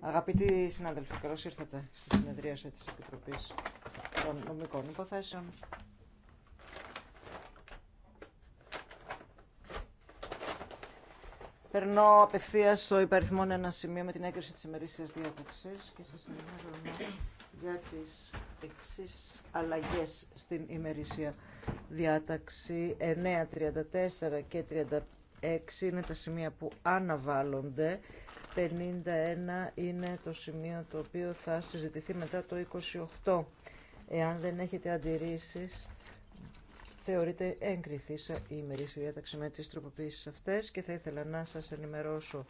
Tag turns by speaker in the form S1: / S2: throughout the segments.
S1: Αγαπητοί συνάδελφοι, καλώς ήρθατε στη συνεδρίαση της Επιτροπής των Νομικών Υποθέσεων. Περνώ απευθεία στο υπαριθμό ένα σημείο με την έγκριση της ημερήσιας διάταξης και σας ενημερώνω για τις εξή αλλαγές στην ημερήσια διάταξη 9.34 34 και 56 είναι τα σημεία που αναβάλλονται. 51 είναι το σημείο το οποίο θα συζητηθεί μετά το 28. Εάν δεν έχετε αντιρρήσεις, θεωρείται εγκριθήσα η ημερήσια διάταξη με τις τροποποιήσεις αυτές και θα ήθελα να σας ενημερώσω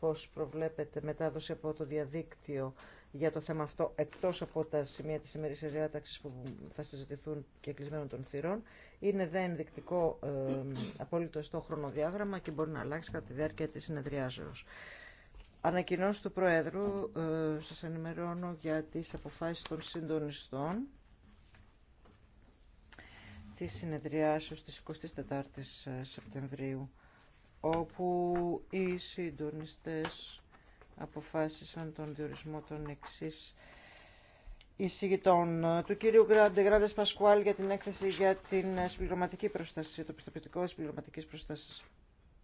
S1: πώς προβλέπετε μετάδοση από το διαδίκτυο για το θέμα αυτό, εκτός από τα σημεία της ημερήσιας διάταξης που θα συζητηθούν και κλεισμένων των θυρών. Είναι δε ενδεικτικό απόλυτο στο χρονοδιάγραμμα και μπορεί να αλλάξει κατά τη διάρκεια της συνεδριάζεως. Ανακοινώσει του Προέδρου, ε, σας ενημερώνω για τις αποφάσεις των συντονιστών της συνεδριάσεως της 24ης ε, Σεπτεμβρίου, όπου οι συντονιστές αποφάσισαν τον διορισμό των εξή εισηγητών. Του κύριου Γκράντε, Γκράντε Πασκουάλ για την έκθεση για την συμπληρωματική προστασία, το πιστοποιητικό συμπληρωματική προστασία.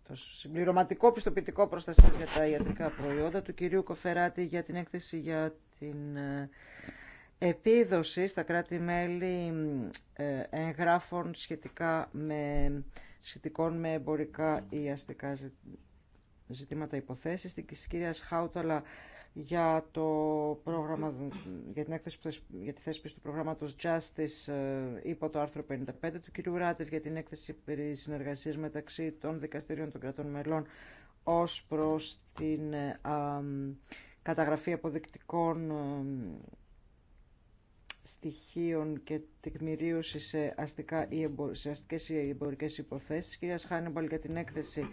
S1: Το συμπληρωματικό πιστοποιητικό προστασία για τα ιατρικά προϊόντα του κυρίου Κοφεράτη για την έκθεση για την ε, επίδοση στα κράτη-μέλη ε, εγγράφων σχετικά με, σχετικών με εμπορικά ή αστικά ζητήματα υποθέσεις της κυρίας Χάουταλα για, το πρόγραμμα, για, την έκθεση, για τη θέσπιση του προγράμματος Justice ε, υπό το άρθρο 55 του κυρίου Ράτεφ για την έκθεση περί συνεργασίας μεταξύ των δικαστηρίων των κρατών μελών ως προς την ε, καταγραφή αποδεικτικών ε, στοιχείων και τεκμηρίωση σε, αστικά ή σε εμπορικές υποθέσεις. Κυρία Χάνεμπαλ, για την έκθεση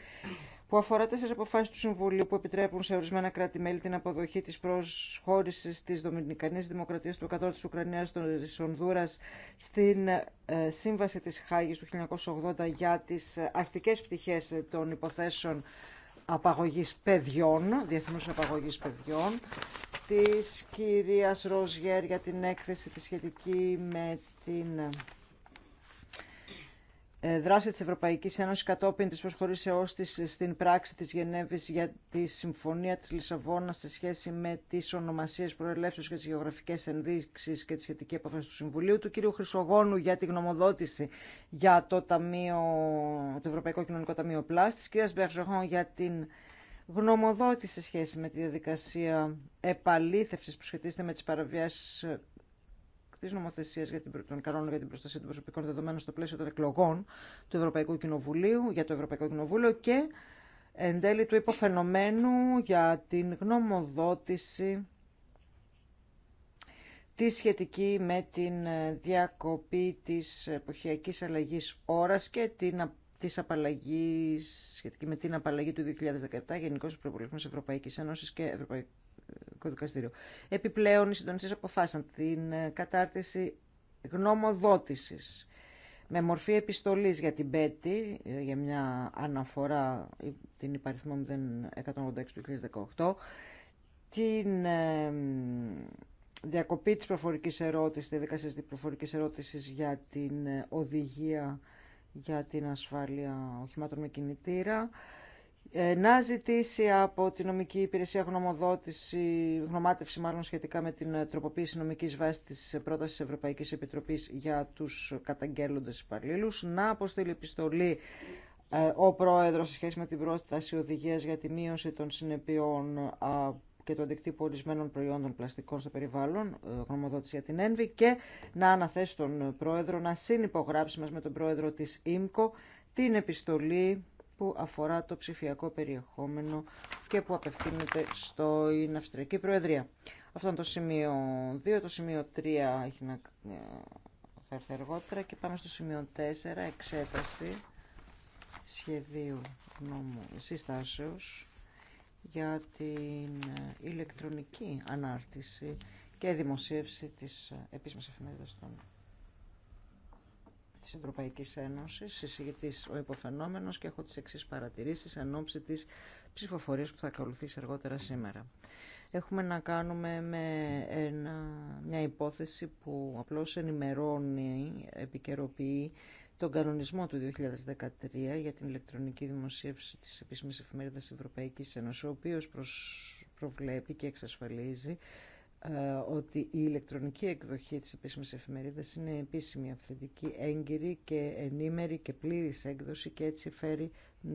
S1: που αφορά τέσσερι αποφάσει του Συμβουλίου που επιτρέπουν σε ορισμένα κράτη-μέλη την αποδοχή τη προσχώρηση τη Δομινικανή Δημοκρατία του 100 τη Ουκρανία τη Ονδούρα στην ε, Σύμβαση τη Χάγη του 1980 για τι ε, αστικέ πτυχέ των υποθέσεων απαγωγή παιδιών, διεθνού απαγωγή παιδιών, τη κυρία Ροζιέρ για την έκθεση τη σχετική με την ε, ε, δράση της Ευρωπαϊκής Ένωσης κατόπιν της προσχωρήσεώς της στην πράξη της Γενέβης για τη Συμφωνία της Λισαβόνας σε σχέση με τις ονομασίες προελεύσεως και τις γεωγραφικές ενδείξεις και τη σχετική αποφάση του Συμβουλίου του κ. Χρυσογόνου για τη γνωμοδότηση για το, ταμείο, το Ευρωπαϊκό Κοινωνικό Ταμείο Πλάς, της κ. Μπερζοχόν για την γνωμοδότηση σε σχέση με τη διαδικασία επαλήθευσης που σχετίζεται με τις παραβιάσεις τη νομοθεσία των κανόνων για την προστασία των προσωπικών δεδομένων στο πλαίσιο των εκλογών του Ευρωπαϊκού Κοινοβουλίου, για το Ευρωπαϊκό Κοινοβούλιο και εν τέλει του υποφαινομένου για την γνωμοδότηση τη σχετική με την ε, διακοπή της εποχιακής αλλαγής ώρας και την της απαλλαγής, σχετική με την απαλλαγή του 2017 Γενικός Προπολογισμός Ευρωπαϊκής Ένωσης και Ευρωπαϊκής δικαστήριο. Επιπλέον, οι συντονιστέ αποφάσισαν την ε, κατάρτιση γνωμοδότηση με μορφή επιστολής για την Πέτη, ε, για μια αναφορά ε, την υπαριθμό 186 του 2018, την διακοπή της προφορικής ερώτησης, τη δικασία της προφορικής ερώτησης για την οδηγία για την ασφάλεια οχημάτων με κινητήρα, ε, να ζητήσει από την νομική υπηρεσία γνωμοδότηση, γνωμάτευση μάλλον σχετικά με την ε, τροποποίηση νομική βάση της ε, πρότασης Ευρωπαϊκή Επιτροπή για τους καταγγέλλοντε υπαλλήλου, να αποστείλει επιστολή ο πρόεδρο σε σχέση με την πρόταση οδηγία για τη μείωση των συνεπειών και του αντικτύπου ορισμένων προϊόντων πλαστικών στο περιβάλλον, γνωμοδότηση για την ΕΝΒΗ, και να αναθέσει τον πρόεδρο να συνυπογράψει μας με τον πρόεδρο τη ΙΜΚΟ την επιστολή που αφορά το ψηφιακό περιεχόμενο και που απευθύνεται στο Αυστριακή Προεδρία. Αυτό είναι το σημείο 2. Το σημείο 3 έχει να... Ε, θα έρθει αργότερα και πάμε στο σημείο 4, εξέταση σχεδίου νόμου συστάσεως για την ε, ηλεκτρονική ανάρτηση και δημοσίευση της ε, επίσημης εφημερίδας των Τη Ευρωπαϊκή Ένωση, συζητή ο υποφαινόμενο και έχω τι εξή παρατηρήσει εν ώψη της ψηφοφορία που θα ακολουθήσει αργότερα σήμερα. Έχουμε να κάνουμε με ένα, μια υπόθεση που απλώ ενημερώνει, επικαιροποιεί τον κανονισμό του 2013 για την ηλεκτρονική δημοσίευση της επίσημης εφημερίδας Ευρωπαϊκής Ένωσης, ο οποίος προβλέπει και εξασφαλίζει ε, ότι η ηλεκτρονική εκδοχή της επίσημης εφημερίδας είναι επίσημη, αυθεντική, έγκυρη και ενήμερη και πλήρης έκδοση και έτσι φέρει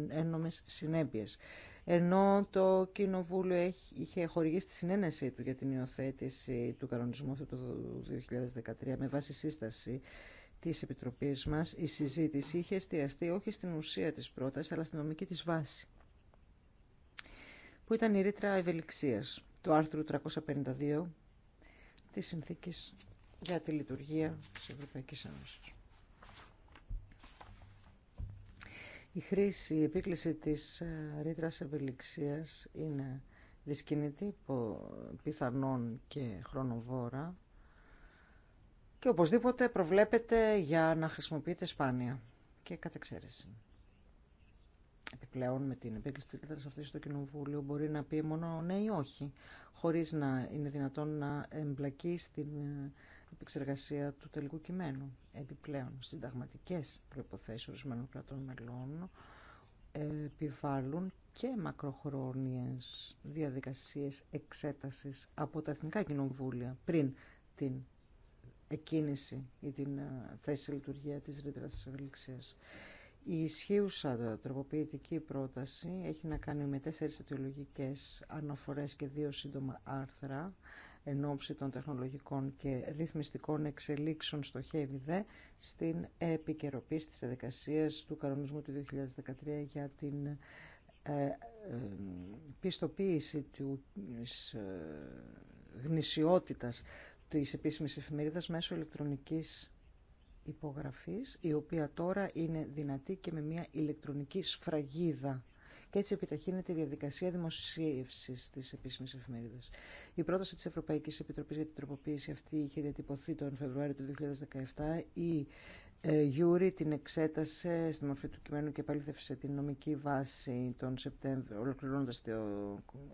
S1: ένομες συνέπειες. Ενώ το Κοινοβούλιο είχε χορηγήσει τη συνένεσή του για την υιοθέτηση του κανονισμού αυτού του 2013 με βάση σύσταση της Επιτροπής μας, η συζήτηση είχε εστιαστεί όχι στην ουσία της πρότασης αλλά στην νομική της βάση, που ήταν η ρήτρα ευελιξίας του άρθρου 352 της Συνθήκης για τη λειτουργία της Ευρωπαϊκής Ένωσης. Η χρήση, η επίκληση της ε, ρήτρας ευελιξίας είναι δυσκίνητη, πιθανόν και χρονοβόρα και οπωσδήποτε προβλέπεται για να χρησιμοποιείται σπάνια και κατεξαίρεση. Επιπλέον με την επίκληση τη Λίτρας αυτή στο Κοινοβούλιο μπορεί να πει μόνο ναι ή όχι, χωρίς να είναι δυνατόν να εμπλακεί στην ε, επεξεργασία του τελικού κειμένου. Επιπλέον, συνταγματικές προποθέσει ορισμένων κρατών μελών ε, επιβάλλουν και μακροχρόνιες διαδικασίες εξέτασης από τα Εθνικά Κοινοβούλια πριν την εκκίνηση ή την ε, θέση λειτουργία της ρήτρας της ευελιξίας. Η ισχύουσα τροποποιητική πρόταση έχει να κάνει με τέσσερις αιτιολογικές αναφορές και δύο σύντομα άρθρα εν ώψη των τεχνολογικών και ρυθμιστικών εξελίξεων στο ΧΕΒΙΔΕ στην επικαιροποίηση της εδικασίας του κανονισμού του 2013 για την ε, ε, πιστοποίηση της ε, γνησιότητας της επίσημης εφημερίδας μέσω ηλεκτρονικής υπογραφής, η οποία τώρα είναι δυνατή και με μια ηλεκτρονική σφραγίδα και έτσι επιταχύνεται η διαδικασία δημοσίευση τη επίσημη εφημερίδα. Η πρόταση τη Ευρωπαϊκή Επιτροπή για την τροποποίηση αυτή είχε διατυπωθεί τον Φεβρουάριο του 2017. Η ε, Γιούρι την εξέτασε στη μορφή του κειμένου και επαλήθευσε την νομική βάση τον Σεπτέμβριο, ολοκληρώνοντας το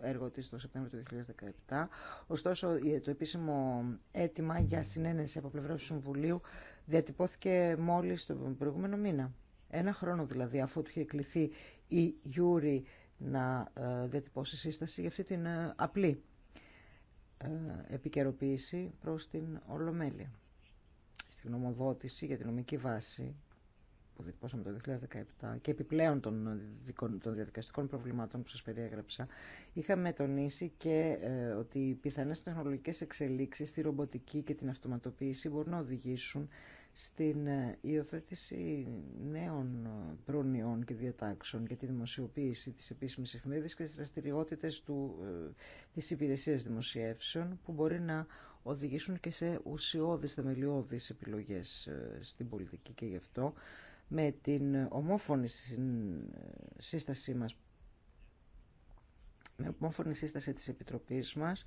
S1: έργο της τον Σεπτέμβριο του 2017. Ωστόσο, το επίσημο αίτημα για συνένεση από πλευρά του Συμβουλίου διατυπώθηκε μόλις τον προηγούμενο μήνα. Ένα χρόνο δηλαδή, αφού του είχε κληθεί η Γιούρι να ε, διατυπώσει σύσταση για αυτή την ε, απλή επικαιροποίηση προς την Ολομέλεια στη νομοδότηση για την νομική βάση που διεκπώσαμε το 2017 και επιπλέον των, των διαδικαστικών προβλημάτων που σας περιέγραψα, είχαμε τονίσει και ε, ότι οι πιθανές τεχνολογικές εξελίξεις στη ρομποτική και την αυτοματοποίηση μπορούν να οδηγήσουν στην ε, υιοθέτηση νέων ε, πρόνοιων και διατάξεων για τη δημοσιοποίηση της επίσημης εφημερίδης και τις δραστηριότητες του, της υπηρεσίας δημοσιεύσεων που μπορεί να οδηγήσουν και σε ουσιώδεις θεμελιώδεις επιλογές ε, στην πολιτική και γι' αυτό με την ομόφωνη ε, σύστασή μας με ομόφωνη σύσταση της Επιτροπής μας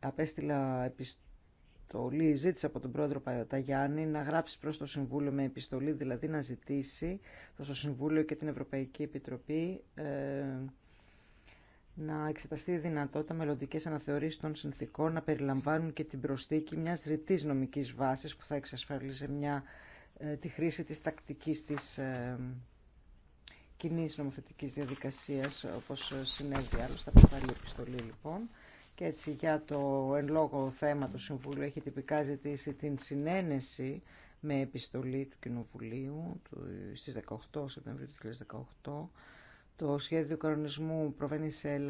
S1: απέστειλα επιστολή, ζήτησα από τον πρόεδρο Παταγιάννη, να γράψει προς το Συμβούλιο με επιστολή, δηλαδή να ζητήσει προς το Συμβούλιο και την Ευρωπαϊκή Επιτροπή ε, να εξεταστεί η δυνατότητα μελλοντικέ αναθεωρήσει των συνθήκων να περιλαμβάνουν και την προσθήκη μια ρητή νομική βάση που θα εξασφαλίζει μια, ε, τη χρήση της τακτικής της ε, κοινή νομοθετικής διαδικασίας όπως ε, συνέβη άλλωστε από πάλι επιστολή λοιπόν και έτσι για το εν λόγω θέμα του Συμβούλου, έχει τυπικά ζητήσει την συνένεση με επιστολή του Κοινοβουλίου του, ε, στις 18 Σεπτεμβρίου του 2018 το σχέδιο κανονισμού προβαίνει σε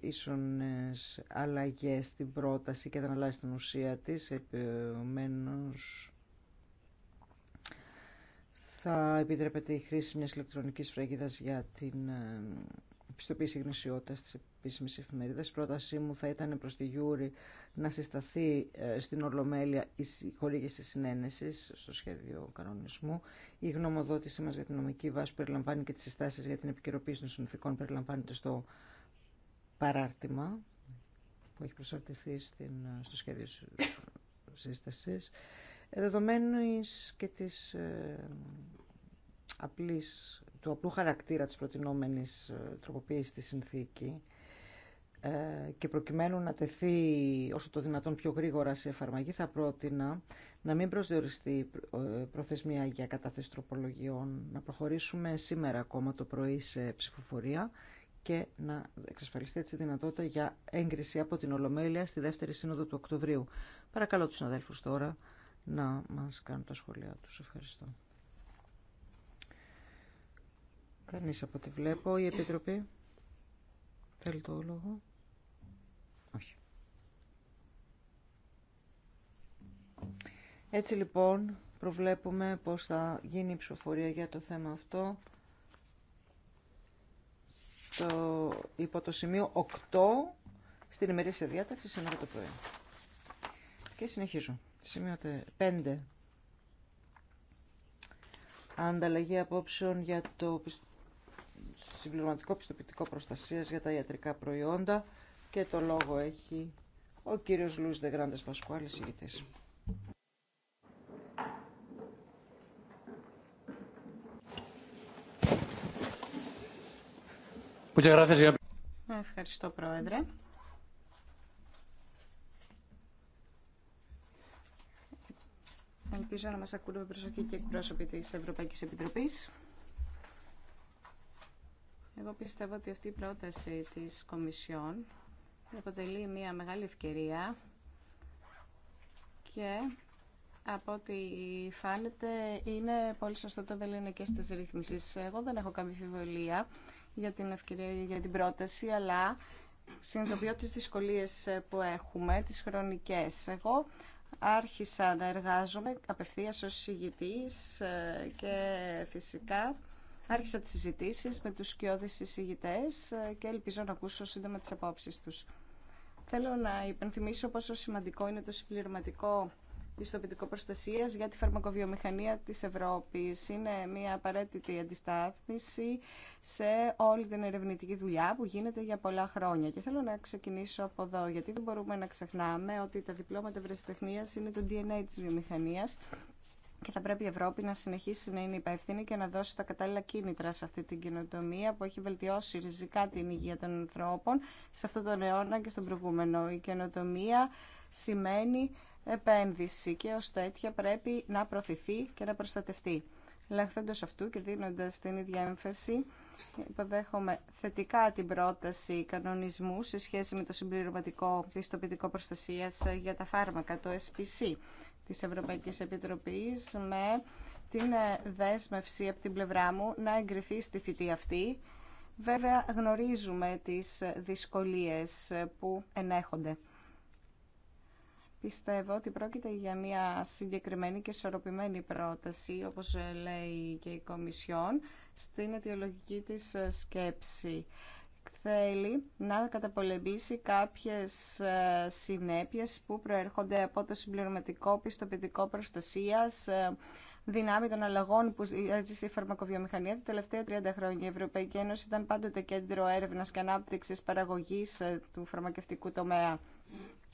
S1: ίσονες αλλαγές στην πρόταση και δεν αλλάζει την ουσία της, επομένως θα επιτρέπεται η χρήση μιας ηλεκτρονικής φραγίδας για την ε, πιστοποίηση γνησιότητα τη επίσημη εφημερίδα. πρότασή μου θα ήταν προ τη Γιούρη να συσταθεί ε, στην Ολομέλεια η χορήγηση συνένεση στο σχέδιο κανονισμού. Η γνωμοδότησή μα για την νομική βάση περιλαμβάνει και τι συστάσει για την επικαιροποίηση των συνθήκων, περιλαμβάνεται στο παράρτημα που έχει προσαρτηθεί στην, ε, στο σχέδιο σύσταση. Ε, Δεδομένου και τη απλής του απλού χαρακτήρα της προτινόμενης ε, τροποποίησης της συνθήκη ε, και προκειμένου να τεθεί όσο το δυνατόν πιο γρήγορα σε εφαρμογή θα πρότεινα να μην προσδιοριστεί ε, προθεσμία για κατάθεση τροπολογιών, να προχωρήσουμε σήμερα ακόμα το πρωί σε ψηφοφορία και να εξασφαλιστεί έτσι η δυνατότητα για έγκριση από την Ολομέλεια στη δεύτερη σύνοδο του Οκτωβρίου. Παρακαλώ τους συναδέλφους τώρα να μας κάνουν τα σχόλιά τους. Ευχαριστώ. Κανείς από ό,τι βλέπω. Η Επιτροπή θέλει το λόγο. Όχι. Έτσι λοιπόν προβλέπουμε πώς θα γίνει η ψηφοφορία για το θέμα αυτό στο, υπό το σημείο 8 στην ημερήσια διάταξη σήμερα το πρωί. Και συνεχίζω. Σημείο 5. Ανταλλαγή απόψεων για το συμπληρωματικό πιστοποιητικό προστασίας για τα ιατρικά προϊόντα και το λόγο έχει ο κύριος Λούις Δεγράντες Πασκουάλης, ηγητής.
S2: Ευχαριστώ, Πρόεδρε. Ελπίζω να μας ακούνε με προσοχή και εκπρόσωποι της Ευρωπαϊκής Επιτροπής. Εγώ πιστεύω ότι αυτή η πρόταση της Κομισιόν αποτελεί μια μεγάλη ευκαιρία και από ό,τι φάνεται είναι πολύ σωστό το και στις ρυθμίσεις. Εγώ δεν έχω καμία φιβολία για την ευκαιρία για την πρόταση, αλλά συνειδητοποιώ τις δυσκολίες που έχουμε, τις χρονικές. Εγώ άρχισα να εργάζομαι απευθείας ως συγητής ε, και φυσικά Άρχισα τις συζητήσεις με τους σκιώδεις συζητητές ε, και ελπίζω να ακούσω σύντομα τις απόψεις τους. Θέλω να υπενθυμίσω πόσο σημαντικό είναι το συμπληρωματικό πιστοποιητικό προστασία για τη φαρμακοβιομηχανία τη Ευρώπη. Είναι μια απαραίτητη αντιστάθμιση σε όλη την ερευνητική δουλειά που γίνεται για πολλά χρόνια. Και θέλω να ξεκινήσω από εδώ, γιατί δεν μπορούμε να ξεχνάμε ότι τα διπλώματα ευρεσιτεχνία είναι το DNA τη βιομηχανία και θα πρέπει η Ευρώπη να συνεχίσει να είναι υπεύθυνη και να δώσει τα κατάλληλα κίνητρα σε αυτή την καινοτομία που έχει βελτιώσει ριζικά την υγεία των ανθρώπων σε αυτόν τον αιώνα και στον προηγούμενο. Η καινοτομία σημαίνει επένδυση και ως τέτοια πρέπει να προωθηθεί και να προστατευτεί. Λαχθέντο αυτού και δίνοντα την ίδια έμφαση, υποδέχομαι θετικά την πρόταση κανονισμού σε σχέση με το συμπληρωματικό πιστοποιητικό προστασία για τα φάρμακα, το SPC της Ευρωπαϊκής Επιτροπής με την ε, δέσμευση από την πλευρά μου να εγκριθεί στη θητή αυτή. Βέβαια γνωρίζουμε τις δυσκολίες που ενέχονται. Πιστεύω ότι πρόκειται για μια συγκεκριμένη και ισορροπημένη πρόταση, όπως λέει και η Κομισιόν, στην αιτιολογική της σκέψη θέλει να καταπολεμήσει κάποιες ε, συνέπειες που προέρχονται από το συμπληρωματικό πιστοποιητικό προστασίας ε, δυνάμει των αλλαγών που έζησε η φαρμακοβιομηχανία τα τελευταία 30 χρόνια. Η Ευρωπαϊκή Ένωση ήταν πάντοτε κέντρο έρευνα και ανάπτυξη παραγωγή ε, του φαρμακευτικού τομέα.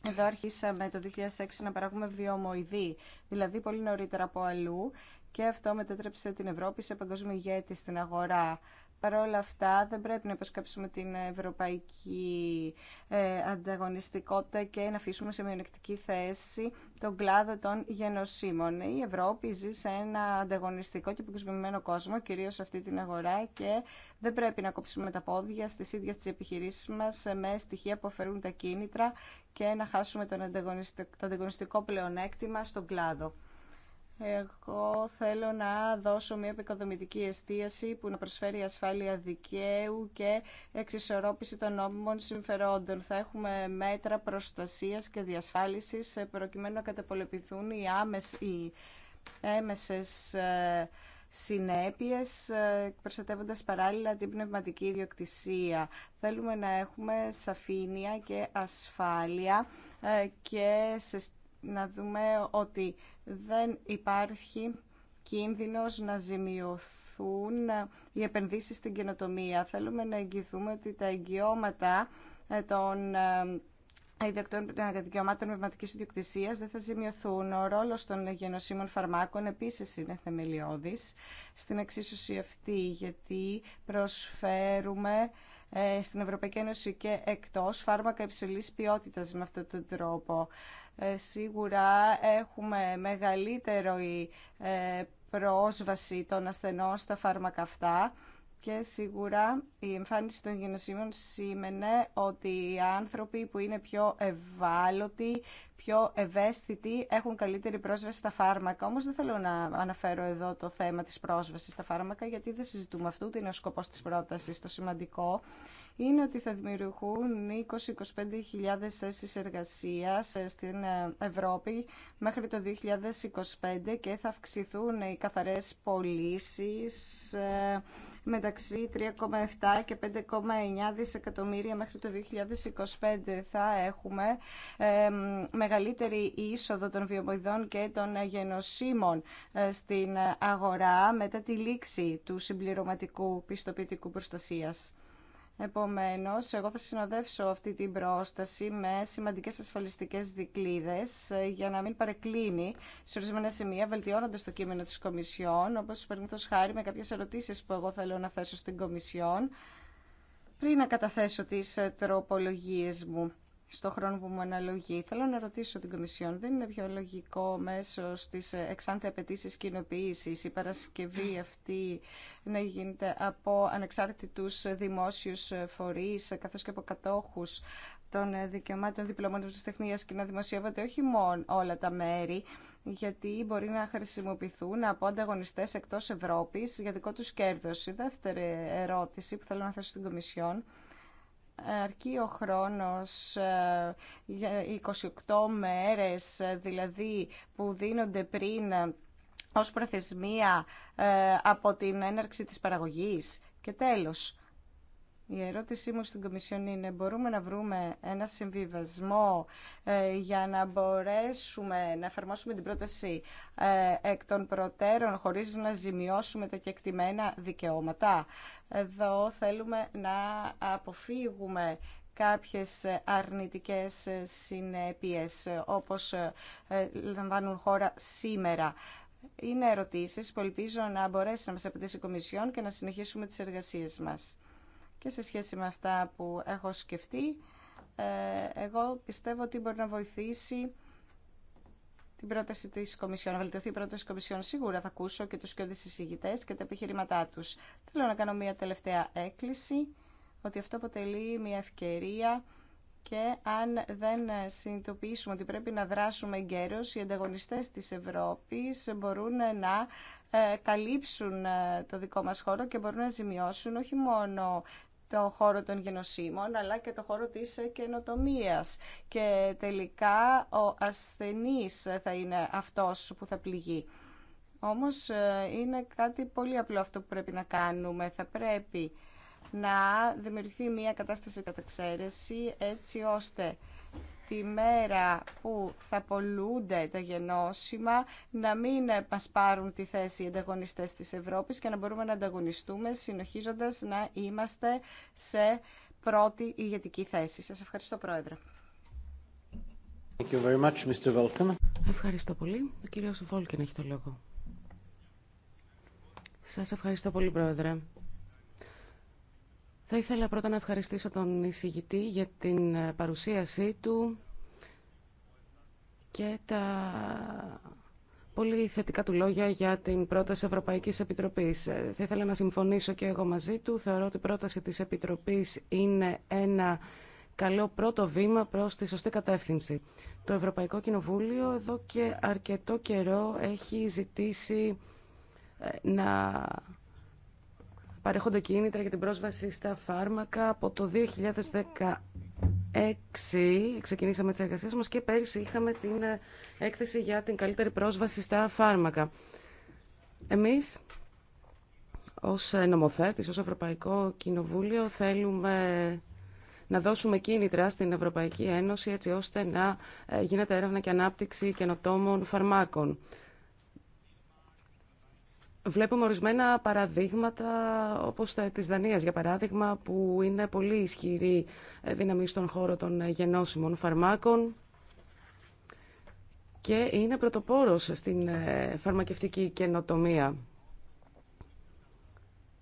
S2: Εδώ αρχίσαμε το 2006 να παράγουμε βιομοειδή, δηλαδή πολύ νωρίτερα από αλλού και αυτό μετέτρεψε την Ευρώπη σε παγκόσμιο ηγέτη στην αγορά Παρ' όλα αυτά δεν πρέπει να υποσκάψουμε την ευρωπαϊκή ε, ανταγωνιστικότητα και να αφήσουμε σε μειονεκτική θέση τον κλάδο των γενοσύμων. Η Ευρώπη ζει σε ένα ανταγωνιστικό και παγκοσμιωμένο κόσμο, κυρίως σε αυτή την αγορά και δεν πρέπει να κόψουμε τα πόδια στις ίδιες τις επιχειρήσεις μας με στοιχεία που αφαιρούν τα κίνητρα και να χάσουμε τον ανταγωνιστικό πλεονέκτημα στον κλάδο. Εγώ θέλω να δώσω μια επικοδομητική εστίαση που να προσφέρει ασφάλεια δικαίου και εξισορρόπηση των νόμιμων συμφερόντων. Θα έχουμε μέτρα προστασίας και διασφάλισης ε, προκειμένου να καταπολεπηθούν οι, άμεσ, οι έμεσες ε, συνέπειες ε, προστατεύοντας παράλληλα την πνευματική ιδιοκτησία. Θέλουμε να έχουμε σαφήνεια και ασφάλεια και σε να δούμε ότι δεν υπάρχει κίνδυνος να ζημιωθούν οι επενδύσεις στην καινοτομία. Θέλουμε να εγγυηθούμε ότι τα εγγυώματα ε, των ε, ε, ιδιοκτών δικαιωμάτων πνευματικής ιδιοκτησίας δεν θα ζημιωθούν. Ο ρόλος των γενοσύμων φαρμάκων επίσης είναι θεμελιώδης στην εξίσωση αυτή, γιατί προσφέρουμε ε, στην Ευρωπαϊκή Ένωση και εκτός φάρμακα υψηλής ποιότητας με αυτόν τον τρόπο. Ε, σίγουρα έχουμε μεγαλύτερη ε, πρόσβαση των ασθενών στα φάρμακα αυτά και σίγουρα η εμφάνιση των γενοσύμων σήμαινε ότι οι άνθρωποι που είναι πιο ευάλωτοι, πιο ευαίσθητοι, έχουν καλύτερη πρόσβαση στα φάρμακα. Όμως δεν θέλω να αναφέρω εδώ το θέμα της πρόσβασης στα φάρμακα, γιατί δεν συζητούμε αυτού. ούτε είναι ο σκοπός της πρότασης. Το σημαντικό είναι ότι θα δημιουργούν 20-25.000 θέσει εργασία στην ε, Ευρώπη μέχρι το 2025 και θα αυξηθούν οι καθαρές πωλήσει ε, μεταξύ 3,7 και 5,9 δισεκατομμύρια μέχρι το 2025. Θα έχουμε μεγαλύτερη είσοδο των βιομοιδών και των γενοσύμων ε, στην αγορά μετά τη λήξη του συμπληρωματικού πιστοποιητικού προστασίας. Επομένως, εγώ θα συνοδεύσω αυτή την πρόσταση με σημαντικές ασφαλιστικές δικλίδες ε, για να μην παρεκκλίνει σε ορισμένα σημεία, βελτιώνοντας το κείμενο της Κομισιόν, όπως παραδείγματος χάρη με κάποιες ερωτήσεις που εγώ θέλω να θέσω στην Κομισιόν, πριν να καταθέσω τις ε, τροπολογίες μου στο χρόνο που μου αναλογεί. Θέλω να ρωτήσω την Κομισιόν, δεν είναι πιο λογικό μέσω στις εξάντια απαιτήσει κοινοποίηση η Παρασκευή αυτή να γίνεται από ανεξάρτητους δημόσιου φορεί καθώ και από κατόχους των δικαιωμάτων διπλωμάτων τη τεχνία και να δημοσιεύονται όχι μόνο όλα τα μέρη, γιατί μπορεί να χρησιμοποιηθούν από ανταγωνιστέ εκτός Ευρώπης για δικό τους κέρδος. Η δεύτερη ερώτηση που θέλω να θέσω στην Κομισιόν αρκεί ο χρόνος, 28 ε, μέρες ε, δηλαδή που δίνονται πριν ε, ως προθεσμία από την έναρξη της παραγωγής. Και τέλος, η ερώτησή μου στην Κομισιόν είναι μπορούμε να βρούμε ένα συμβιβασμό ε, για να μπορέσουμε να εφαρμόσουμε την πρόταση ε, εκ των προτέρων χωρίς να ζημιώσουμε τα κεκτημένα δικαιώματα. Εδώ θέλουμε να αποφύγουμε κάποιες αρνητικές συνέπειες όπως ε, λαμβάνουν χώρα σήμερα. Είναι ερωτήσεις που ελπίζω να μπορέσει να μας απαντήσει η Κομισιόν και να συνεχίσουμε τις εργασίες μας και σε σχέση με αυτά που έχω σκεφτεί, ε, εγώ πιστεύω ότι μπορεί να βοηθήσει την πρόταση τη Κομισιόν, να βελτιωθεί η πρόταση τη Κομισιόν. Σίγουρα θα ακούσω και του πιο συζητητέ και τα επιχειρήματά του. Θέλω να κάνω μια τελευταία έκκληση ότι αυτό αποτελεί μια ευκαιρία και αν δεν συνειδητοποιήσουμε ότι πρέπει να δράσουμε εγκαίρως, οι ανταγωνιστές της Ευρώπης μπορούν να ε, καλύψουν ε, το δικό μας χώρο και μπορούν να ζημιώσουν όχι μόνο το χώρο των γενοσύμων αλλά και το χώρο της καινοτομία. και τελικά ο ασθενής θα είναι αυτός που θα πληγεί. Όμως ε, είναι κάτι πολύ απλό αυτό που πρέπει να κάνουμε. Θα πρέπει να δημιουργηθεί μια κατάσταση καταξαίρεση έτσι ώστε τη μέρα που θα πολλούνται τα γενώσιμα να μην μας πάρουν τη θέση οι ανταγωνιστές της Ευρώπης και να μπορούμε να ανταγωνιστούμε συνοχίζοντας να είμαστε σε πρώτη ηγετική θέση. Σας ευχαριστώ Πρόεδρε.
S3: Thank you very much, Mr.
S4: Ευχαριστώ πολύ. Ο κύριος Βόλκεν έχει το λόγο. Σας ευχαριστώ πολύ, Πρόεδρε. Θα ήθελα πρώτα να ευχαριστήσω τον εισηγητή για την ε, παρουσίασή του και τα πολύ θετικά του λόγια για την πρόταση Ευρωπαϊκής Επιτροπής. Ε, θα ήθελα να συμφωνήσω και εγώ μαζί του. Θεωρώ ότι η πρόταση της Επιτροπής είναι ένα καλό πρώτο βήμα προς τη σωστή κατεύθυνση. Το Ευρωπαϊκό Κοινοβούλιο εδώ και αρκετό καιρό έχει ζητήσει ε, να παρέχονται κίνητρα για την πρόσβαση στα φάρμακα. Από το 2016 ξεκινήσαμε τις εργασίες μας και πέρυσι είχαμε την ε, έκθεση για την καλύτερη πρόσβαση στα φάρμακα. Εμείς ως ε, νομοθέτης, ως Ευρωπαϊκό Κοινοβούλιο θέλουμε να δώσουμε κίνητρα στην Ευρωπαϊκή Ένωση έτσι ώστε να ε, γίνεται έρευνα και ανάπτυξη καινοτόμων φαρμάκων. Βλέπουμε ορισμένα παραδείγματα όπως τα της Δανίας για παράδειγμα που είναι πολύ ισχυρή ε, δύναμη στον χώρο των γενώσιμων φαρμάκων και είναι πρωτοπόρος στην ε, φαρμακευτική καινοτομία.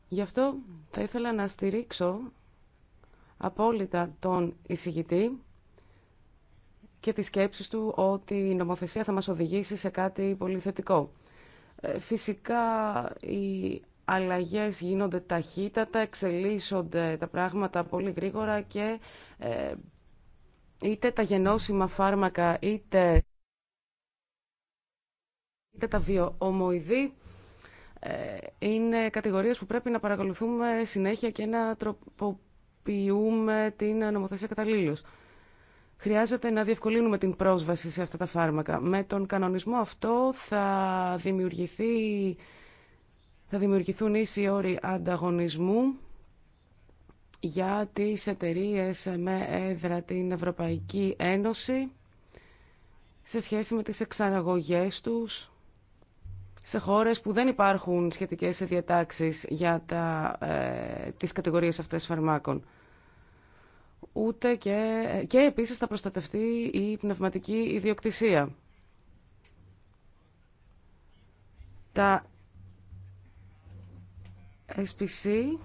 S4: Γι' αυτό θα ήθελα να στηρίξω απόλυτα τον εισηγητή και τις σκέψεις του ότι η νομοθεσία θα μας οδηγήσει σε κάτι πολύ θετικό. Ε, φυσικά οι αλλαγές γίνονται ταχύτατα, εξελίσσονται τα πράγματα πολύ γρήγορα και ε, είτε τα γενώσιμα φάρμακα είτε, είτε τα βιοομοειδή ε, είναι κατηγορίες που πρέπει να παρακολουθούμε συνέχεια και να τροποποιούμε την νομοθεσία καταλήλως. Χρειάζεται να διευκολύνουμε την πρόσβαση σε αυτά τα φάρμακα. Με τον κανονισμό αυτό θα, δημιουργηθεί, θα δημιουργηθούν ίσοι όροι ανταγωνισμού για τις εταιρείε με έδρα την Ευρωπαϊκή Ένωση σε σχέση με τις εξαναγωγές τους σε χώρες που δεν υπάρχουν σχετικές διατάξεις για τα, ε, τις κατηγορίες αυτές φαρμάκων ούτε και, και επίσης θα προστατευτεί η πνευματική ιδιοκτησία. Τα SPC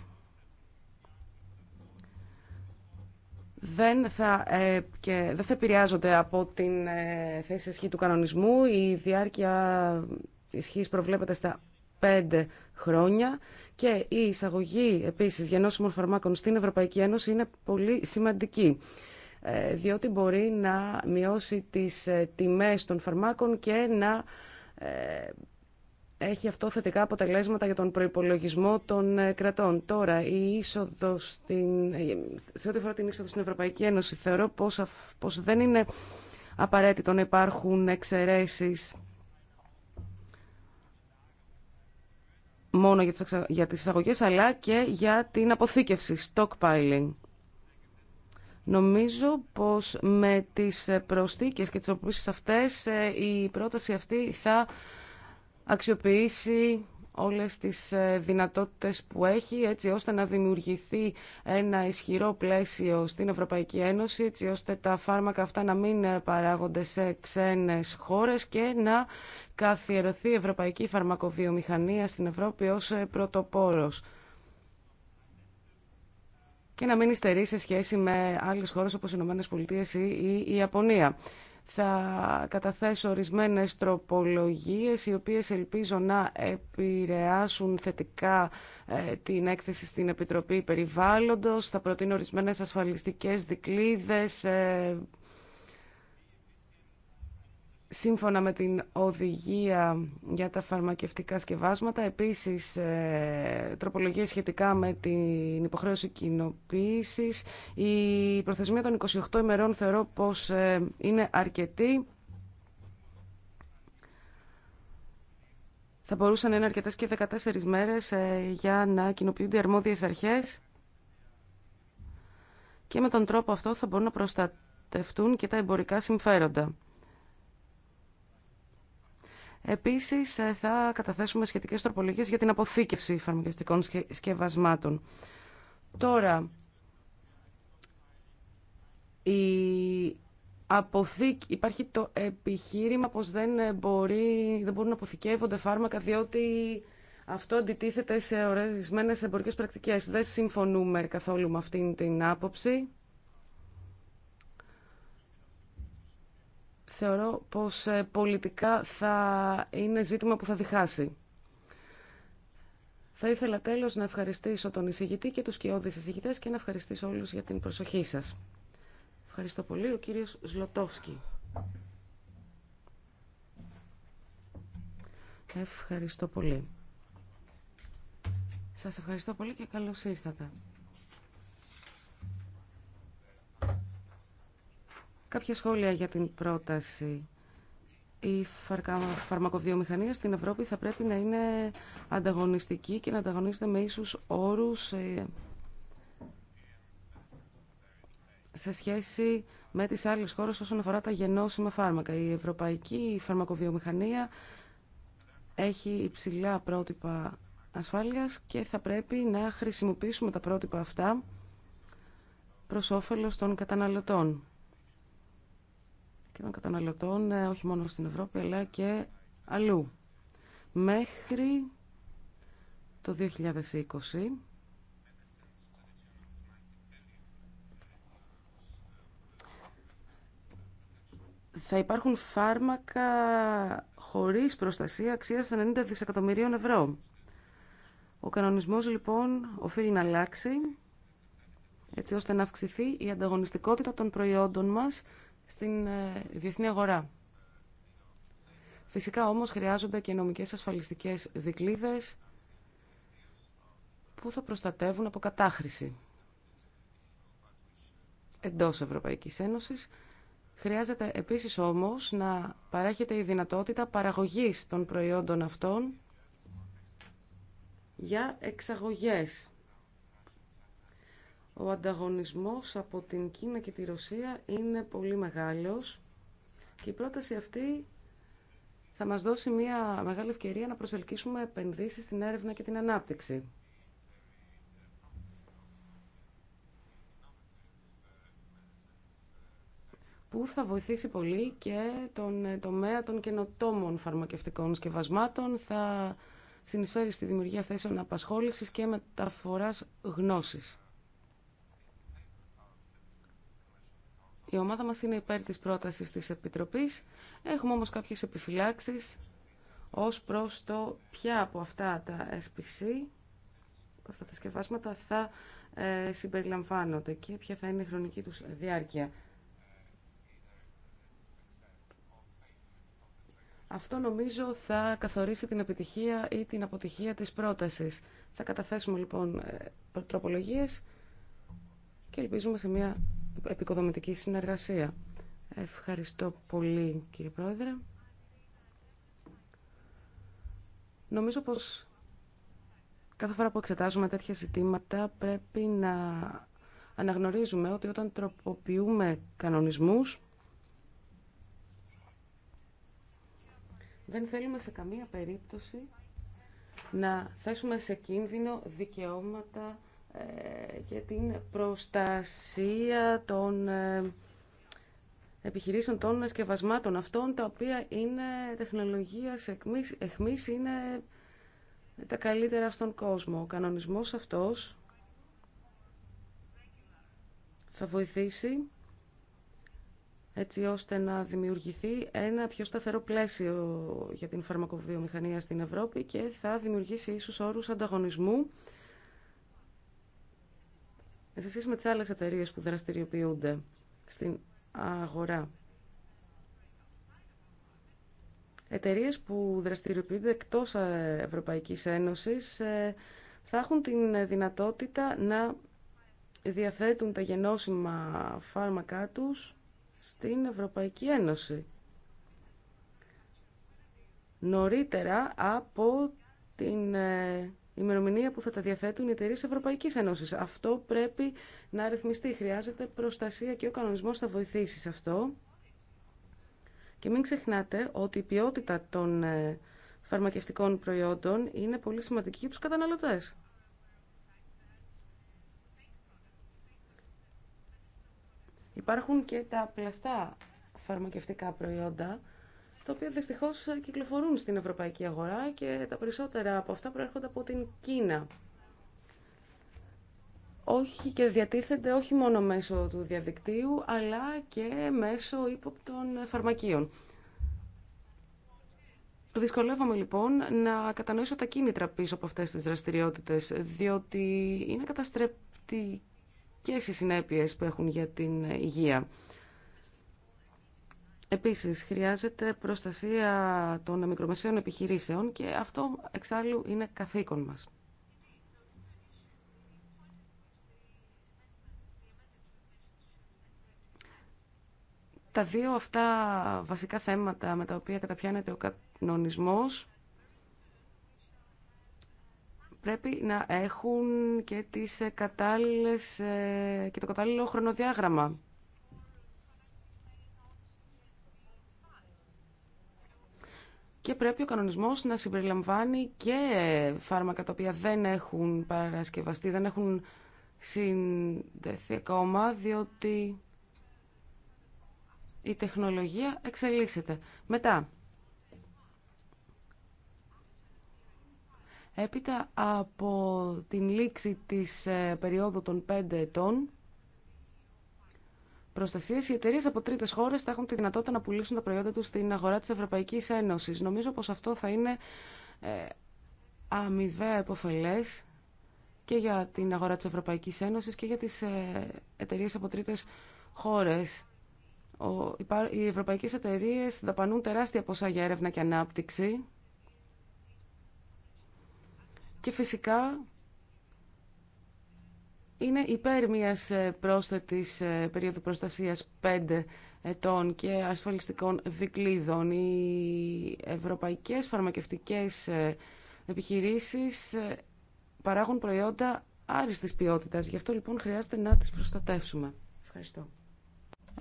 S4: δεν θα, ε, και δεν θα επηρεάζονται από την ε, θέση ισχύ του κανονισμού. Η διάρκεια ισχύς προβλέπεται στα πέντε χρόνια και η εισαγωγή επίσης γενώσιμων φαρμάκων στην Ευρωπαϊκή Ένωση είναι πολύ σημαντική ε, διότι μπορεί να μειώσει τις ε, τιμές των φαρμάκων και να ε, έχει αυτό θετικά αποτελέσματα για τον προϋπολογισμό των κρατών. Τώρα, η είσοδος στην... σε ό,τι αφορά την είσοδο στην Ευρωπαϊκή Ένωση, θεωρώ πως, πως δεν είναι απαραίτητο να υπάρχουν εξαιρέσεις μόνο για τις εισαγωγές αλλά και για την αποθήκευση, stockpiling. Νομίζω πως με τις προσθήκες και τις οπλίσεις αυτές ε, η πρόταση αυτή θα αξιοποιήσει όλες τις ε, δυνατότητες που έχει έτσι ώστε να δημιουργηθεί ένα ισχυρό πλαίσιο στην Ευρωπαϊκή Ένωση έτσι ώστε τα φάρμακα αυτά να μην ε, παράγονται σε ξένες χώρες και να καθιερωθεί η Ευρωπαϊκή Φαρμακοβιομηχανία στην Ευρώπη ως ε, πρωτοπόρος και να μην υστερεί σε σχέση με άλλες χώρες όπως οι ΗΠΑ. η Ιαπωνία. Θα καταθέσω ορισμένες τροπολογίες οι οποίες ελπίζω να επηρεάσουν θετικά ε, την έκθεση στην Επιτροπή Περιβάλλοντος. Θα προτείνω ορισμένες ασφαλιστικές δικλείδες, ε, Σύμφωνα με την οδηγία για τα φαρμακευτικά σκευάσματα, επίσης ε, τροπολογίες σχετικά με την υποχρέωση κοινοποίηση. Η προθεσμία των 28 ημερών θεωρώ πως ε, είναι αρκετή. Θα μπορούσαν να είναι αρκετές και 14 μέρες ε, για να κοινοποιούνται οι αρμόδιες αρχές και με τον τρόπο αυτό θα μπορούν να προστατευτούν και τα εμπορικά συμφέροντα. Επίσης, ε, θα καταθέσουμε σχετικές τροπολογίες για την αποθήκευση φαρμακευτικών σκευασμάτων. Τώρα, η αποθήκη, υπάρχει το επιχείρημα πως δεν, ε, μπορεί, δεν μπορούν να αποθηκεύονται φάρμακα διότι αυτό αντιτίθεται σε ορισμένε εμπορικέ πρακτικές. Δεν συμφωνούμε καθόλου με αυτήν την άποψη. θεωρώ πως ε, πολιτικά θα είναι ζήτημα που θα διχάσει. Θα ήθελα τέλος να ευχαριστήσω τον εισηγητή και τους κοιόδης εισηγητές και να ευχαριστήσω όλους για την προσοχή σας. Ευχαριστώ πολύ. Ο κύριος Ζλωτόφσκι. Ευχαριστώ πολύ. Σας ευχαριστώ πολύ και καλώς ήρθατε. Κάποια σχόλια για την πρόταση. Η φαρμακοβιομηχανία στην Ευρώπη θα πρέπει να είναι ανταγωνιστική και να ανταγωνίζεται με ίσους όρους ε, σε σχέση με τις άλλες χώρες όσον αφορά τα γενώσιμα φάρμακα. Η ευρωπαϊκή φαρμακοβιομηχανία έχει υψηλά πρότυπα ασφάλειας και θα πρέπει να χρησιμοποιήσουμε τα πρότυπα αυτά προς όφελος των καταναλωτών και των καταναλωτών ε, όχι μόνο στην Ευρώπη αλλά και αλλού. Μέχρι το 2020 θα υπάρχουν φάρμακα χωρίς προστασία αξίας 90 δισεκατομμυρίων ευρώ. Ο κανονισμός λοιπόν οφείλει να αλλάξει έτσι ώστε να αυξηθεί η ανταγωνιστικότητα των προϊόντων μας στην ε, διεθνή αγορά. Φυσικά όμως χρειάζονται και νομικές ασφαλιστικές δικλίδες που θα προστατεύουν από κατάχρηση. Εντός Ευρωπαϊκής Ένωσης χρειάζεται επίσης όμως να παρέχεται η δυνατότητα παραγωγής των προϊόντων αυτών για εξαγωγές ο ανταγωνισμός από την Κίνα και τη Ρωσία είναι πολύ μεγάλος και η πρόταση αυτή θα μας δώσει μια μεγάλη ευκαιρία να προσελκύσουμε επενδύσεις στην έρευνα και την ανάπτυξη. που θα βοηθήσει πολύ και τον τομέα των καινοτόμων φαρμακευτικών σκευασμάτων, θα συνεισφέρει στη δημιουργία θέσεων απασχόλησης και μεταφοράς γνώσης. Η ομάδα μας είναι υπέρ της πρότασης της Επιτροπής. Έχουμε όμως κάποιες επιφυλάξεις ως προς το ποια από αυτά τα SPC, αυτά τα σκευάσματα, θα ε, συμπεριλαμβάνονται και ποια θα είναι η χρονική τους διάρκεια. Αυτό νομίζω θα καθορίσει την επιτυχία ή την αποτυχία της πρότασης. Θα καταθέσουμε λοιπόν ε, τροπολογίες και ελπίζουμε σε μια επικοδομητική συνεργασία. Ευχαριστώ πολύ κύριε Πρόεδρε. Νομίζω πως κάθε φορά που εξετάζουμε τέτοια ζητήματα πρέπει να αναγνωρίζουμε ότι όταν τροποποιούμε κανονισμούς δεν θέλουμε σε καμία περίπτωση να θέσουμε σε κίνδυνο δικαιώματα για ε, την προστασία των ε, επιχειρήσεων των εσκευασμάτων αυτών, τα οποία είναι τεχνολογίας εχμής, είναι τα καλύτερα στον κόσμο. Ο κανονισμός αυτός θα βοηθήσει έτσι ώστε να δημιουργηθεί ένα πιο σταθερό πλαίσιο για την φαρμακοβιομηχανία στην Ευρώπη και θα δημιουργήσει ίσως όρους ανταγωνισμού ε, σε σχέση με τις άλλες εταιρείε που δραστηριοποιούνται στην αγορά. Εταιρείε που δραστηριοποιούνται εκτός ε, Ευρωπαϊκής Ένωσης ε, θα έχουν την δυνατότητα να διαθέτουν τα γενώσιμα φάρμακά τους στην Ευρωπαϊκή Ένωση. Νωρίτερα από την ημερομηνία που θα τα διαθέτουν οι εταιρείε Ευρωπαϊκή Ένωση. Αυτό πρέπει να ρυθμιστεί. Χρειάζεται προστασία και ο κανονισμό θα βοηθήσει σε αυτό. Και μην ξεχνάτε ότι η ποιότητα των ε, φαρμακευτικών προϊόντων είναι πολύ σημαντική για τους καταναλωτές. Υπάρχουν και τα πλαστά φαρμακευτικά προϊόντα τα οποία δυστυχώς κυκλοφορούν στην ευρωπαϊκή αγορά και τα περισσότερα από αυτά προέρχονται από την Κίνα. Όχι και διατίθενται όχι μόνο μέσω του διαδικτύου, αλλά και μέσω ύποπτων φαρμακείων. Δυσκολεύομαι λοιπόν να κατανοήσω τα κίνητρα πίσω από αυτές τις δραστηριότητες, διότι είναι καταστρεπτικές οι συνέπειες που έχουν για την υγεία. Επίσης, χρειάζεται προστασία των μικρομεσαίων επιχειρήσεων και αυτό εξάλλου είναι καθήκον μας. Τα δύο αυτά βασικά θέματα με τα οποία καταπιάνεται ο κανονισμός πρέπει να έχουν και, τις ε, κατάλληλες, ε, και το κατάλληλο χρονοδιάγραμμα. Και πρέπει ο κανονισμός να συμπεριλαμβάνει και φάρμακα τα οποία δεν έχουν παρασκευαστεί, δεν έχουν συνδεθεί ακόμα, διότι η τεχνολογία εξελίσσεται. Μετά, έπειτα από την λήξη της ε, περίοδου των 5 ετών, οι εταιρείε από τρίτες χώρες θα έχουν τη δυνατότητα να πουλήσουν τα προϊόντα τους στην αγορά της Ευρωπαϊκής Ένωσης. Νομίζω πως αυτό θα είναι ε, αμοιβαία επωφελές και για την αγορά της Ευρωπαϊκής Ένωσης και για τις ε, εταιρείε από τρίτες χώρες. Οι ευρωπαϊκές εταιρείε δαπανούν τεράστια ποσά για έρευνα και ανάπτυξη και φυσικά είναι υπέρ μιας ε, πρόσθετης ε, περίοδου προστασίας 5 ετών και ασφαλιστικών δικλείδων. Οι ευρωπαϊκές φαρμακευτικές ε, επιχειρήσεις παράγουν προϊόντα άριστης ποιότητας. Γι' αυτό λοιπόν χρειάζεται να τις προστατεύσουμε. Ευχαριστώ.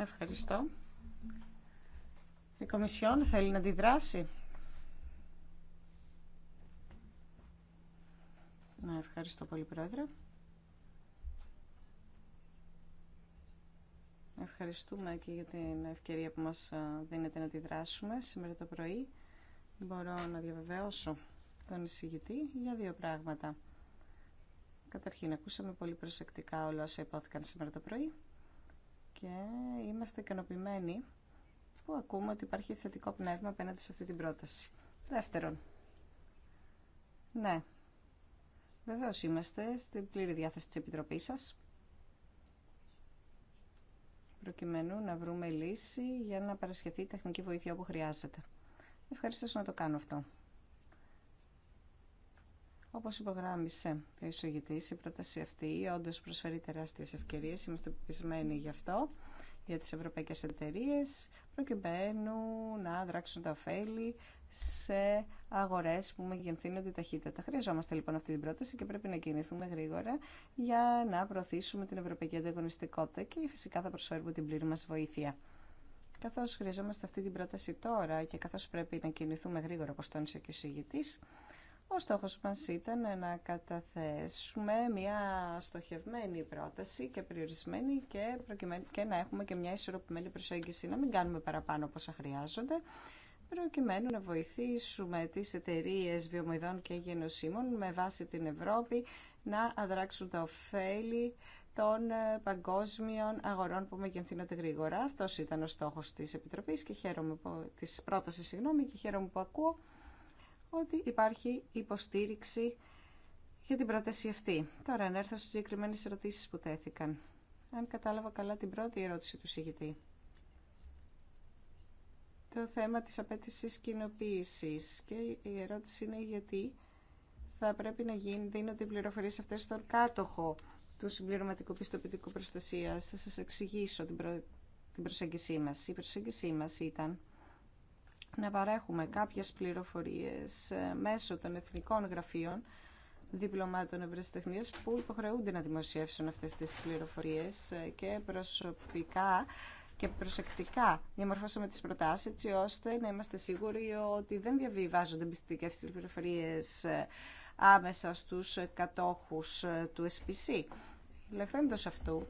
S4: Ευχαριστώ. Η
S2: Κομισιόν θέλει να αντιδράσει. Ναι, ευχαριστώ πολύ, Πρόεδρε. Ευχαριστούμε και για την ευκαιρία που μας ε, δίνετε να τη δράσουμε σήμερα το πρωί. Μπορώ να διαβεβαιώσω τον εισηγητή για δύο πράγματα. Καταρχήν, ακούσαμε πολύ προσεκτικά όλα όσα υπόθηκαν σήμερα το πρωί και είμαστε ικανοποιημένοι που ακούμε ότι υπάρχει θετικό πνεύμα απέναντι σε αυτή την πρόταση. Δεύτερον, ναι, βεβαίως είμαστε στην πλήρη διάθεση της Επιτροπής σας προκειμένου να βρούμε λύση για να παρασχεθεί η τεχνική βοήθεια που χρειάζεται. Ευχαριστώ να το κάνω αυτό. Όπως υπογράμμισε ο εισηγητής, η πρόταση αυτή όντω προσφέρει τεράστιες ευκαιρίες, είμαστε πεπισμένοι γι' αυτό, για τις ευρωπαϊκές εταιρείε, προκειμένου να δράξουν τα ωφέλη σε αγορέ που μεγενθύνονται ταχύτατα. Χρειαζόμαστε λοιπόν αυτή την πρόταση και πρέπει να κινηθούμε γρήγορα για να προωθήσουμε την ευρωπαϊκή ανταγωνιστικότητα και φυσικά θα προσφέρουμε την πλήρη μα βοήθεια. Καθώ χρειαζόμαστε αυτή την πρόταση τώρα και καθώ πρέπει να κινηθούμε γρήγορα, όπω τόνισε και ο συγητής, ο στόχο μας ήταν να καταθέσουμε μια στοχευμένη πρόταση και περιορισμένη και, και να έχουμε και μια ισορροπημένη προσέγγιση, να μην κάνουμε παραπάνω από όσα χρειάζονται προκειμένου να βοηθήσουμε τις εταιρείε βιομοιδών και γενοσύμων με βάση την Ευρώπη να αδράξουν τα ωφέλη των ε, παγκόσμιων αγορών που μεγενθύνονται γρήγορα. Αυτό ήταν ο στόχο τη Επιτροπή και χαίρομαι που, της πρότασης, συγγνώμη, και χαίρομαι που ακούω ότι υπάρχει υποστήριξη για την πρόταση αυτή. Τώρα, να έρθω στι συγκεκριμένε ερωτήσει που τέθηκαν. Αν κατάλαβα καλά την πρώτη ερώτηση του συγητή το θέμα της απέτησης κοινοποίηση. Και η ερώτηση είναι γιατί θα πρέπει να γίνει, δίνονται οι πληροφορίες αυτές στον κάτοχο του συμπληρωματικού πιστοποιητικού προστασία. Θα σας εξηγήσω την, την προσέγγισή μας. Η προσέγγισή μας ήταν να παρέχουμε κάποιες πληροφορίες ε, μέσω των εθνικών γραφείων διπλωμάτων ευρεσιτεχνία που υποχρεούνται να δημοσιεύσουν αυτές τις πληροφορίες ε, και προσωπικά και προσεκτικά διαμορφώσαμε τις προτάσεις έτσι ώστε να είμαστε σίγουροι ότι δεν διαβιβάζονται εμπιστικές πληροφορίες ε, άμεσα στους κατόχους ε, του SPC. Λεχθέντος αυτού,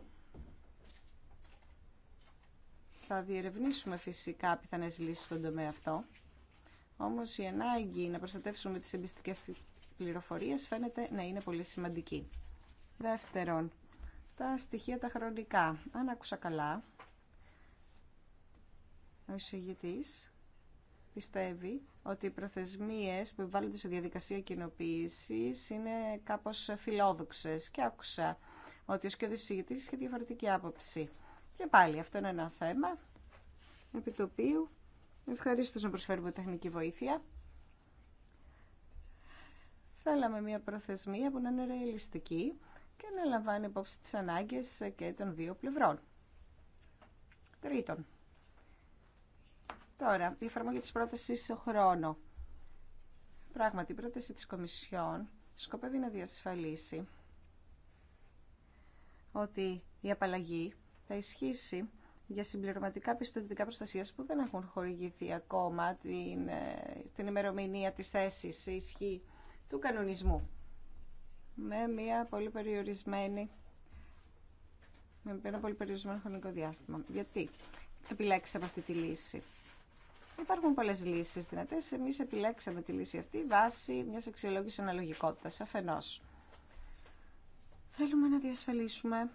S2: θα διερευνήσουμε φυσικά πιθανές λύσεις στον τομέα αυτό. Όμως η ανάγκη να προστατεύσουμε τις της πληροφορίες φαίνεται να είναι πολύ σημαντική. Δεύτερον, τα στοιχεία τα χρονικά. Αν άκουσα καλά, ο εισηγητή πιστεύει ότι οι προθεσμίες που βάλλονται σε διαδικασία κοινοποίηση είναι κάπως φιλόδοξες και άκουσα ότι ο σκιώδης εισηγητή είχε διαφορετική άποψη. Και πάλι αυτό είναι ένα θέμα επί το οποίο ευχαριστώ να προσφέρουμε τεχνική βοήθεια. Θέλαμε μια προθεσμία που να είναι ρεαλιστική και να λαμβάνει υπόψη τις ανάγκες και των δύο πλευρών. Τρίτον, Τώρα, η εφαρμογή της πρότασης σε χρόνο. Πράγματι, η πρόταση της Κομισιόν σκοπεύει να διασφαλίσει ότι η απαλλαγή θα ισχύσει για συμπληρωματικά πιστοντικά προστασία που δεν έχουν χορηγηθεί ακόμα την, ε, την ημερομηνία της θέσης ισχύ του κανονισμού. Με μια πολύ περιορισμένη με ένα πολύ περιορισμένο χρονικό διάστημα. Γιατί επιλέξαμε αυτή τη λύση. Υπάρχουν πολλέ λύσει δυνατέ. Εμεί επιλέξαμε τη λύση αυτή βάσει μια αξιολόγηση αναλογικότητα. Αφενό, θέλουμε να διασφαλίσουμε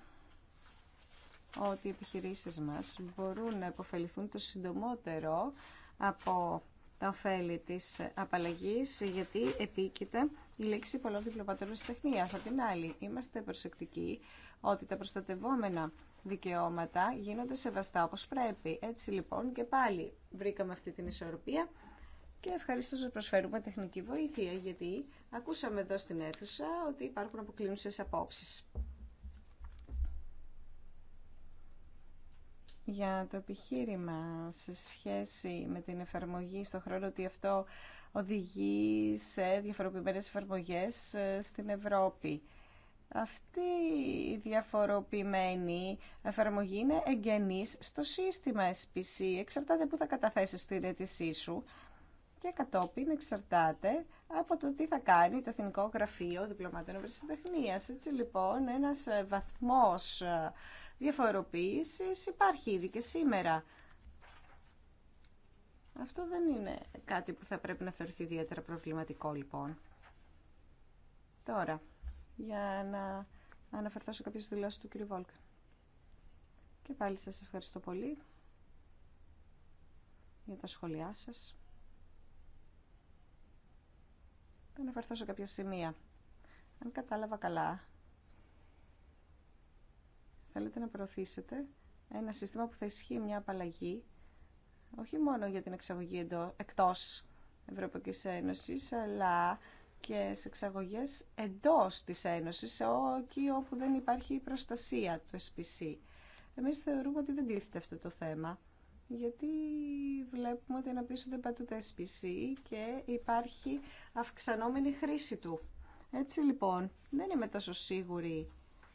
S2: ότι οι επιχειρήσεις μας μπορούν να υποφεληθούν το συντομότερο από τα ωφέλη της απαλλαγής, γιατί επίκειται η λέξη πολλών διπλωματών τεχνίας. Απ' την άλλη, είμαστε προσεκτικοί ότι τα προστατευόμενα δικαιώματα γίνονται σεβαστά όπως πρέπει. Έτσι λοιπόν και πάλι βρήκαμε αυτή την ισορροπία και ευχαριστώ να προσφέρουμε τεχνική βοήθεια γιατί ακούσαμε εδώ στην αίθουσα ότι υπάρχουν αποκλίνουσες απόψεις. για το επιχείρημα σε σχέση με την εφαρμογή στον χρόνο ότι αυτό οδηγεί σε διαφοροποιημένες εφαρμογές ε, στην Ευρώπη αυτή η διαφοροποιημένη εφαρμογή είναι εγγενής στο σύστημα SPC. Εξαρτάται που θα καταθέσεις την αίτησή σου και κατόπιν εξαρτάται από το τι θα κάνει το Εθνικό Γραφείο Διπλωμάτων Τεχνίας. Έτσι λοιπόν ένας ε, βαθμός ε, διαφοροποίησης υπάρχει ήδη και σήμερα. Αυτό δεν είναι κάτι που θα πρέπει να θεωρηθεί ιδιαίτερα προβληματικό λοιπόν. Τώρα, για να αναφερθώ σε κάποιες δηλώσεις του κ. Βόλκα. Και πάλι σας ευχαριστώ πολύ για τα σχόλιά σας. Θα αναφερθώ σε κάποια σημεία. Αν κατάλαβα καλά, θέλετε να προωθήσετε ένα σύστημα που θα ισχύει μια απαλλαγή όχι μόνο για την εξαγωγή εντός, εκτός Ευρωπαϊκής Ένωσης, αλλά σε εξαγωγές εντός της Ένωσης, εκεί όπου δεν υπάρχει προστασία του SPC. Εμείς θεωρούμε ότι δεν τίθεται αυτό το θέμα, γιατί βλέπουμε ότι αναπτύσσονται παντού τα SPC και υπάρχει αυξανόμενη χρήση του. Έτσι λοιπόν, δεν είμαι τόσο σίγουρη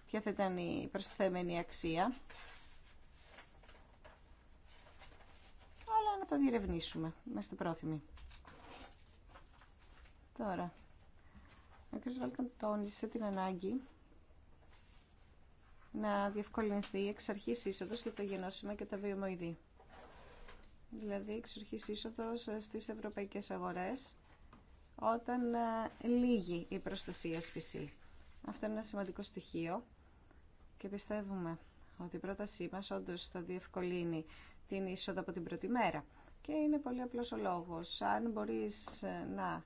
S2: ποια θα ήταν η προσθέμενη αξία. Αλλά να το διερευνήσουμε. Είμαστε πρόθυμοι. Τώρα, ο κ. Βάλκαν τόνισε την ανάγκη να διευκολυνθεί εξ αρχή είσοδο για τα γενώσιμα και τα βιομοειδή. Δηλαδή εξ αρχή είσοδος στις ευρωπαϊκές αγορές όταν ε, λύγει η προστασία SPC. Αυτό είναι ένα σημαντικό στοιχείο και πιστεύουμε ότι η πρότασή μα όντω θα διευκολύνει την είσοδο από την πρώτη μέρα. Και είναι πολύ απλό ο λόγο. Αν μπορεί ε, να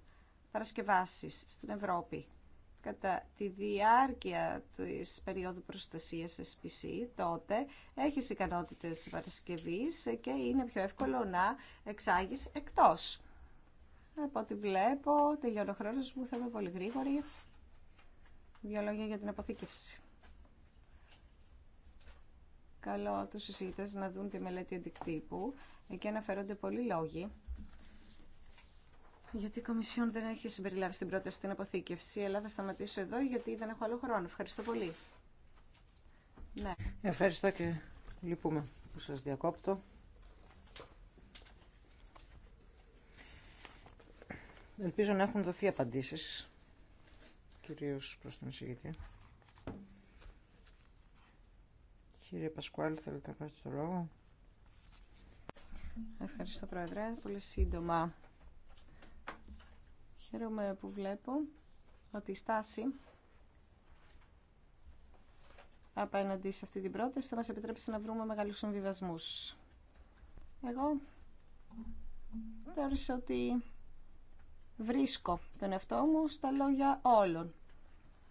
S2: παρασκευάσεις στην Ευρώπη. Κατά τη διάρκεια της περίοδου προστασίας SPC, τότε έχεις ικανότητες παρασκευής και είναι πιο εύκολο να εξάγεις εκτός. Από ό,τι βλέπω, τελειώνω χρόνος μου, θα είμαι πολύ γρήγορη. Δύο λόγια για την αποθήκευση. Καλό τους συζήτητες να δουν τη μελέτη αντικτύπου. Εκεί αναφέρονται πολλοί λόγοι γιατί η Κομισιόν δεν έχει συμπεριλάβει στην πρόταση την αποθήκευση, αλλά θα σταματήσω εδώ γιατί δεν έχω άλλο χρόνο. Ευχαριστώ πολύ. Ναι.
S1: Ευχαριστώ και λυπούμε που σας διακόπτω. Ελπίζω να έχουν δοθεί απαντήσεις, κυρίως προς τον εισηγητή. Κύριε
S2: Πασκουάλη, θέλετε να πάρετε το λόγο. Ευχαριστώ, Πρόεδρε. Πολύ σύντομα Χαίρομαι που βλέπω ότι η στάση απέναντι σε αυτή την πρόταση θα μας επιτρέψει να βρούμε μεγάλους συμβιβασμούς. Εγώ θεώρησα ότι βρίσκω τον εαυτό μου στα λόγια όλων.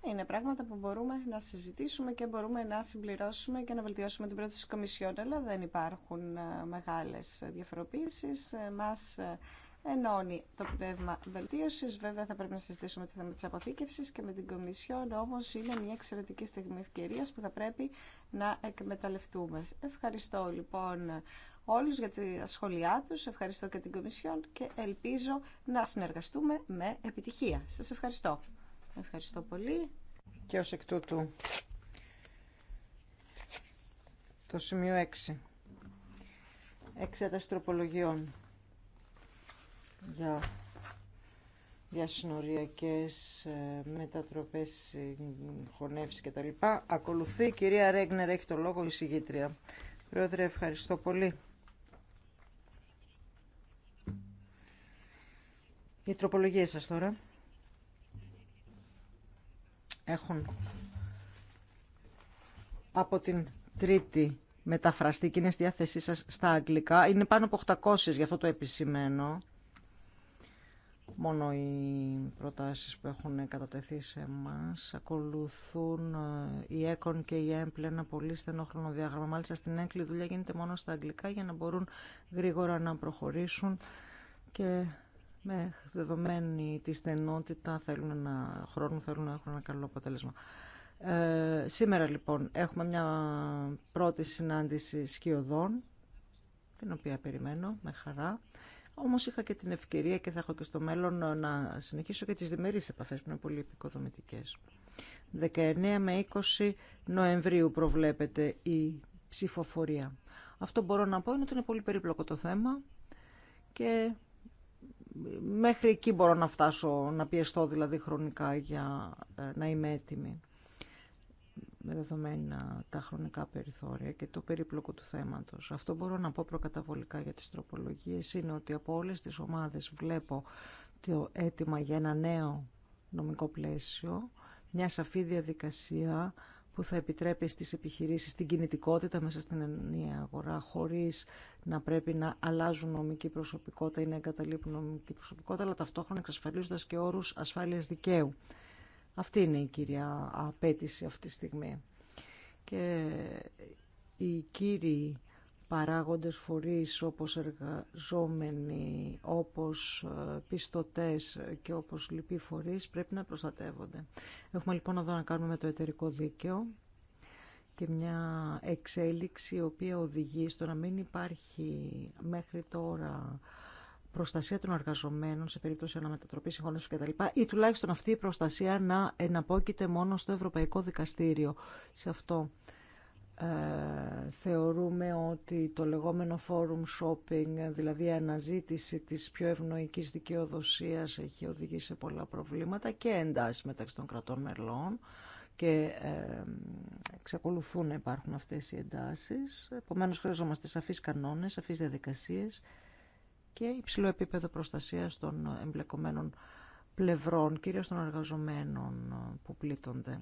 S2: Είναι πράγματα που μπορούμε να συζητήσουμε και μπορούμε να συμπληρώσουμε και να βελτιώσουμε την πρόταση της Κομισιόν, αλλά δεν υπάρχουν ε, μεγάλες διαφοροποίησεις. Ε, μας ε, ενώνει το πνεύμα βελτίωση. Βέβαια, θα πρέπει να συζητήσουμε το θέμα τη αποθήκευση και με την Κομισιόν, όμω είναι μια εξαιρετική στιγμή ευκαιρία που θα πρέπει να εκμεταλλευτούμε. Ευχαριστώ λοιπόν όλους για τη σχόλιά τους, ευχαριστώ και την Κομισιόν και ελπίζω να συνεργαστούμε με επιτυχία. Σας ευχαριστώ. Ευχαριστώ πολύ. Και ως εκ τούτου,
S1: το σημείο 6. Εξέταση τροπολογιών για διασυνοριακές ε, μετατροπές, χωνεύσεις κτλ. Ακολουθεί η κυρία Ρέγνερ, έχει το λόγο η συγγήτρια. Πρόεδρε, ευχαριστώ πολύ. Οι τροπολογίες σας τώρα έχουν από την τρίτη μεταφραστή και είναι στη διάθεσή σας στα αγγλικά. Είναι πάνω από 800, γι' αυτό το επισημαίνω μόνο οι προτάσεις που έχουν κατατεθεί σε εμά. Ακολουθούν ε, η ΕΚΟΝ και η ΕΜΠΛ ένα πολύ στενό χρονοδιάγραμμα. Μάλιστα στην ΕΚΛ η δουλειά γίνεται μόνο στα αγγλικά για να μπορούν γρήγορα να προχωρήσουν και με δεδομένη τη στενότητα θέλουν να, χρόνο θέλουν να έχουν ένα καλό αποτέλεσμα. Ε, σήμερα λοιπόν έχουμε μια πρώτη συνάντηση σκιωδών την οποία περιμένω με χαρά. Όμω είχα και την ευκαιρία και θα έχω και στο μέλλον να συνεχίσω και τι διμερεί επαφέ που είναι πολύ επικοδομητικές. 19 με 20 Νοεμβρίου προβλέπεται η ψηφοφορία. Αυτό μπορώ να πω είναι ότι είναι πολύ περίπλοκο το θέμα και μέχρι εκεί μπορώ να φτάσω, να πιεστώ δηλαδή χρονικά για ε, να είμαι έτοιμη με δεδομένα τα χρονικά περιθώρια και το περίπλοκο του θέματος. Αυτό μπορώ να πω προκαταβολικά για τις τροπολογίες είναι ότι από όλες τις ομάδες βλέπω το αίτημα για ένα νέο νομικό πλαίσιο, μια σαφή διαδικασία που θα επιτρέπει στις επιχειρήσεις την κινητικότητα μέσα στην ενιαία αγορά χωρίς να πρέπει να αλλάζουν νομική προσωπικότητα ή να εγκαταλείπουν νομική προσωπικότητα αλλά ταυτόχρονα εξασφαλίζοντας και όρους ασφάλειας δικαίου. Αυτή είναι η κυρία απέτηση αυτή τη στιγμή. Και οι κύριοι παράγοντες φορείς όπως εργαζόμενοι, όπως ε, πιστωτές και όπως λοιποί φορείς πρέπει να προστατεύονται. Έχουμε λοιπόν εδώ να κάνουμε το εταιρικό δίκαιο και μια εξέλιξη η οποία οδηγεί στο να μην υπάρχει μέχρι τώρα προστασία των εργαζομένων σε περίπτωση αναμετατροπή συγχώνευση κτλ. ή τουλάχιστον αυτή η προστασία να εναπόκειται μόνο στο Ευρωπαϊκό Δικαστήριο. Σε αυτό ε, θεωρούμε ότι το λεγόμενο forum shopping, δηλαδή η αναζήτηση της πιο ευνοϊκής δικαιοδοσίας έχει οδηγήσει σε πολλά προβλήματα και εντάσεις μεταξύ των κρατών μελών και ε, εξακολουθούν να υπάρχουν αυτές οι εντάσεις. Επομένως χρειαζόμαστε σαφείς κανόνες, σαφείς διαδικασίες και υψηλό επίπεδο προστασίας των εμπλεκομένων πλευρών, κυρίως των εργαζομένων που πλήττονται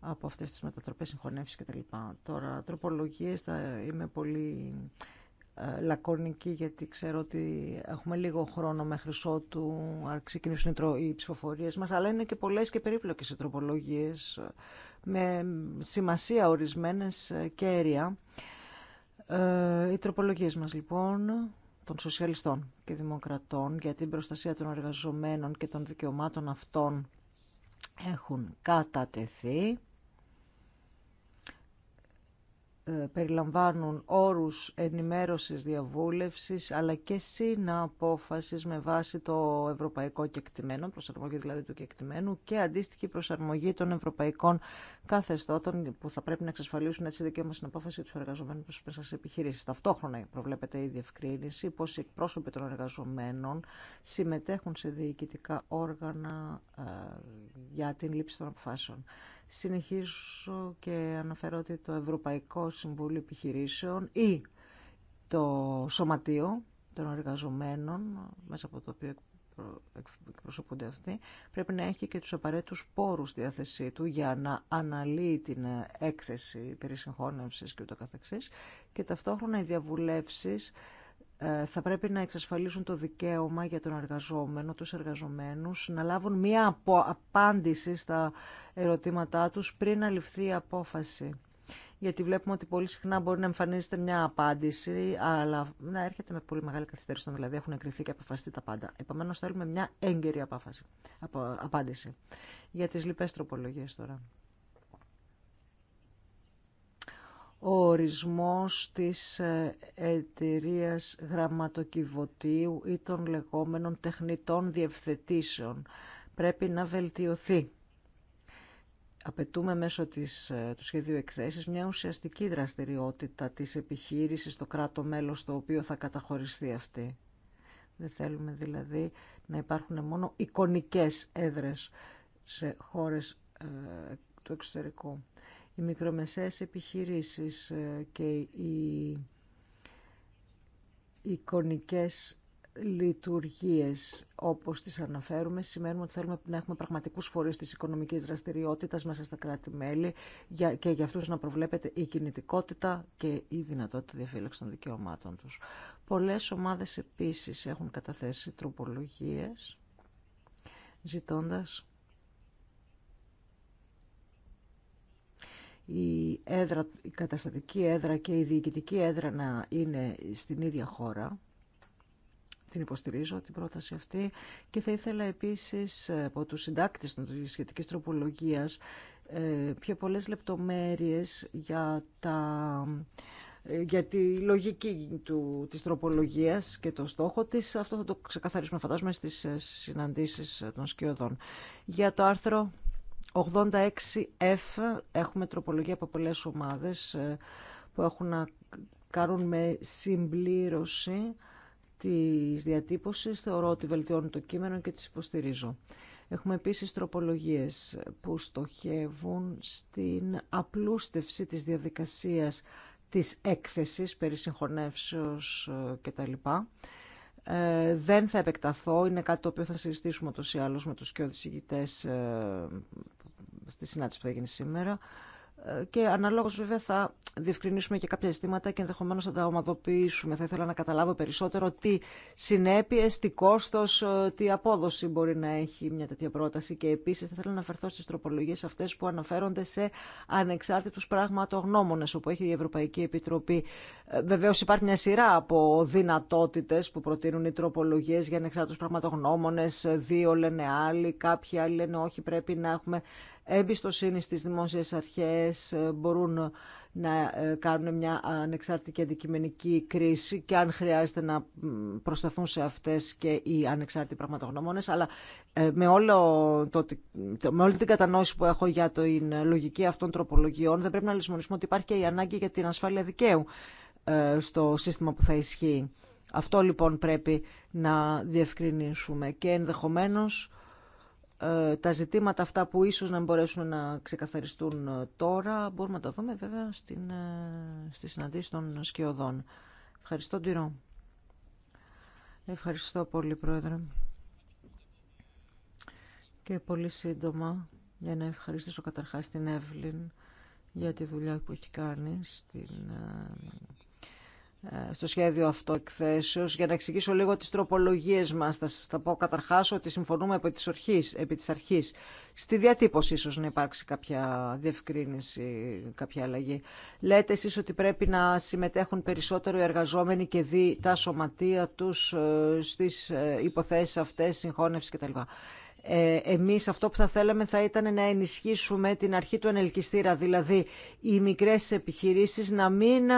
S1: από αυτές τις μετατροπές, συγχωνεύσεις κτλ. Τώρα, τροπολογίες θα είμαι πολύ ε, λακωνική γιατί ξέρω ότι έχουμε λίγο χρόνο μέχρι ότου ξεκινήσουν οι ψηφοφορίες μας αλλά είναι και πολλές και περίπλοκες οι τροπολογίες ε, με σημασία ορισμένες ε, κέρια. Οι τροπολογίες μας λοιπόν των Σοσιαλιστών και Δημοκρατών για την προστασία των εργαζομένων και των δικαιωμάτων αυτών έχουν κατατεθεί ε, περιλαμβάνουν όρους ενημέρωσης διαβούλευσης αλλά και συναπόφασης με βάση το ευρωπαϊκό κεκτημένο, προσαρμογή δηλαδή του κεκτημένου και αντίστοιχη προσαρμογή των ευρωπαϊκών καθεστώτων που θα πρέπει να εξασφαλίσουν έτσι δικαίωμα στην απόφαση του εργαζομένου προς μέσα σε επιχειρήσεις. Ταυτόχρονα προβλέπεται η διευκρίνηση πως οι εκπρόσωποι των εργαζομένων συμμετέχουν σε διοικητικά όργανα ε, για την λήψη των αποφάσεων. Συνεχίζω και αναφέρω ότι το Ευρωπαϊκό Συμβούλιο Επιχειρήσεων ή το Σωματείο των Εργαζομένων, μέσα από το οποίο εκπροσωπούνται αυτοί, πρέπει να έχει και τους απαραίτητους πόρους στη διάθεσή του για να αναλύει την έκθεση περί συγχώνευσης και ούτω καθεξής και ταυτόχρονα οι διαβουλεύσεις ε, θα πρέπει να εξασφαλίσουν το δικαίωμα για τον εργαζόμενο, τους εργαζομένους, να λάβουν μία απάντηση στα ερωτήματά τους πριν να ληφθεί η απόφαση. Γιατί βλέπουμε ότι πολύ συχνά μπορεί να εμφανίζεται μια απάντηση, αλλά να έρχεται με πολύ μεγάλη καθυστέρηση, δηλαδή έχουν εγκριθεί και αποφασιστεί τα πάντα. Επομένως θέλουμε μια έγκαιρη απάντηση. Για τις λοιπές τροπολογίες τώρα. ο ορισμός της ε, εταιρείας γραμματοκιβωτίου ή των λεγόμενων τεχνητών διευθετήσεων πρέπει να βελτιωθεί. Απαιτούμε μέσω της, ε, του σχεδίου εκθέσεις μια ουσιαστική δραστηριότητα της επιχείρησης στο κράτο μέλος στο οποίο θα καταχωριστεί αυτή. Δεν θέλουμε δηλαδή να υπάρχουν μόνο εικονικές έδρες σε χώρες ε, του εξωτερικού οι μικρομεσαίες επιχειρήσεις ε, και οι εικονικές λειτουργίες όπως τις αναφέρουμε σημαίνουν ότι θέλουμε να έχουμε πραγματικούς φορείς της οικονομικής δραστηριότητας μέσα στα κράτη-μέλη και για αυτούς να προβλέπεται η κινητικότητα και η δυνατότητα διαφύλαξης των δικαιωμάτων τους. Πολλές ομάδες επίσης έχουν καταθέσει τροπολογίες ζητώντας η, έδρα, καταστατική έδρα και η διοικητική έδρα να είναι στην ίδια χώρα. Την υποστηρίζω την πρόταση αυτή και θα ήθελα επίσης από τους συντάκτες της σχετικής τροπολογίας ε, πιο πολλές λεπτομέρειες για, τα, ε, για τη λογική του, της τροπολογίας και το στόχο της. Αυτό θα το ξεκαθαρίσουμε φαντάζομαι στις ε, συναντήσεις των σκιωδών. Για το άρθρο 86F έχουμε τροπολογία από πολλές ομάδες ε, που έχουν να κάνουν με συμπλήρωση της διατύπωσης. Θεωρώ ότι βελτιώνουν το κείμενο και τις υποστηρίζω. Έχουμε επίσης τροπολογίες που στοχεύουν στην απλούστευση της διαδικασίας της έκθεσης περί συγχωνεύσεως ε, κτλ. Ε, δεν θα επεκταθώ, είναι κάτι το οποίο θα συζητήσουμε ούτως ή άλλως με τους και στη συνάντηση που θα γίνει σήμερα ε, και αναλόγω, βέβαια θα διευκρινίσουμε και κάποια ζητήματα και ενδεχομένω θα τα ομαδοποιήσουμε. Θα ήθελα να καταλάβω περισσότερο τι συνέπειες, τι κόστο ε, τι απόδοση μπορεί να έχει μια τέτοια πρόταση και επίση θα ήθελα να αναφερθώ στις τροπολογίε αυτέ που αναφέρονται σε ανεξάρτητους πραγματογνώμονε όπου έχει η Ευρωπαϊκή Επιτροπή. Ε, Βεβαίω υπάρχει μια σειρά από δυνατότητε που προτείνουν οι τροπολογίε για ανεξάρτητου πραγματογνώμονε. δύο λένε άλλοι, κάποιοι άλλοι λένε όχι πρέπει να έχουμε εμπιστοσύνη στις δημόσιες αρχές, ε, μπορούν να ε, κάνουν μια ανεξάρτητη και αντικειμενική κρίση και αν χρειάζεται να προσταθούν σε αυτές και οι ανεξάρτητοι πραγματογνωμόνες. Αλλά ε, με, όλο το, με όλη την κατανόηση που έχω για την λογική αυτών τροπολογιών δεν πρέπει να λησμονήσουμε ότι υπάρχει και η ανάγκη για την ασφάλεια δικαίου στο σύστημα που θα ισχύει. Αυτό λοιπόν πρέπει να διευκρινίσουμε και ενδεχομένως ε, τα ζητήματα αυτά που ίσως να μπορέσουν να ξεκαθαριστούν ε, τώρα μπορούμε να τα δούμε βέβαια στην, ε, στη συναντήση των σκιωδών. Ευχαριστώ Τυρό. Ευχαριστώ πολύ Πρόεδρε. Και πολύ σύντομα για να ευχαριστήσω καταρχάς την Εύλην για τη δουλειά που έχει κάνει στην ε, στο σχέδιο αυτό εκθέσεω, για να εξηγήσω λίγο τι τροπολογίε μα. Θα, θα πω καταρχά ότι συμφωνούμε επί τη αρχής, επί της αρχής. Στη διατύπωση ίσως να υπάρξει κάποια διευκρίνηση, κάποια αλλαγή. Λέτε εσεί ότι πρέπει να συμμετέχουν περισσότερο οι εργαζόμενοι και δει τα σωματεία τους ε, στις ε, υποθέσει αυτέ, συγχώνευση κτλ. Ε, εμείς αυτό που θα θέλαμε θα ήταν να ενισχύσουμε την αρχή του ανελκυστήρα, δηλαδή οι μικρές επιχειρήσεις να μην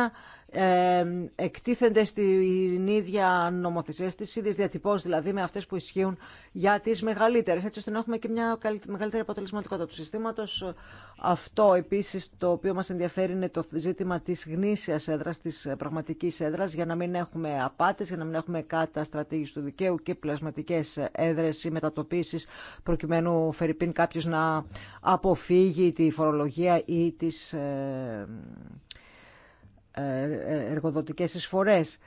S1: εκτίθενται στην ίδια νομοθεσία, στις ίδιες διατυπώσεις δηλαδή με αυτές που ισχύουν για τις μεγαλύτερες, έτσι ώστε να έχουμε και μια μεγαλύτερη αποτελεσματικότητα του συστήματος. Αυτό επίσης το οποίο μας ενδιαφέρει είναι το ζήτημα της γνήσιας έδρας, της πραγματικής έδρας, για να μην έχουμε απάτες, για να μην έχουμε κάτα καταστρατήγηση του δικαίου και πλασματικές έδρες ή μετατοπίσεις, προκειμένου φερειπίν κάποιο να αποφύγει τη φορολογία ή τις ε, ε, εργοδοτικές εισφορές.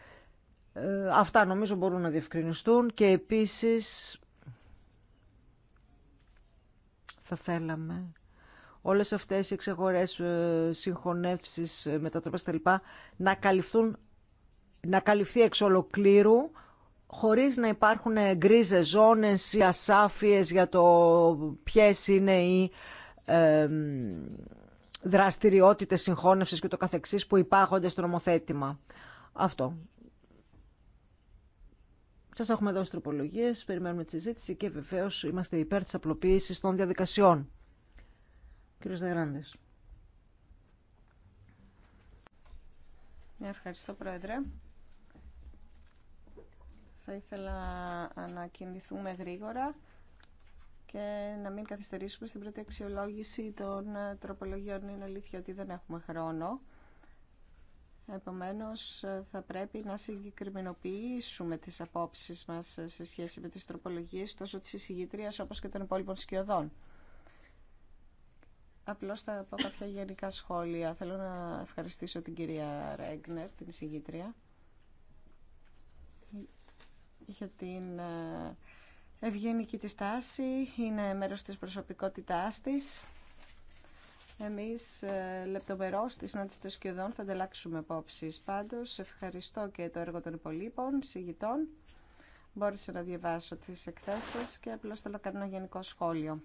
S1: Ε, αυτά νομίζω μπορούν να διευκρινιστούν και επίσης θα θέλαμε όλες αυτές οι εξαγορές, ε, συγχωνεύσεις, μετατροπές λοιπά, να καλυφθούν να καλυφθεί εξ ολοκλήρου χωρίς να υπάρχουν γκρίζες ζώνες ή ασάφειες για το ποιες είναι οι δραστηριότητες συγχώνευσης και το καθεξής που υπάγονται στο νομοθέτημα. Αυτό. σα έχουμε δώσει τροπολογίε. περιμένουμε τη συζήτηση και βεβαίως είμαστε υπέρ τη απλοποίηση των διαδικασιών.
S2: Κύριος Δεγράντε. Ευχαριστώ, Πρόεδρε. Θα ήθελα να κινηθούμε γρήγορα και να μην καθυστερήσουμε στην πρώτη αξιολόγηση των ε, τροπολογιών. Είναι αλήθεια ότι δεν έχουμε χρόνο. Επομένως, ε, θα πρέπει να συγκεκριμενοποιήσουμε τις απόψεις μας ε, σε σχέση με τις τροπολογίες τόσο της εισηγήτριας όπως και των υπόλοιπων σκιωδών. Απλώς θα πω κάποια γενικά σχόλια. Θέλω να ευχαριστήσω την κυρία Ρέγκνερ, την εισηγήτρια, για την ευγενική της τάση, είναι μέρος της προσωπικότητάς της. Εμείς ε, λεπτομερώς στη συνάντηση των σκιωδών θα ανταλλάξουμε απόψεις. Πάντως ευχαριστώ και το έργο των υπολείπων, συγητών. Μπόρεσα να διαβάσω τις εκθέσεις και απλώς θέλω να κάνω ένα γενικό σχόλιο.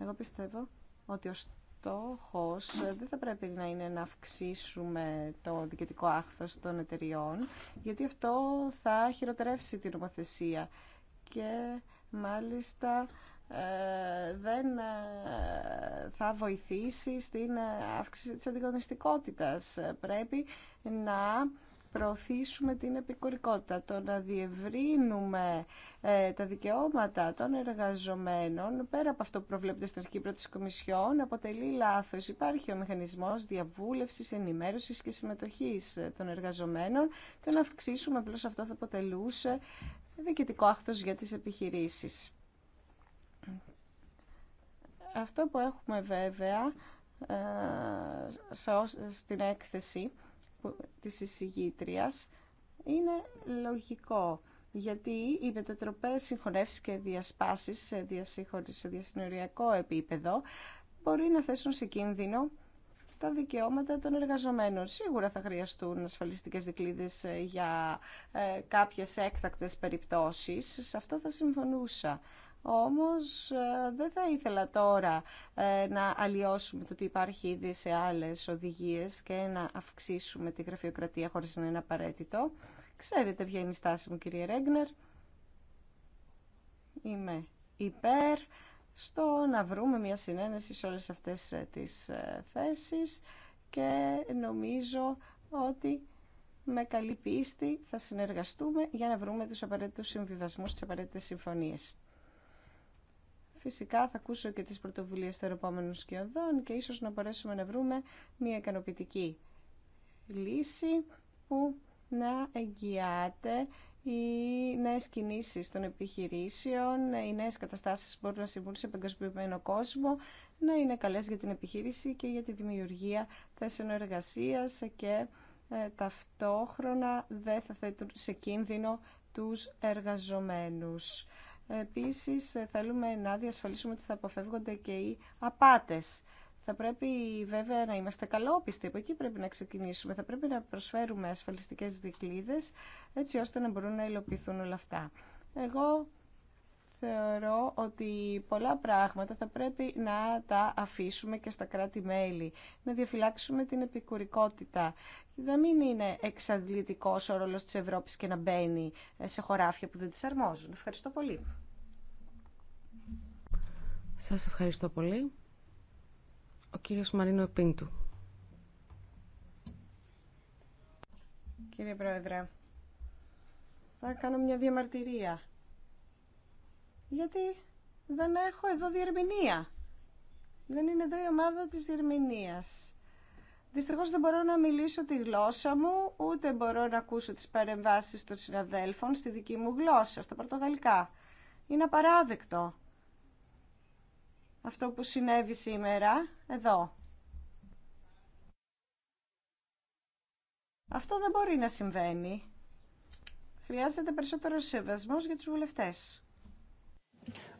S2: Εγώ πιστεύω ότι ο στόχος ε, δεν θα πρέπει να είναι να αυξήσουμε το διοικητικό άχθος των εταιριών, γιατί αυτό θα χειροτερεύσει την νομοθεσία και μάλιστα ε, δεν ε, θα βοηθήσει στην ε, αύξηση της αντιγωνιστικότητας. Πρέπει να προωθήσουμε την επικουρικότητα, το να διευρύνουμε τα δικαιώματα των εργαζομένων πέρα από αυτό που προβλέπεται στην αρχή πρώτης Κομισιόν αποτελεί λάθος. Υπάρχει ο μηχανισμός διαβούλευσης, ενημέρωσης και συμμετοχής των εργαζομένων Το να αυξήσουμε απλώς αυτό θα αποτελούσε διοικητικό άχθος για τις επιχειρήσεις. Αυτό που έχουμε βέβαια ε, στην έκθεση της εισηγήτριας είναι λογικό. Γιατί οι μετατροπές συγχωνεύσεις και διασπάσεις σε διασυνοριακό επίπεδο μπορεί να θέσουν σε κίνδυνο τα δικαιώματα των εργαζομένων. Σίγουρα θα χρειαστούν ασφαλιστικές δικλείδες ε, για ε, κάποιες έκτακτες περιπτώσεις. Σε αυτό θα συμφωνούσα. Όμως ε, δεν θα ήθελα τώρα να αλλοιώσουμε το ότι υπάρχει ήδη σε άλλες οδηγίες και να αυξήσουμε τη γραφειοκρατία χωρίς να είναι απαραίτητο. Ξέρετε ποια είναι η στάση μου κύριε Ρέγνερ. Είμαι υπέρ στο να βρούμε μια συνένεση σε όλες αυτές ε, τις ε, θέσεις και νομίζω ότι με καλή πίστη θα συνεργαστούμε για να βρούμε τους απαραίτητους συμβιβασμούς, τις απαραίτητες συμφωνίες. Φυσικά θα ακούσω και τις πρωτοβουλίες των επόμενων σκιωδών και ίσως να μπορέσουμε να βρούμε μια ικανοποιητική λύση που να εγγυάται οι νέε κινήσει των επιχειρήσεων, οι νέε καταστάσει που μπορούν να συμβούν σε παγκοσμιοποιημένο κόσμο να είναι καλέ για την επιχείρηση και για τη δημιουργία θέσεων εργασία και ε, ταυτόχρονα δεν θα θέτουν σε κίνδυνο τους εργαζομένους. Επίσης, ε, θέλουμε να διασφαλίσουμε ότι θα αποφεύγονται και οι απάτες θα πρέπει βέβαια να είμαστε καλόπιστοι, από εκεί πρέπει να ξεκινήσουμε. Θα πρέπει να προσφέρουμε ασφαλιστικές δικλείδες έτσι ώστε να μπορούν να υλοποιηθούν όλα αυτά. Εγώ θεωρώ ότι πολλά πράγματα θα πρέπει να τα αφήσουμε και στα κράτη-μέλη, να διαφυλάξουμε την επικουρικότητα. Να μην είναι εξαντλητικό ο ρόλο τη Ευρώπη και να μπαίνει σε χωράφια που δεν τις αρμόζουν. Ευχαριστώ πολύ.
S4: Σας ευχαριστώ πολύ. Ο κύριος Μαρίνο Επίντου.
S2: Κύριε Πρόεδρε, θα κάνω μια διαμαρτυρία. Γιατί δεν έχω εδώ διερμηνία. Δεν είναι εδώ η ομάδα της διερμηνίας. Δυστυχώς δεν μπορώ να μιλήσω τη γλώσσα μου, ούτε μπορώ να ακούσω τις παρεμβάσεις των συναδέλφων στη δική μου γλώσσα, στα πορτογαλικά. Είναι απαράδεκτο αυτό που συνέβη σήμερα εδώ. Αυτό δεν μπορεί να συμβαίνει. Χρειάζεται περισσότερο σεβασμό για τους
S4: βουλευτές.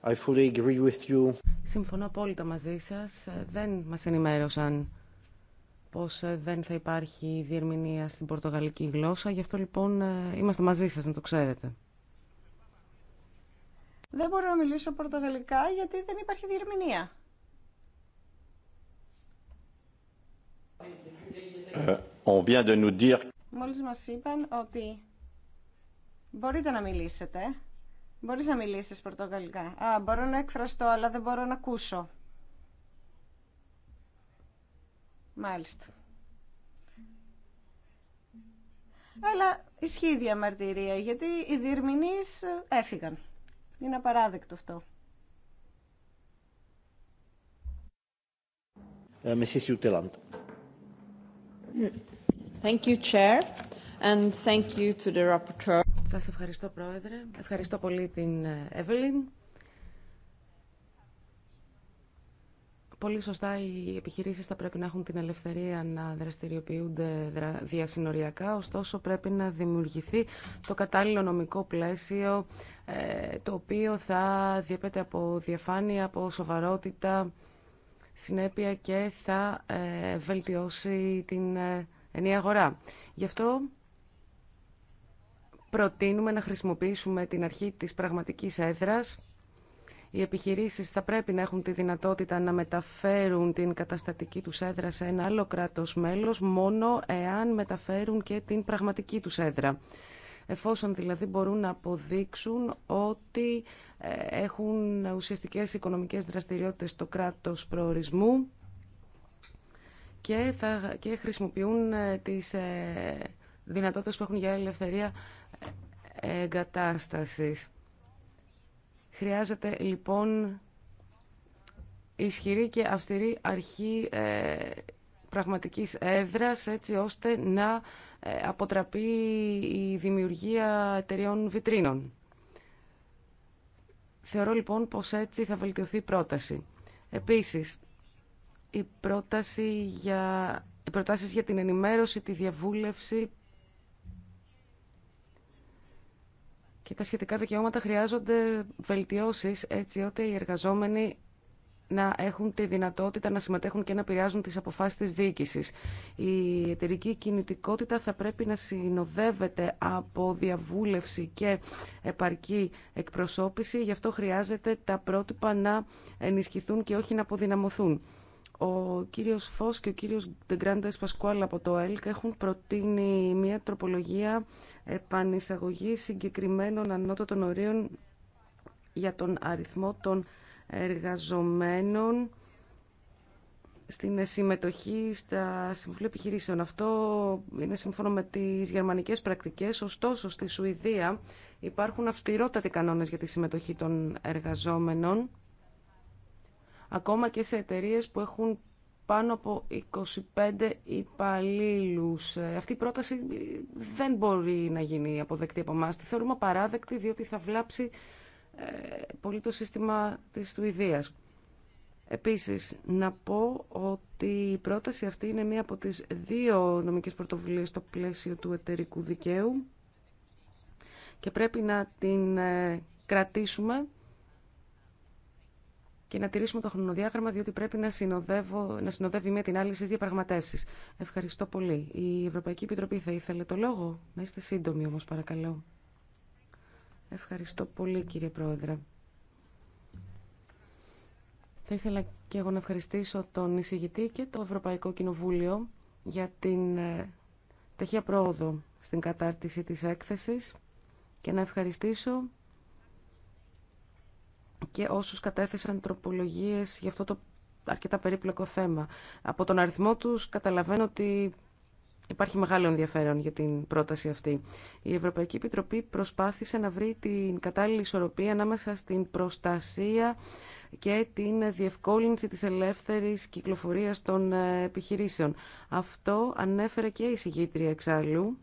S3: I fully agree with you.
S4: Συμφωνώ απόλυτα μαζί σας. Δεν μας ενημέρωσαν πως δεν θα υπάρχει διερμηνία στην πορτογαλική γλώσσα. Γι' αυτό λοιπόν ε, είμαστε μαζί σας, να το ξέρετε.
S2: Δεν μπορώ να μιλήσω πορτογαλικά γιατί δεν υπάρχει διερμηνία.
S3: Ε, on vient
S2: Μόλις μας είπαν ότι μπορείτε να μιλήσετε. Μπορείς να μιλήσεις πορτογαλικά. Α, μπορώ να εκφραστώ, αλλά δεν μπορώ να ακούσω. Μάλιστα. Αλλά ισχύει η διαμαρτυρία, γιατί οι διερμηνείς έφυγαν. Είναι απαράδεκτο αυτό.
S3: Ε,
S4: thank Σας ευχαριστώ, Πρόεδρε. Ευχαριστώ πολύ την Εύελιν. Πολύ σωστά οι επιχειρήσεις θα πρέπει να έχουν την ελευθερία να δραστηριοποιούνται διασυνοριακά, ωστόσο πρέπει να δημιουργηθεί το κατάλληλο νομικό πλαίσιο ε, το οποίο θα διέπεται από διαφάνεια, από σοβαρότητα, συνέπεια και θα ε, βελτιώσει την ε, ενιαία αγορά. Γι' αυτό προτείνουμε να χρησιμοποιήσουμε την αρχή της πραγματικής έδρας. Οι επιχειρήσεις θα πρέπει να έχουν τη δυνατότητα να μεταφέρουν την καταστατική τους έδρα σε ένα άλλο κράτος μέλος μόνο εάν μεταφέρουν και την πραγματική τους έδρα εφόσον δηλαδή μπορούν να αποδείξουν ότι ε, έχουν ουσιαστικές οικονομικές δραστηριότητες στο κράτος προορισμού και, θα, και χρησιμοποιούν ε, τις ε, δυνατότητες που έχουν για ελευθερία εγκατάστασης. Χρειάζεται λοιπόν ισχυρή και αυστηρή αρχή πραγματικής έδρας έτσι ώστε να ε, αποτραπεί η δημιουργία εταιριών βιτρίνων. Θεωρώ λοιπόν πως έτσι θα βελτιωθεί η πρόταση. Επίσης, η πρόταση για... οι προτάσεις για την ενημέρωση, τη διαβούλευση και τα σχετικά δικαιώματα χρειάζονται βελτιώσεις έτσι ώστε οι εργαζόμενοι να έχουν τη δυνατότητα να συμμετέχουν και να επηρεάζουν τις αποφάσεις της διοίκησης. Η εταιρική κινητικότητα θα πρέπει να συνοδεύεται από διαβούλευση και επαρκή εκπροσώπηση, γι' αυτό χρειάζεται τα πρότυπα να ενισχυθούν και όχι να αποδυναμωθούν. Ο κύριος Φως και ο κύριος Ντεγκράντες Πασκουάλ από το ΕΛΚ έχουν προτείνει μια τροπολογία επανεισαγωγής συγκεκριμένων ανώτατων ορίων για τον αριθμό των εργαζομένων στην συμμετοχή στα Συμβουλία Επιχειρήσεων. Αυτό είναι σύμφωνο με τις γερμανικές πρακτικές. Ωστόσο, στη Σουηδία υπάρχουν αυστηρότατοι κανόνες για τη συμμετοχή των εργαζόμενων, ακόμα και σε εταιρείε που έχουν πάνω από 25 υπαλλήλου. Ε, αυτή η πρόταση δεν μπορεί να γίνει αποδεκτή από εμά. Τη θεωρούμε παράδεκτη διότι θα βλάψει ε, πολύ το σύστημα της ιδέας. Επίσης, να πω ότι η πρόταση αυτή είναι μία από τις δύο νομικές πρωτοβουλίες στο πλαίσιο του εταιρικού δικαίου και πρέπει να την ε, κρατήσουμε και να τηρήσουμε το χρονοδιάγραμμα, διότι πρέπει να, συνοδεύω, να συνοδεύει με την άλλη στις διαπραγματεύσει. Ευχαριστώ πολύ. Η Ευρωπαϊκή Επιτροπή θα ήθελε το λόγο. Να είστε σύντομοι όμως, παρακαλώ. Ευχαριστώ πολύ κύριε Πρόεδρε. Θα ήθελα και εγώ να ευχαριστήσω τον εισηγητή και το Ευρωπαϊκό Κοινοβούλιο για την ε, ταχεία πρόοδο στην κατάρτιση της έκθεσης και να ευχαριστήσω και όσους κατέθεσαν τροπολογίες για αυτό το αρκετά περίπλοκο θέμα. Από τον αριθμό τους καταλαβαίνω ότι Υπάρχει μεγάλο ενδιαφέρον για την πρόταση αυτή. Η Ευρωπαϊκή Επιτροπή προσπάθησε να βρει την κατάλληλη ισορροπία ανάμεσα στην προστασία και την διευκόλυνση της ελεύθερης κυκλοφορίας των ε, επιχειρήσεων. Αυτό ανέφερε και η συγγήτρια εξάλλου.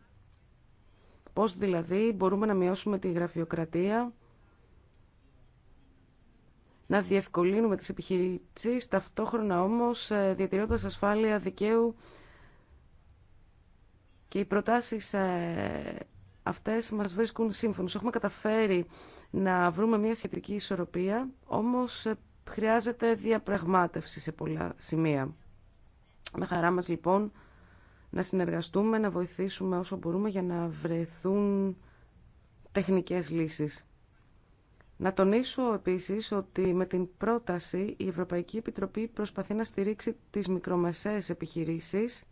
S4: Πώς δηλαδή μπορούμε να μειώσουμε τη γραφειοκρατία, να διευκολύνουμε τις επιχειρήσεις, ταυτόχρονα όμως ε, διατηρώντας ασφάλεια δικαίου και οι προτάσεις ε, αυτές μας βρίσκουν σύμφωνος. Έχουμε καταφέρει να βρούμε μια σχετική ισορροπία, όμως ε, χρειάζεται διαπραγμάτευση σε πολλά σημεία. Με χαρά μας λοιπόν να συνεργαστούμε, να βοηθήσουμε όσο μπορούμε για να βρεθούν τεχνικές λύσεις. Να τονίσω επίσης ότι με την πρόταση η Ευρωπαϊκή Επιτροπή προσπαθεί να στηρίξει τις μικρομεσαίες επιχειρήσεις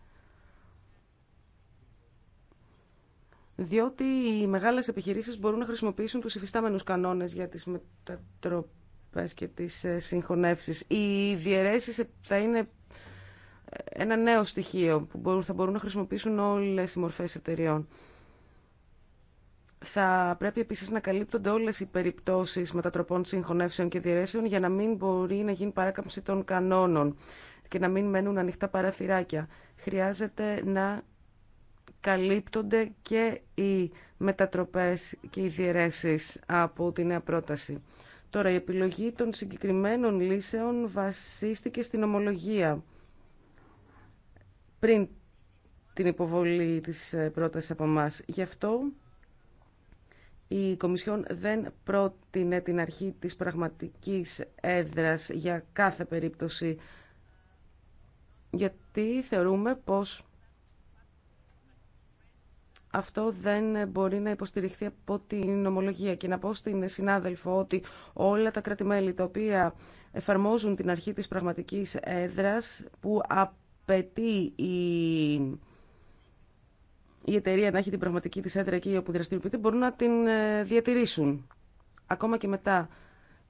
S4: διότι οι μεγάλες επιχειρήσεις μπορούν να χρησιμοποιήσουν τους υφιστάμενους κανόνες για τις μετατροπές και τις ε, συγχωνεύσεις. Οι διαιρέσεις ε, θα είναι ένα νέο στοιχείο που θα μπορούν να χρησιμοποιήσουν όλες οι μορφές εταιριών. Θα πρέπει επίσης να καλύπτονται όλες οι περιπτώσεις μετατροπών συγχωνεύσεων και διαιρέσεων για να μην μπορεί να γίνει παράκαμψη των κανόνων και να μην μένουν ανοιχτά παραθυράκια. Χρειάζεται να καλύπτονται και οι μετατροπές και οι διαιρέσεις από τη νέα πρόταση. Τώρα, η επιλογή των συγκεκριμένων λύσεων βασίστηκε στην ομολογία πριν την υποβολή της ε, πρότασης από εμά. Γι' αυτό η Κομισιόν δεν πρότεινε την αρχή της πραγματικής έδρας για κάθε περίπτωση, γιατί θεωρούμε πως αυτό δεν μπορεί να υποστηριχθεί από την ομολογία. Και να πω στην συνάδελφο ότι όλα τα κράτη-μέλη τα οποία εφαρμόζουν την αρχή της πραγματικής έδρας που απαιτεί η, η εταιρεία να έχει την πραγματική της έδρα εκεί όπου δραστηριοποιείται μπορούν να την ε, διατηρήσουν ακόμα και μετά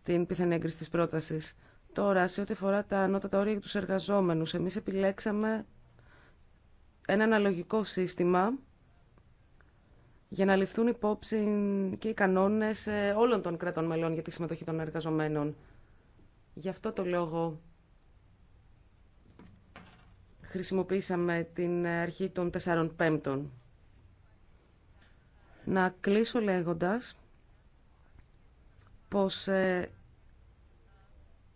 S4: την πιθανή έγκριση της πρότασης. Τώρα, σε ό,τι αφορά τα ανώτατα όρια για τους εργαζόμενους, εμείς επιλέξαμε ένα αναλογικό σύστημα για να ληφθούν υπόψη και οι κανόνες ε, όλων των κρατών μελών για τη συμμετοχή των εργαζομένων. Γι' αυτό το λόγο χρησιμοποίησαμε την αρχή των τεσσάρων πέμπτων. Να κλείσω λέγοντας πως ε,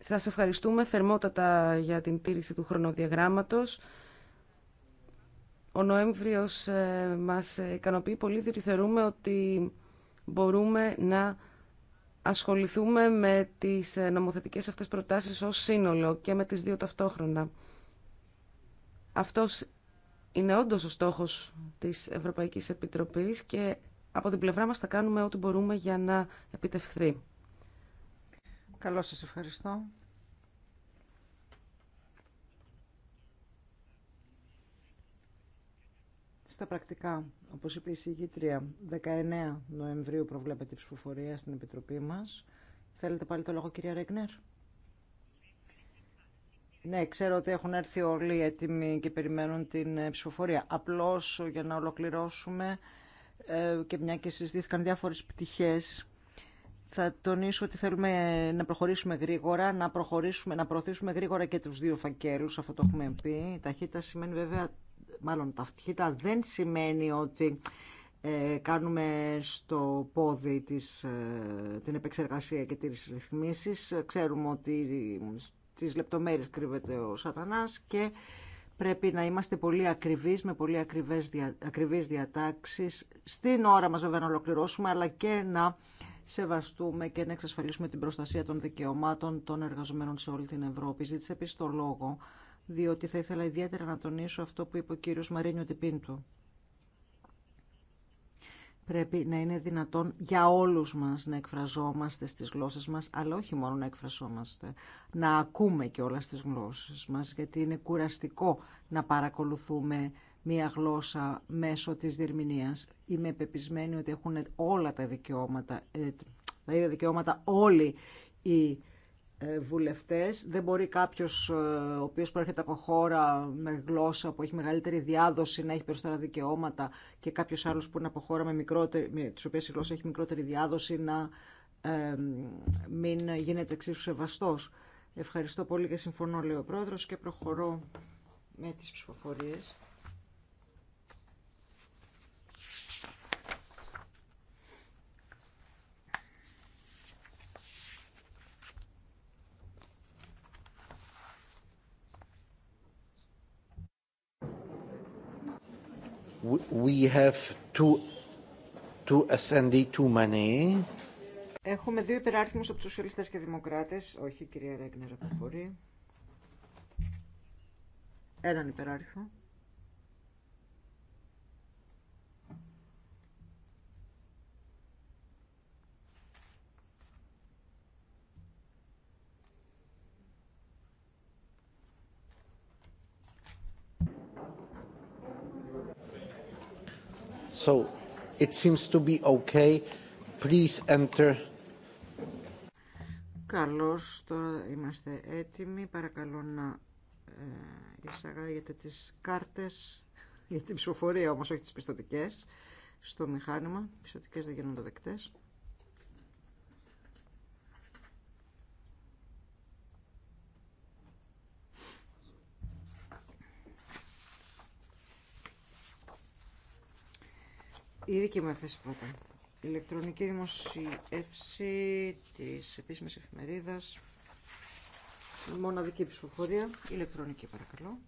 S4: σας ευχαριστούμε θερμότατα για την τήρηση του χρονοδιαγράμματος. Ο Νοέμβριος ε, μας ικανοποιεί πολύ διότι θεωρούμε ότι μπορούμε να ασχοληθούμε με τις ε, νομοθετικές αυτές προτάσεις ως σύνολο και με τις δύο ταυτόχρονα. Αυτός είναι όντως ο στόχος της Ευρωπαϊκής Επιτροπής και από την πλευρά μας θα κάνουμε ό,τι μπορούμε για να επιτευχθεί. Καλώς σας ευχαριστώ.
S1: Στα πρακτικά, όπω είπε η συγγήτρια, 19 Νοεμβρίου προβλέπεται η ψηφοφορία στην Επιτροπή μα. Θέλετε πάλι το λόγο, κυρία Ρέγνερ. Ναι, ξέρω ότι έχουν έρθει όλοι έτοιμοι και περιμένουν την ε, ψηφοφορία. Απλώ ε, για να ολοκληρώσουμε ε, και μια και συζητήθηκαν διάφορε πτυχέ, θα τονίσω ότι θέλουμε να προχωρήσουμε γρήγορα, να, προχωρήσουμε, να προωθήσουμε γρήγορα και τους δύο φακέλους, αυτό το έχουμε πει. Η ταχύτητα σημαίνει βέβαια μάλλον ταυτότητα δεν σημαίνει ότι ε, κάνουμε στο πόδι της, ε, την επεξεργασία και τις ρυθμίσεις. Ξέρουμε ότι στις λεπτομέρειες κρύβεται ο σατανάς και πρέπει να είμαστε πολύ ακριβείς, με πολύ ακριβές, δια, διατάξεις, στην ώρα μας βέβαια να ολοκληρώσουμε, αλλά και να σεβαστούμε και να εξασφαλίσουμε την προστασία των δικαιωμάτων των εργαζομένων σε όλη την Ευρώπη. Ζήτησε επίσης το λόγο διότι θα ήθελα ιδιαίτερα να τονίσω αυτό που είπε ο κύριος Μαρίνιο Τιπίντου. Πρέπει να είναι δυνατόν για όλους μας να εκφραζόμαστε στις γλώσσες μας, αλλά όχι μόνο να εκφραζόμαστε, να ακούμε και όλα στις γλώσσες μας, γιατί είναι κουραστικό να παρακολουθούμε μία γλώσσα μέσω της διερμηνίας. Είμαι πεπισμένη ότι έχουν όλα τα δικαιώματα, ε, τα ίδια δικαιώματα όλοι οι ε, βουλευτές. Δεν μπορεί κάποιος ε, ο οποίος προέρχεται από χώρα με γλώσσα που έχει μεγαλύτερη διάδοση να έχει περισσότερα δικαιώματα και κάποιος άλλος που είναι από χώρα με, μικρότερη, με τις οποίες η γλώσσα έχει μικρότερη διάδοση να μην γίνεται εξίσου σεβαστός. Ευχαριστώ πολύ και συμφωνώ λέει ο Πρόεδρος και προχωρώ με τις ψηφοφορίες.
S3: We have two,
S1: Έχουμε δύο υπεράριθμους από τους σοσιαλιστές και δημοκράτες. Όχι, κυρία Ρέγνερ, αποχωρεί. Έναν υπεράριθμο.
S3: So it seems to be okay. Please enter.
S1: Καλώς, τώρα είμαστε έτοιμοι. Παρακαλώ να ε, εισαγάγετε τις κάρτες για την ψηφοφορία όμως, όχι τις πιστοτικές, στο μηχάνημα. Πιστοτικές δεν γίνονται δεκτές. Η δική μου έκθεση πρώτα. Ηλεκτρονική δημοσίευση της επίσημης εφημερίδας. Μοναδική ψηφοφορία. Ηλεκτρονική παρακαλώ.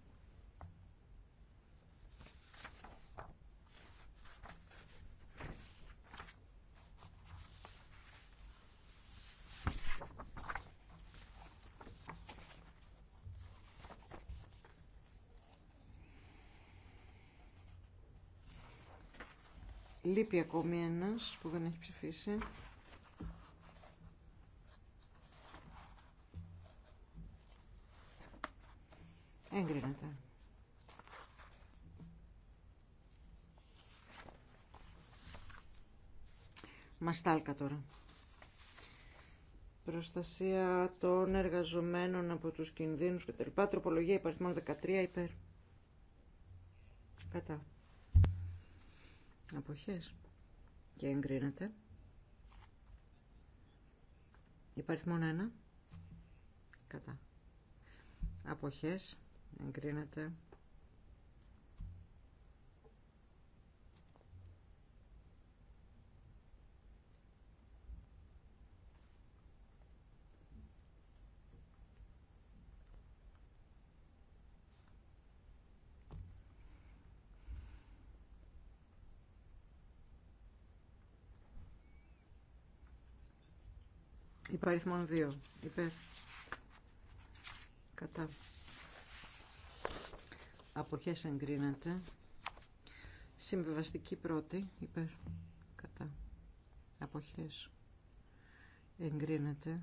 S1: Λείπει ακόμη ένας που δεν έχει ψηφίσει. Έγκρινεται. Μαστάλκα τώρα. Προστασία των εργαζομένων από τους κινδύνους κτλ. Τροπολογία υπαριθμών 13 υπέρ. Κατά αποχές και εγκρίνεται υπάρχει μόνο ένα κατά αποχές εγκρίνεται αριθμών 2. Υπέρ. Κατά. Αποχές εγκρίνεται. Συμβεβαστική πρώτη. Υπέρ. Κατά. Αποχές. Εγκρίνεται.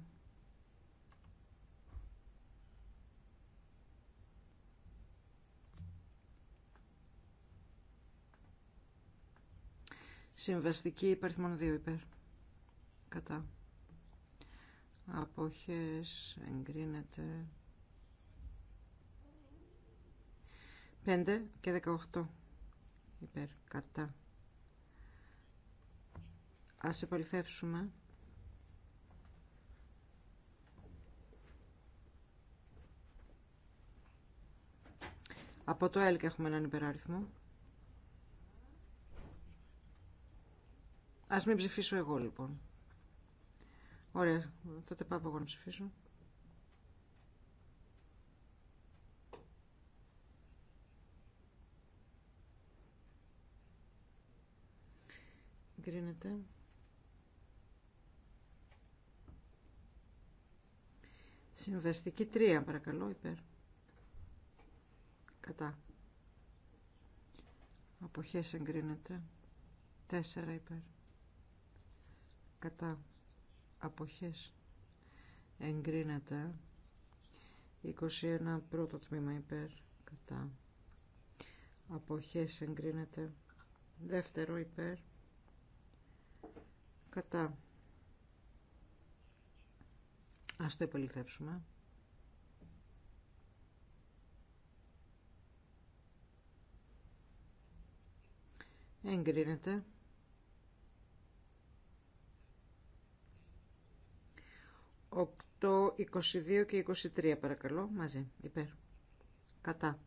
S1: Συμβαστική υπαριθμών 2 υπέρ. Κατά αποχές εγκρίνεται 5 και 18 υπέρ κατά ας επαληθεύσουμε από το ΕΛΚ έχουμε έναν υπεράριθμο ας μην ψηφίσω εγώ λοιπόν Ωραία, τότε πάω εγώ να ψηφίσω. Γκρίνεται. Συμβαστική τρία, παρακαλώ, υπέρ. Κατά. Αποχές εγκρίνεται. Τέσσερα υπέρ. Κατά αποχές εγκρίνεται 21 πρώτο τμήμα υπέρ κατά αποχές εγκρίνεται δεύτερο υπέρ κατά ας το επαληθεύσουμε εγκρίνεται 8, 22 και 23 παρακαλώ μαζί υπέρ κατά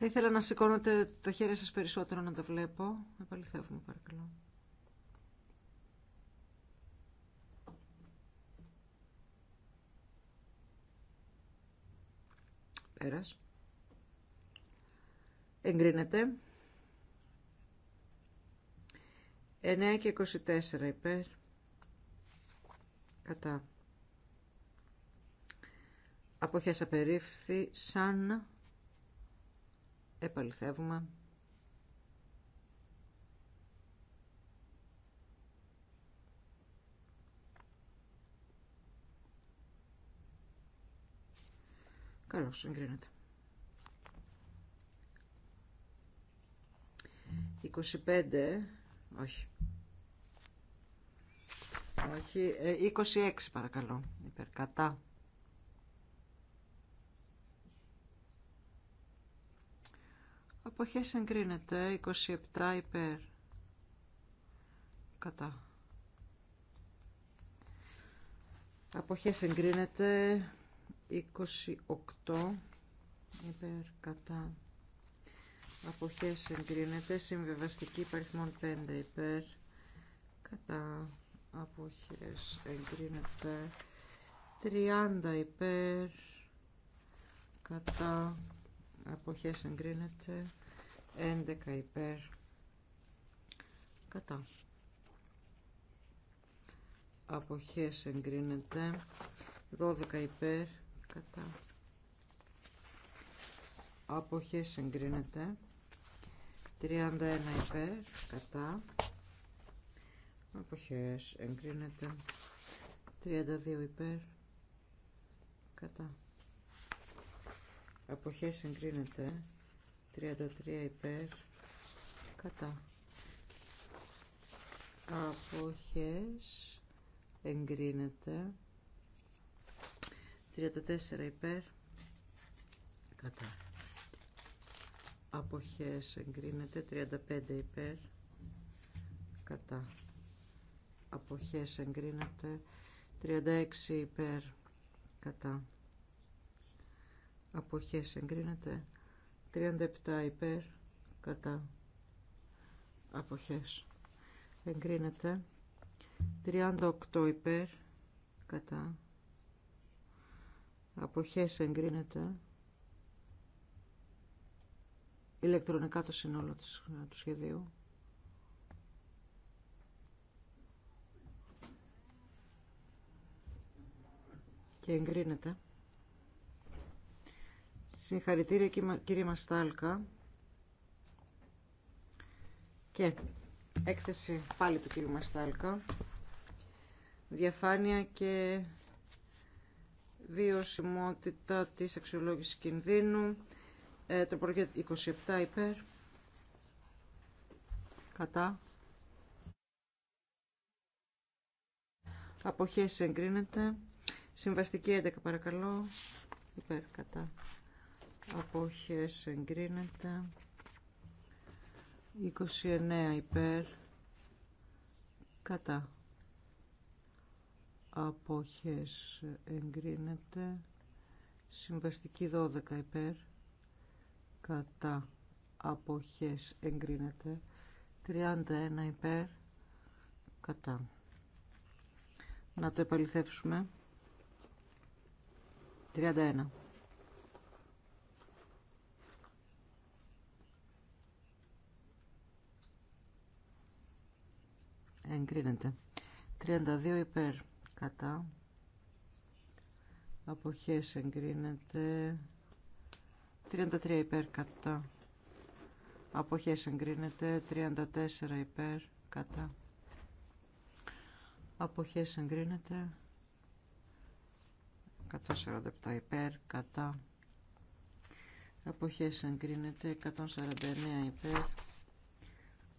S1: Θα ήθελα να σηκώνετε τα χέρια σας περισσότερο να τα βλέπω. Επαληθεύουμε παρακαλώ. Πέρας. Εγκρίνεται. 9 και 24 υπέρ κατά αποχές απερίφθη σαν επαληθεύουμε Καλώς, συγκρίνεται. 25 όχι. Όχι. 26 ε, παρακαλώ. Υπέρ. Κατά. Αποχές εγκρίνεται. 27 υπέρ. Κατά. Αποχές εγκρίνεται. 28 υπέρ. Κατά αποχές εγκρίνεται συμβιβαστική παριθμών 5 υπέρ κατά αποχές εγκρίνεται 30 υπέρ κατά αποχές εγκρίνεται 11 υπέρ κατά αποχές εγκρίνεται 12 υπέρ κατά αποχές εγκρίνεται 31 υπέρ, κατά, αποχές εγκρίνεται, 32 υπέρ, κατά, αποχές εγκρίνεται, 33 υπέρ, κατά, αποχές εγκρίνεται, 34 υπέρ, κατά αποχές εγκρίνεται 35 υπέρ κατά αποχές εγκρίνεται 36 υπέρ κατά αποχές εγκρίνεται 37 υπέρ κατά αποχές εγκρίνεται 38 υπέρ κατά αποχές εγκρίνεται ηλεκτρονικά το σύνολο της, ε, του σχεδίου. Και εγκρίνεται. Συγχαρητήρια κύριε Μαστάλκα. Και έκθεση πάλι του κύριου Μαστάλκα. Διαφάνεια και βιωσιμότητα της αξιολόγησης κινδύνου. Ε, τροπολογία 27 υπέρ. Κατά. Αποχές εγκρίνεται. Συμβαστική 11 παρακαλώ. Υπέρ κατά. Αποχές εγκρίνεται. 29 υπέρ. Κατά. Αποχές εγκρίνεται. Συμβαστική 12 υπέρ κατά αποχές εγκρίνεται 31 υπέρ κατά να το επαληθεύσουμε 31 εγκρίνεται 32 υπέρ κατά αποχές εγκρίνεται 33 υπέρ κατά αποχές εγκρίνεται 34 υπέρ κατά αποχές εγκρίνεται 147 υπέρ κατά αποχές εγκρίνεται 149 υπέρ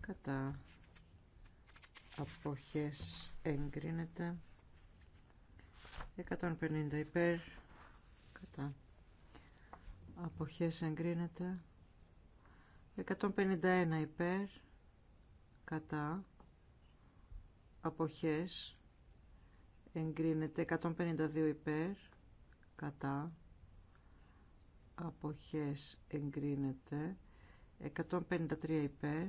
S1: κατά αποχές εγκρίνεται 150 υπέρ κατά αποχές εγκρίνεται 151 υπέρ κατά αποχές εγκρίνεται 152 υπέρ κατά αποχές εγκρίνεται 153 υπέρ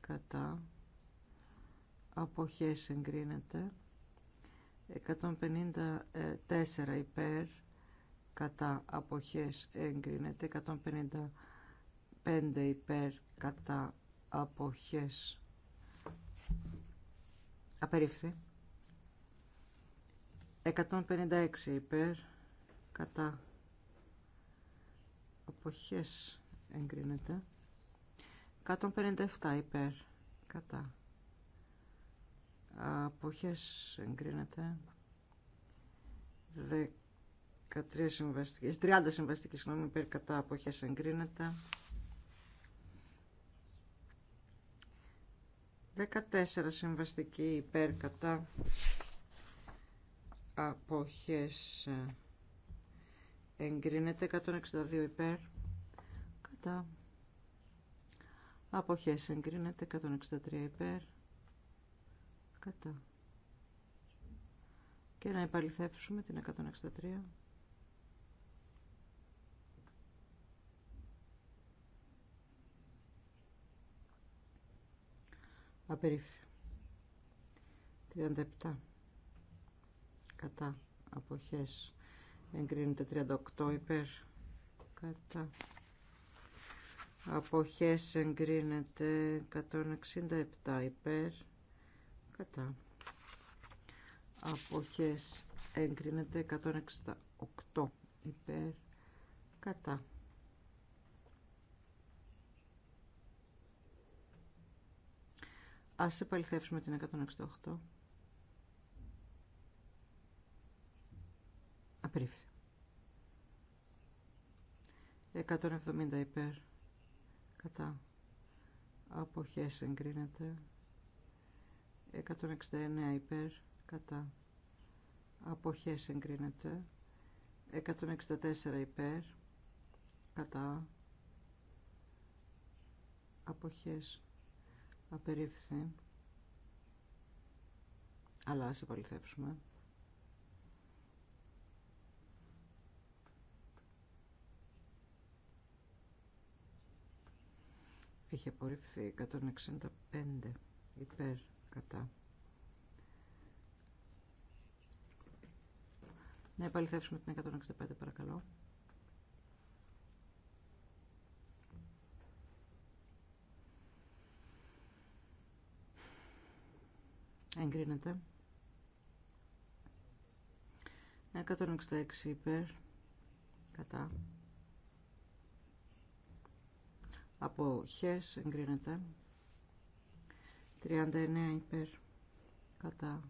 S1: κατά αποχές εγκρίνεται 154 υπέρ κατά αποχές εγκρίνεται 155 υπέρ κατά αποχές απερίφθη 156 υπέρ κατά αποχές εγκρίνεται 157 υπέρ κατά αποχές εγκρίνεται 13 30 συμβαστικέ συγγνώμη, υπέρ κατά αποχές εγκρίνεται. 14 συμβαστική υπέρ κατά αποχές ε, εγκρίνεται 162 υπέρ κατά αποχές εγκρίνεται 163 υπέρ κατά και να επαληθεύσουμε την 163 Απερίφθη. 37. Κατά. Αποχές. Εγκρίνεται 38 υπέρ. Κατά. Αποχές εγκρίνεται 167 υπέρ. Κατά. Αποχές εγκρίνεται 168 υπέρ. Κατά Ας επαληθεύσουμε την 168. Απρίφθη. 170 υπέρ. Κατά. Αποχές εγκρίνεται. 169 υπέρ. Κατά. Αποχές εγκρίνεται. 164 υπέρ. Κατά. Αποχές απερίφθη αλλά ας επαληθεύσουμε είχε απορριφθεί 165 υπέρ κατά να επαληθεύσουμε την 165 παρακαλώ Εγκρίνεται. 166 υπέρ. Κατά. Από χες εγκρίνεται. 39 υπέρ. Κατά.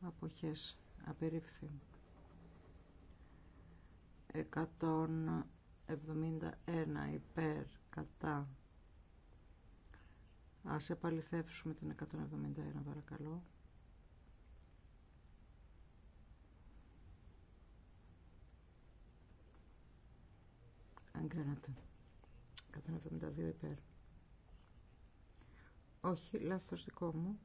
S1: Από χες απερίφθη. 171 υπέρ. Κατά Ας επαληθεύσουμε την 171 παρακαλώ. Αγκρίνατε. 172 υπέρ. Όχι, λάθος δικό μου.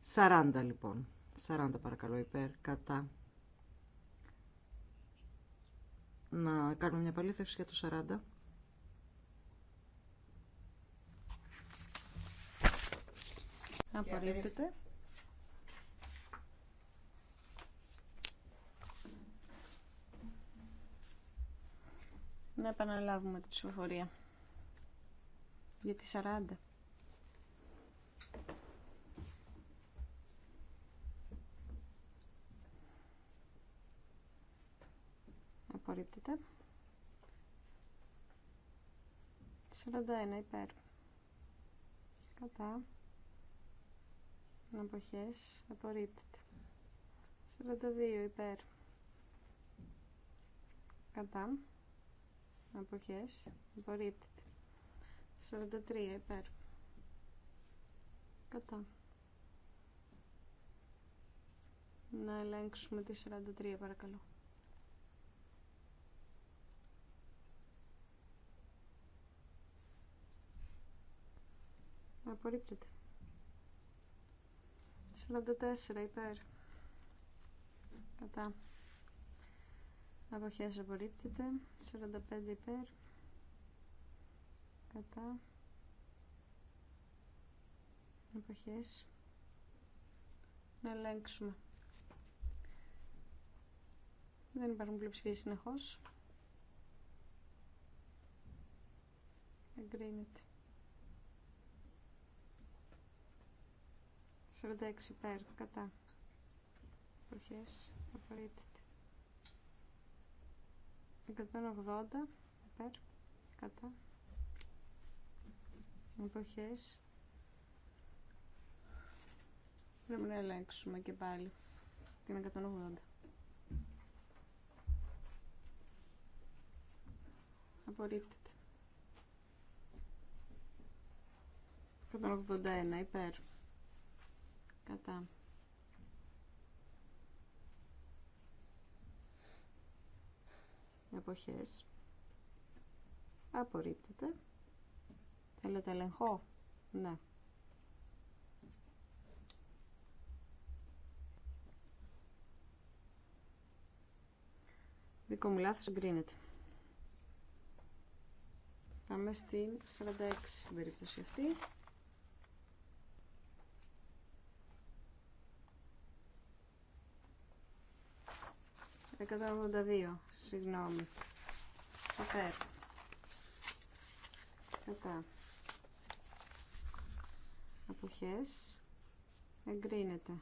S1: Σαράντα λοιπόν. 40 παρακαλώ υπέρ, κατά. Να κάνουμε μια παλήθευση για το 40.
S2: Απορρίπτεται. Να επαναλάβουμε την ψηφοφορία. Για τη 40. απορρίπτεται 41 υπέρ κατά αποχές απορρίπτεται 42 υπέρ κατά αποχές απορρίπτεται 43 υπέρ κατά να ελέγξουμε τη 43 παρακαλώ Απορρίπτεται. 44 υπέρ. Κατά. Αποχές απορρίπτεται. 45 υπέρ. Κατά. Αποχές. Να ελέγξουμε. Δεν υπάρχουν πλειοψηφίες συνεχώς. Εγκρίνεται. 46 υπέρ κατά εποχές απορρίπτεται 180 υπέρ κατά εποχές πρέπει να ελέγξουμε και πάλι την 180 απορρίπτεται 181 υπέρ Κατά. Εποχές. Απορρίπτεται. Θέλετε ελεγχό. Ναι. Δικό μου λάθος εγκρίνεται. Πάμε στην 46 στην περίπτωση αυτή. 182, συγγνώμη. Υπέρ. Κατά. Αποχές. Εγκρίνεται.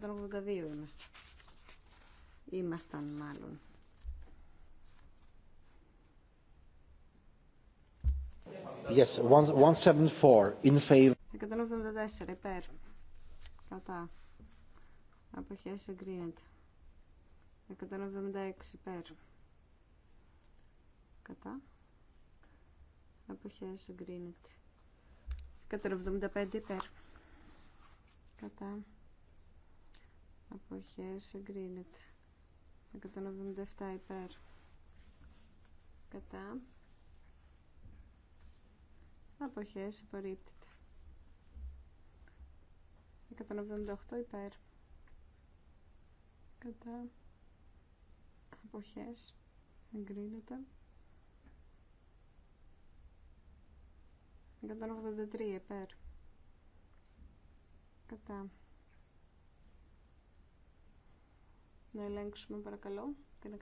S2: 182 είμαστε. Ήμασταν μάλλον.
S3: Yes, 174 in favor.
S2: υπέρ. Κατά. Αποχές εγκρίνεται. 176 υπέρ. Κατά. Αποχές εγκρίνεται. 175 υπέρ. Κατά. Αποχές εγκρίνεται. 177 υπέρ. Κατά. Αποχές απορρίπτεται. 178 υπέρ. Κατά εποχές εγκρίνεται 183 υπέρ κατά να ελέγξουμε παρακαλώ την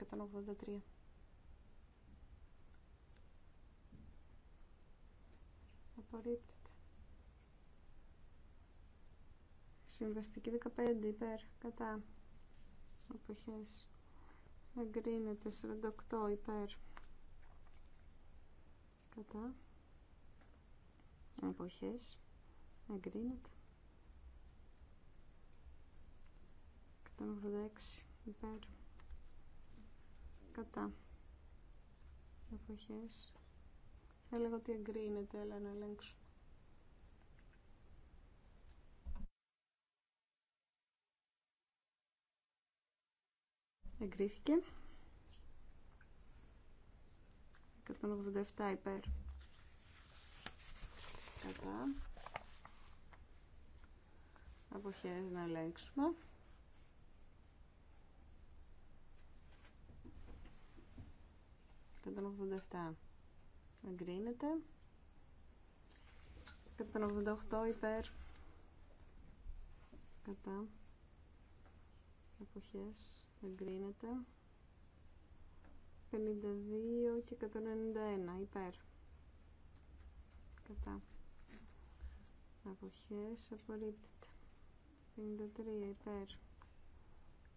S2: 183 απορρίπτεται συμβαστική 15 υπέρ κατά εποχέ. Εγκρίνεται 48 υπέρ. Κατά. Εποχές. Εγκρίνεται. 186 υπέρ. Κατά. Εποχές. Θα έλεγα ότι εγκρίνεται, έλα να ελέγξουμε. Εγκρίθηκε. 187 υπέρ. Κατά. Αποχές να ελέγξουμε. Κατά εγκρίνεται. 188 υπέρ. Κατά εποχές εγκρίνεται 52 και 191 υπέρ κατά εποχές απορρίπτεται 53 υπέρ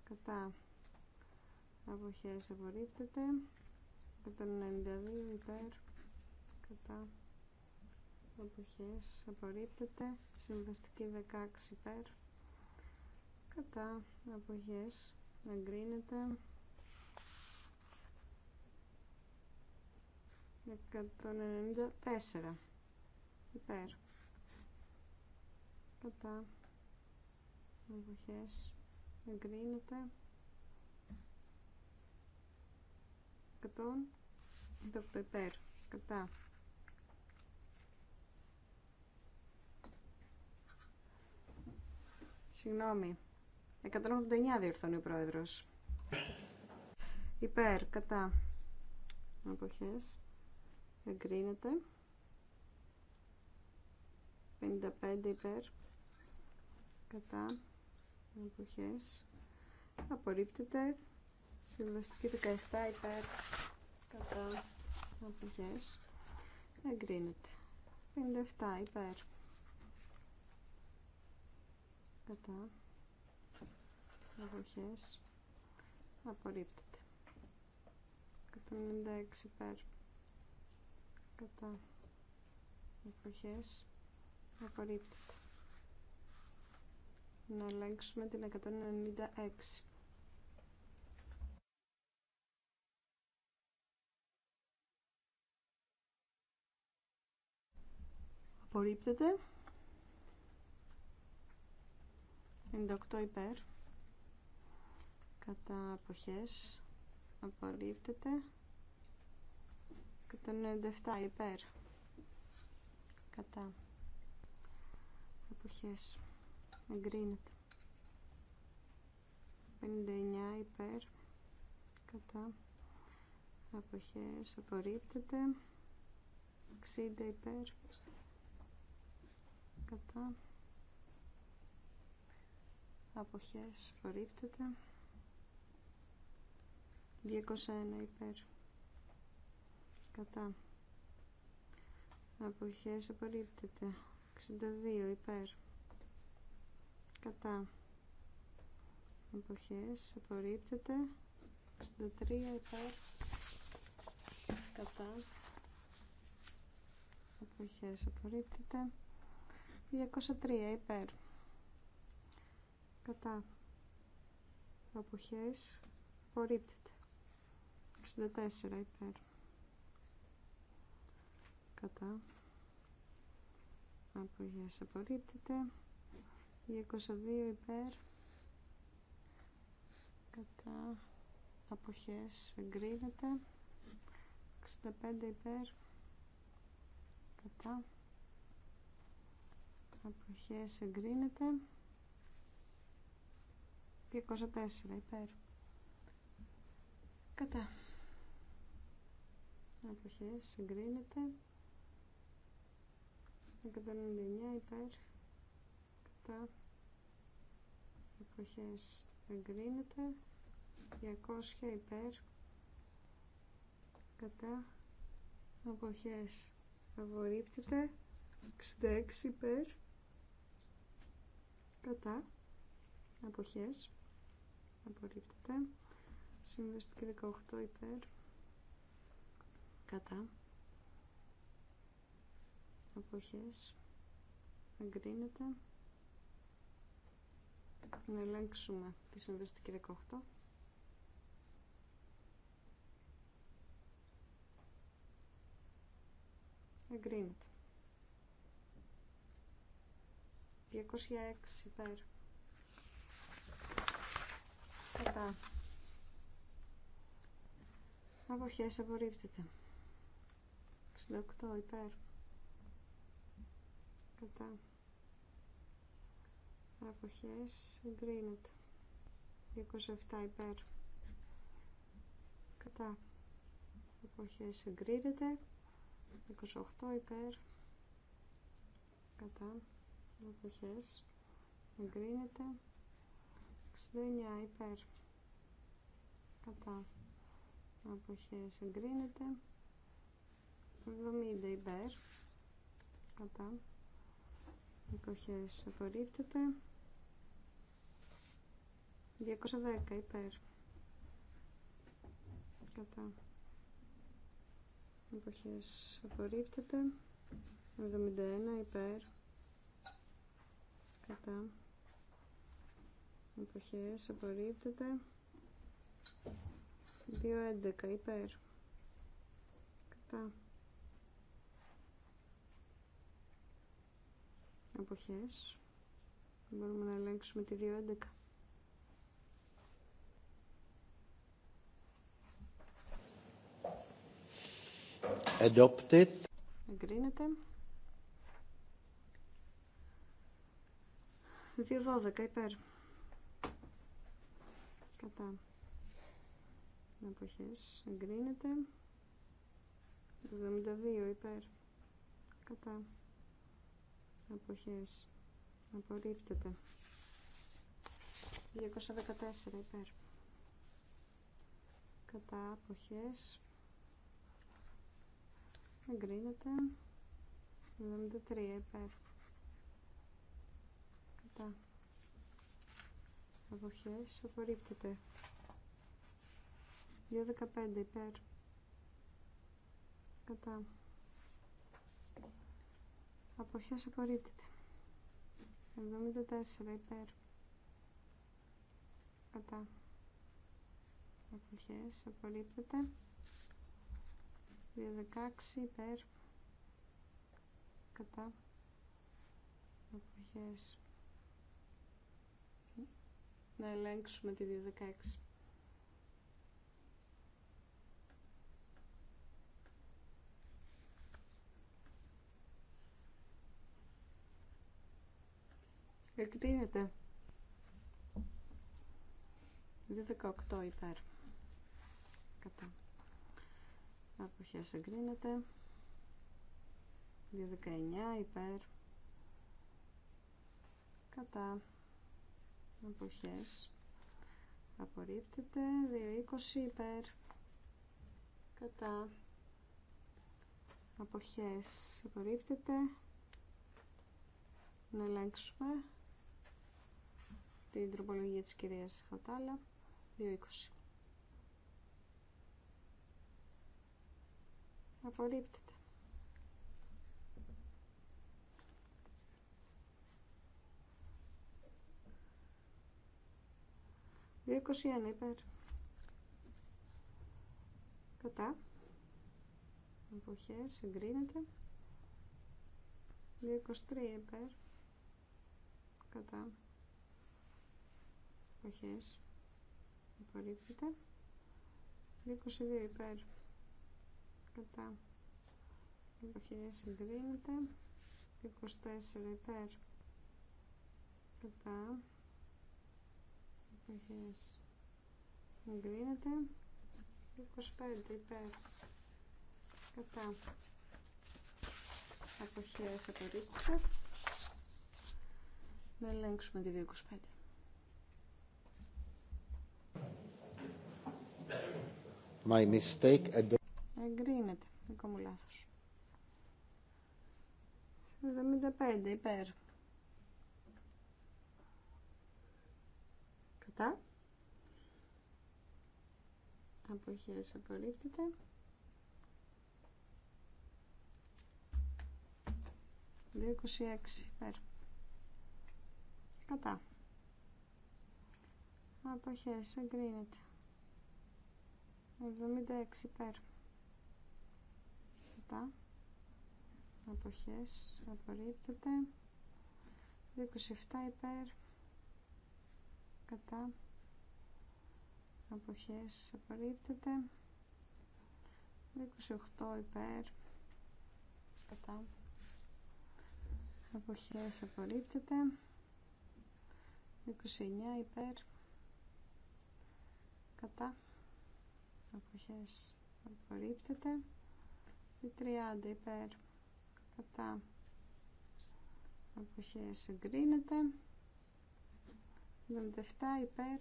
S2: κατά εποχές απορρίπτεται 192 υπέρ κατά εποχές απορρίπτεται συμβαστική 16 υπέρ κατά αποχές εγκρίνεται 194 υπέρ κατά γκρίνετε εγκρίνεται το υπέρ κατά Συγγνώμη. 189 διορθώνει ο πρόεδρο. Υπέρ, κατά. Αποχέ. Εγκρίνεται. 55 υπέρ. Κατά. Αποχέ. Απορρίπτεται. Συμβαστική 17 υπέρ. Κατά. Αποχέ. Εγκρίνεται. 57 υπέρ. Κατά αποχές απορρίπτεται 196 περ κατά εποχές απορρίπτεται να αλλάξουμε την 196 απορρίπτεται 98 υπέρ κατά αποχές απορρίπτεται 197 υπέρ κατά αποχές εγκρίνεται 59 υπέρ κατά αποχές απορρίπτεται 60 υπέρ κατά αποχές απορρίπτεται 201 υπέρ κατά αποχές απορρίπτεται 62 υπέρ κατά αποχές απορρίπτεται 63 υπέρ κατά αποχές απορρίπτεται 203 υπέρ κατά αποχές απορρίπτεται 64 υπέρ κατά αποχές απορρίπτεται 22 υπέρ κατά αποχές εγκρίνεται 65 υπέρ κατά αποχές εγκρίνεται 204 υπέρ κατά αποχές συγκρίνεται 199 υπέρ κατά αποχές εγκρίνεται 200 υπέρ κατά αποχές απορρίπτεται 66 υπέρ κατά αποχές απορρίπτεται συμβαστική 18 υπέρ κατά αποχές εγκρίνεται να ελέγξουμε τη συμβαστική 18 εγκρίνεται 206 υπέρ κατά αποχές απορρίπτεται 68 υπέρ κατά αποχές εγκρίνεται 27 υπέρ κατά αποχές εγκρίνεται 28 υπέρ κατά αποχές εγκρίνεται 69 υπέρ κατά αποχές εγκρίνεται 70 υπέρ κατά εποχές απορρίπτεται 210 υπέρ κατά εποχές απορρίπτεται 71 υπέρ κατά εποχές απορρίπτεται 211 υπέρ κατά εποχές μπορούμε να ελέγξουμε τη 2.11
S3: Adopted.
S2: Εγκρίνεται. 2.12 υπέρ. Κατά. Εποχές. Εγκρίνεται. 72 υπέρ. Κατά αποχές απορρίπτεται 214 υπέρ κατά αποχές εγκρίνεται 73 υπέρ κατά αποχές απορρίπτεται 215 υπέρ κατά Αποχές απορρίπτεται. 74 υπέρ. Κατά. Αποχές απορρίπτεται. 216 υπέρ. Κατά. Αποχές. Να ελέγξουμε τη 216. Εγκρίνεται. 2-18 υπέρ. Κατά. Αποχές εγκρίνεται. 2.19 υπέρ. Κατά. Αποχές. Απορρίπτεται. 2.20 υπέρ. Κατά. Αποχές. Απορρίπτεται. Να ελέγξουμε την τροπολογία της κυρίας Χατάλα 2.20. Απορρίπτεται. Δύο υπέρ. Κατά. Εποχές, συγκρίνεται. 2,23 υπέρ. Κατά. Αποχές. Απορρίπτεται. 22 υπέρ. Κατά. Αποχές. Εγκρίνεται. 24 υπέρ. Κατά. Αποχές. Εγκρίνεται. 25 υπέρ. Κατά. Αποχές. Απορρίπτεται. Να ελέγξουμε τη 25.
S3: My mistake.
S2: Εγκρίνεται. Δικό μου λάθος. 75 υπέρ. Κατά. Αποχές απορρίπτεται. 26 υπέρ. Κατά. Αποχές εγκρίνεται. 76 υπέρ. Κατά. Αποχές απορρίπτεται. 27 υπέρ. Κατά. Αποχές απορρίπτεται. 28 υπέρ. Κατά. Αποχές απορρίπτεται. 29 υπέρ. Κατά αποχές απορρίπτεται η 30 υπέρ κατά αποχές εγκρίνεται 77 υπέρ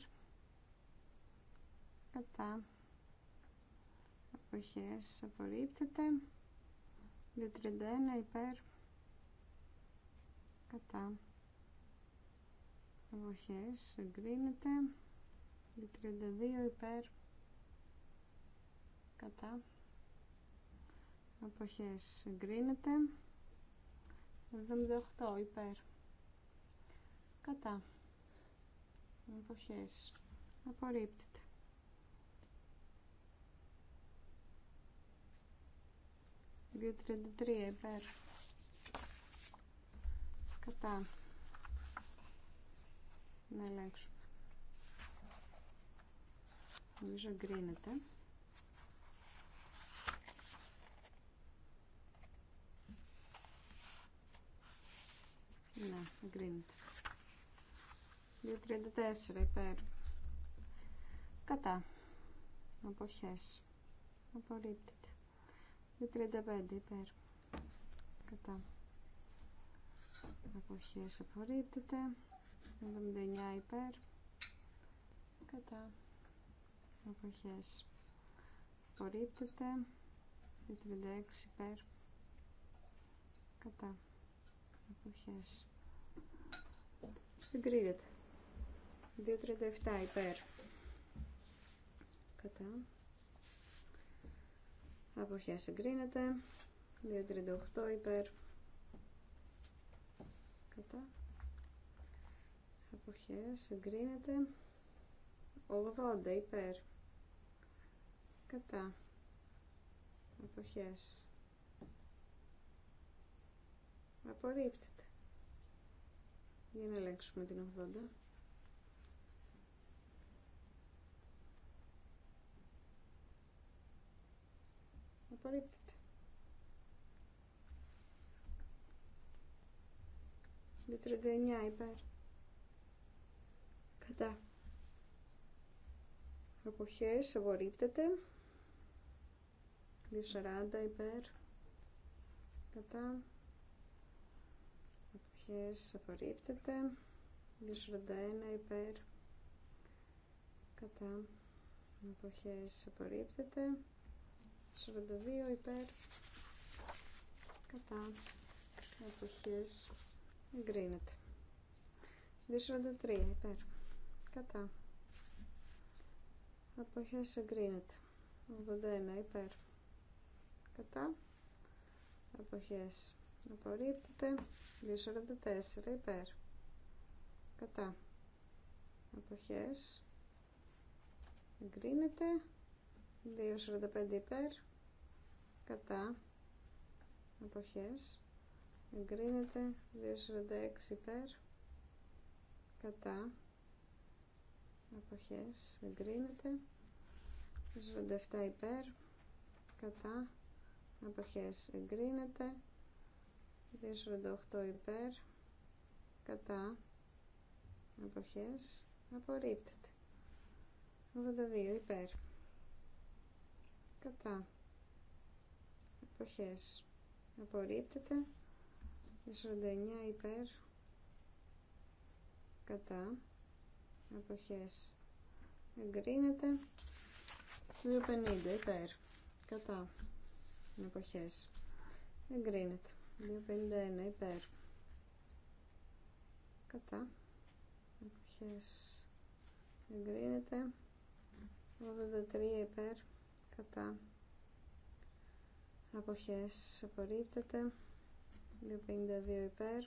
S2: κατά εποχές απορρίπτεται 231 υπέρ κατά αποχές εγκρίνεται 32 υπέρ κατά αποχές εγκρίνεται 78 υπέρ κατά αποχές απορρίπτεται Δύο υπέρ. Κατά. Να ελέγξουμε. Νομίζω εγκρίνεται. Ναι, εγκρίνεται. 2.34 υπέρ. Κατά. Αποχές. Απορρίπτεται. 2.35 υπέρ. Κατά. Αποχές απορρίπτεται. 79 υπέρ. Κατά. Αποχές απορρίπτεται. 2.36 υπέρ. Κατά Αποχές. Εγκρίνεται. 2.37 υπέρ. Κατά. Αποχές εγκρίνεται. 2.38 υπέρ. Κατά. Αποχές συγκρίνεται, 80 υπέρ. Κατά. Αποχές Απορρίπτεται. Για να ελέγξουμε την 80. Απορρίπτεται. Με 39 υπέρ. Κατά. Αποχές απορρίπτεται. 240 υπέρ. Κατά αποχές απορρίπτεται 241 υπέρ κατά αποχές απορρίπτεται 42 υπέρ κατά αποχές εγκρίνεται 243 υπέρ κατά αποχές εγκρίνεται 81 υπέρ κατά αποχές απορρίπτεται 2.44 υπέρ κατά αποχές εγκρίνεται 2.45 υπέρ κατά αποχές εγκρίνεται 2.46 υπέρ κατά αποχές εγκρίνεται 247 υπέρ κατά αποχές εγκρίνεται 248 υπέρ κατά εποχές απορρίπτεται 82 υπέρ κατά εποχές απορρίπτεται 49 υπέρ κατά εποχές εγκρίνεται 250 υπέρ κατά εποχές εγκρίνεται 2.51 υπέρ κατά εποχές εγκρίνεται 83 υπέρ κατά αποχές απορρίπτεται 2.52 υπέρ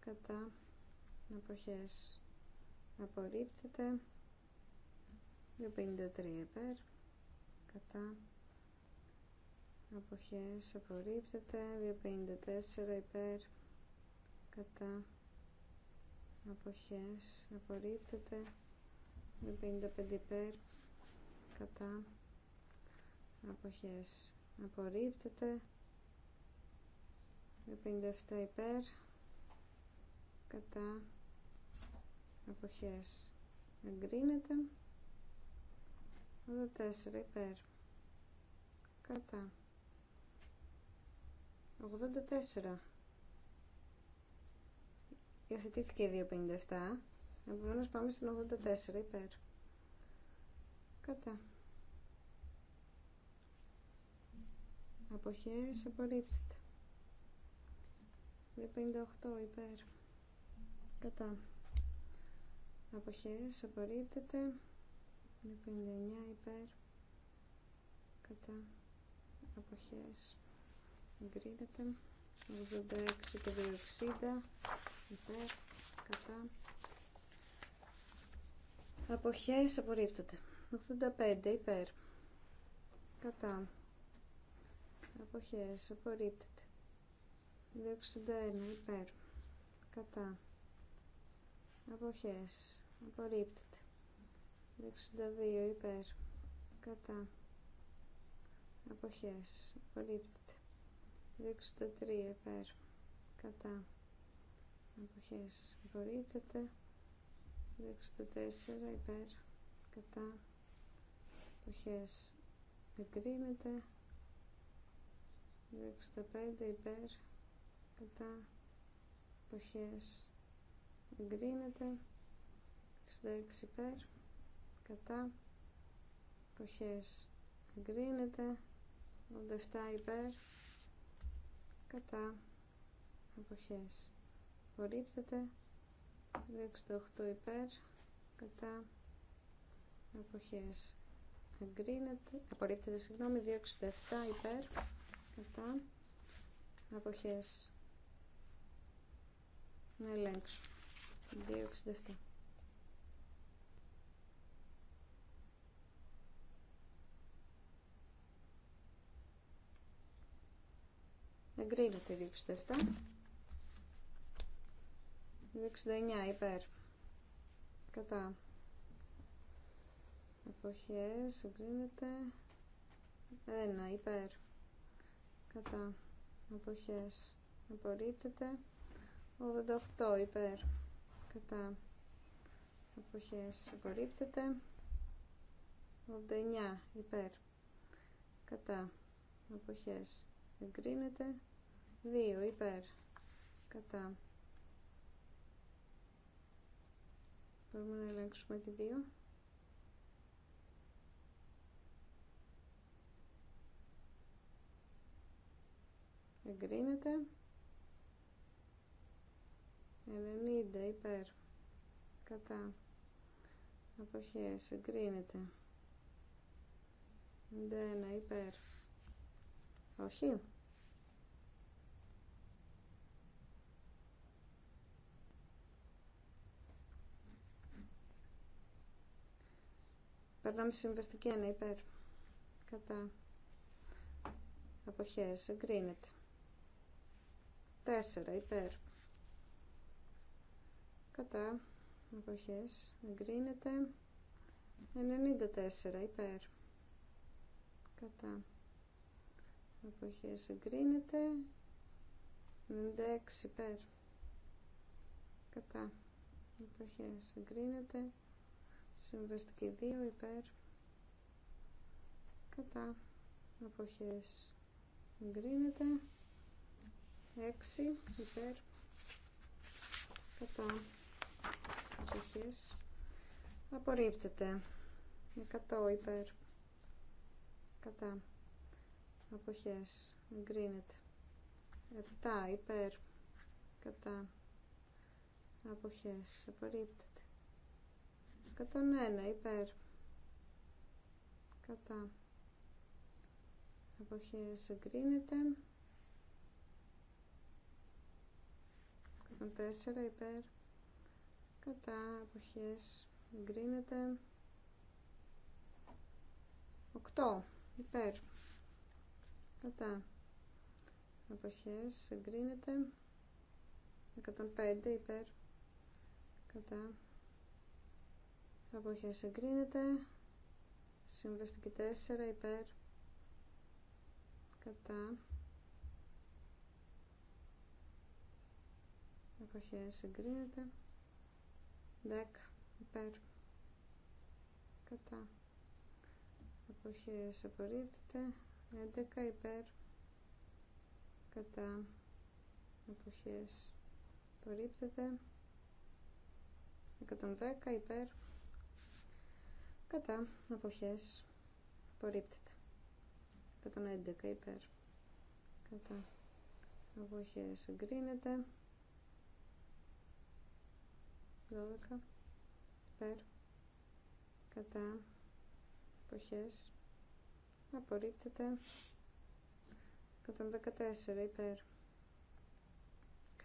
S2: κατά αποχές απορρίπτεται 2.53 υπέρ κατά αποχές απορρίπτεται 254 υπέρ κατά αποχές απορρίπτεται 255 υπέρ κατά αποχές απορρίπτεται 257 υπέρ κατά αποχές εγκρίνεται 84 υπέρ κατά 84. Διαθετήθηκε η 257. Επομένω πάμε στην 84 υπέρ. Κατά. Αποχές απορρίπτεται. 258 υπέρ. Κατά. Αποχές απορρίπτεται. 259 υπέρ. Κατά. Αποχές εγκρίνεται 86 και 260 υπέρ κατά αποχές απορρίπτεται 85 υπέρ κατά αποχές απορρίπτεται 261 υπέρ κατά αποχές απορρίπτεται 62 υπέρ κατά αποχές απορρίπτεται 63 υπέρ κατά αποχές απορρίπτεται 64 υπέρ κατά αποχές εγκρίνεται 65 υπέρ κατά αποχές εγκρίνεται 66 υπέρ κατά αποχές εγκρίνεται 87 υπέρ κατά αποχές απορρίπτεται 68 υπέρ κατά αποχές εγκρίνεται απορρίπτεται συγγνώμη 267 υπέρ κατά αποχές να ελέγξω 267 Εγκρίνεται 267. 269 υπέρ. Κατά. Εποχές εγκρίνεται 1 υπέρ. Κατά. Εποχές απορρίπτεται 88 υπέρ. Κατά. Εποχές απορρίπτεται 89 υπέρ. Κατά. Εποχές εγκρίνεται 2 υπέρ κατά μπορούμε να ελέγξουμε τη 2 εγκρίνεται 90 υπέρ κατά αποχές εγκρίνεται 91 υπέρ όχι. Περνάμε στη συμβαστική 1 υπέρ. Κατά. Αποχές. Εγκρίνεται. 4 υπέρ. Κατά. Αποχές. Εγκρίνεται. 94 υπέρ. Κατά εποχή εγκρίνεται 96 υπέρ κατά εποχή εγκρίνεται συμβαστική 2 υπέρ κατά εποχή εγκρίνεται 6 υπέρ κατά εποχή απορρίπτεται 100 υπέρ κατά αποχές εγκρίνεται 7 υπέρ κατά αποχές απορρίπτεται 101 υπέρ κατά αποχές εγκρίνεται 104 υπέρ κατά αποχές εγκρίνεται 8 υπέρ κατά αποχές εγκρίνεται 105 υπέρ κατά αποχές εγκρίνεται συμβαστική 4 υπέρ κατά αποχές εγκρίνεται 10 υπέρ κατά αποχές απορρίπτεται 11 υπέρ κατά εποχές απορρίπτεται 110 υπέρ κατά εποχές απορρίπτεται 111 υπέρ κατά εποχές εγκρίνεται 12 υπέρ κατά εποχές απορρίπτεται 114 υπέρ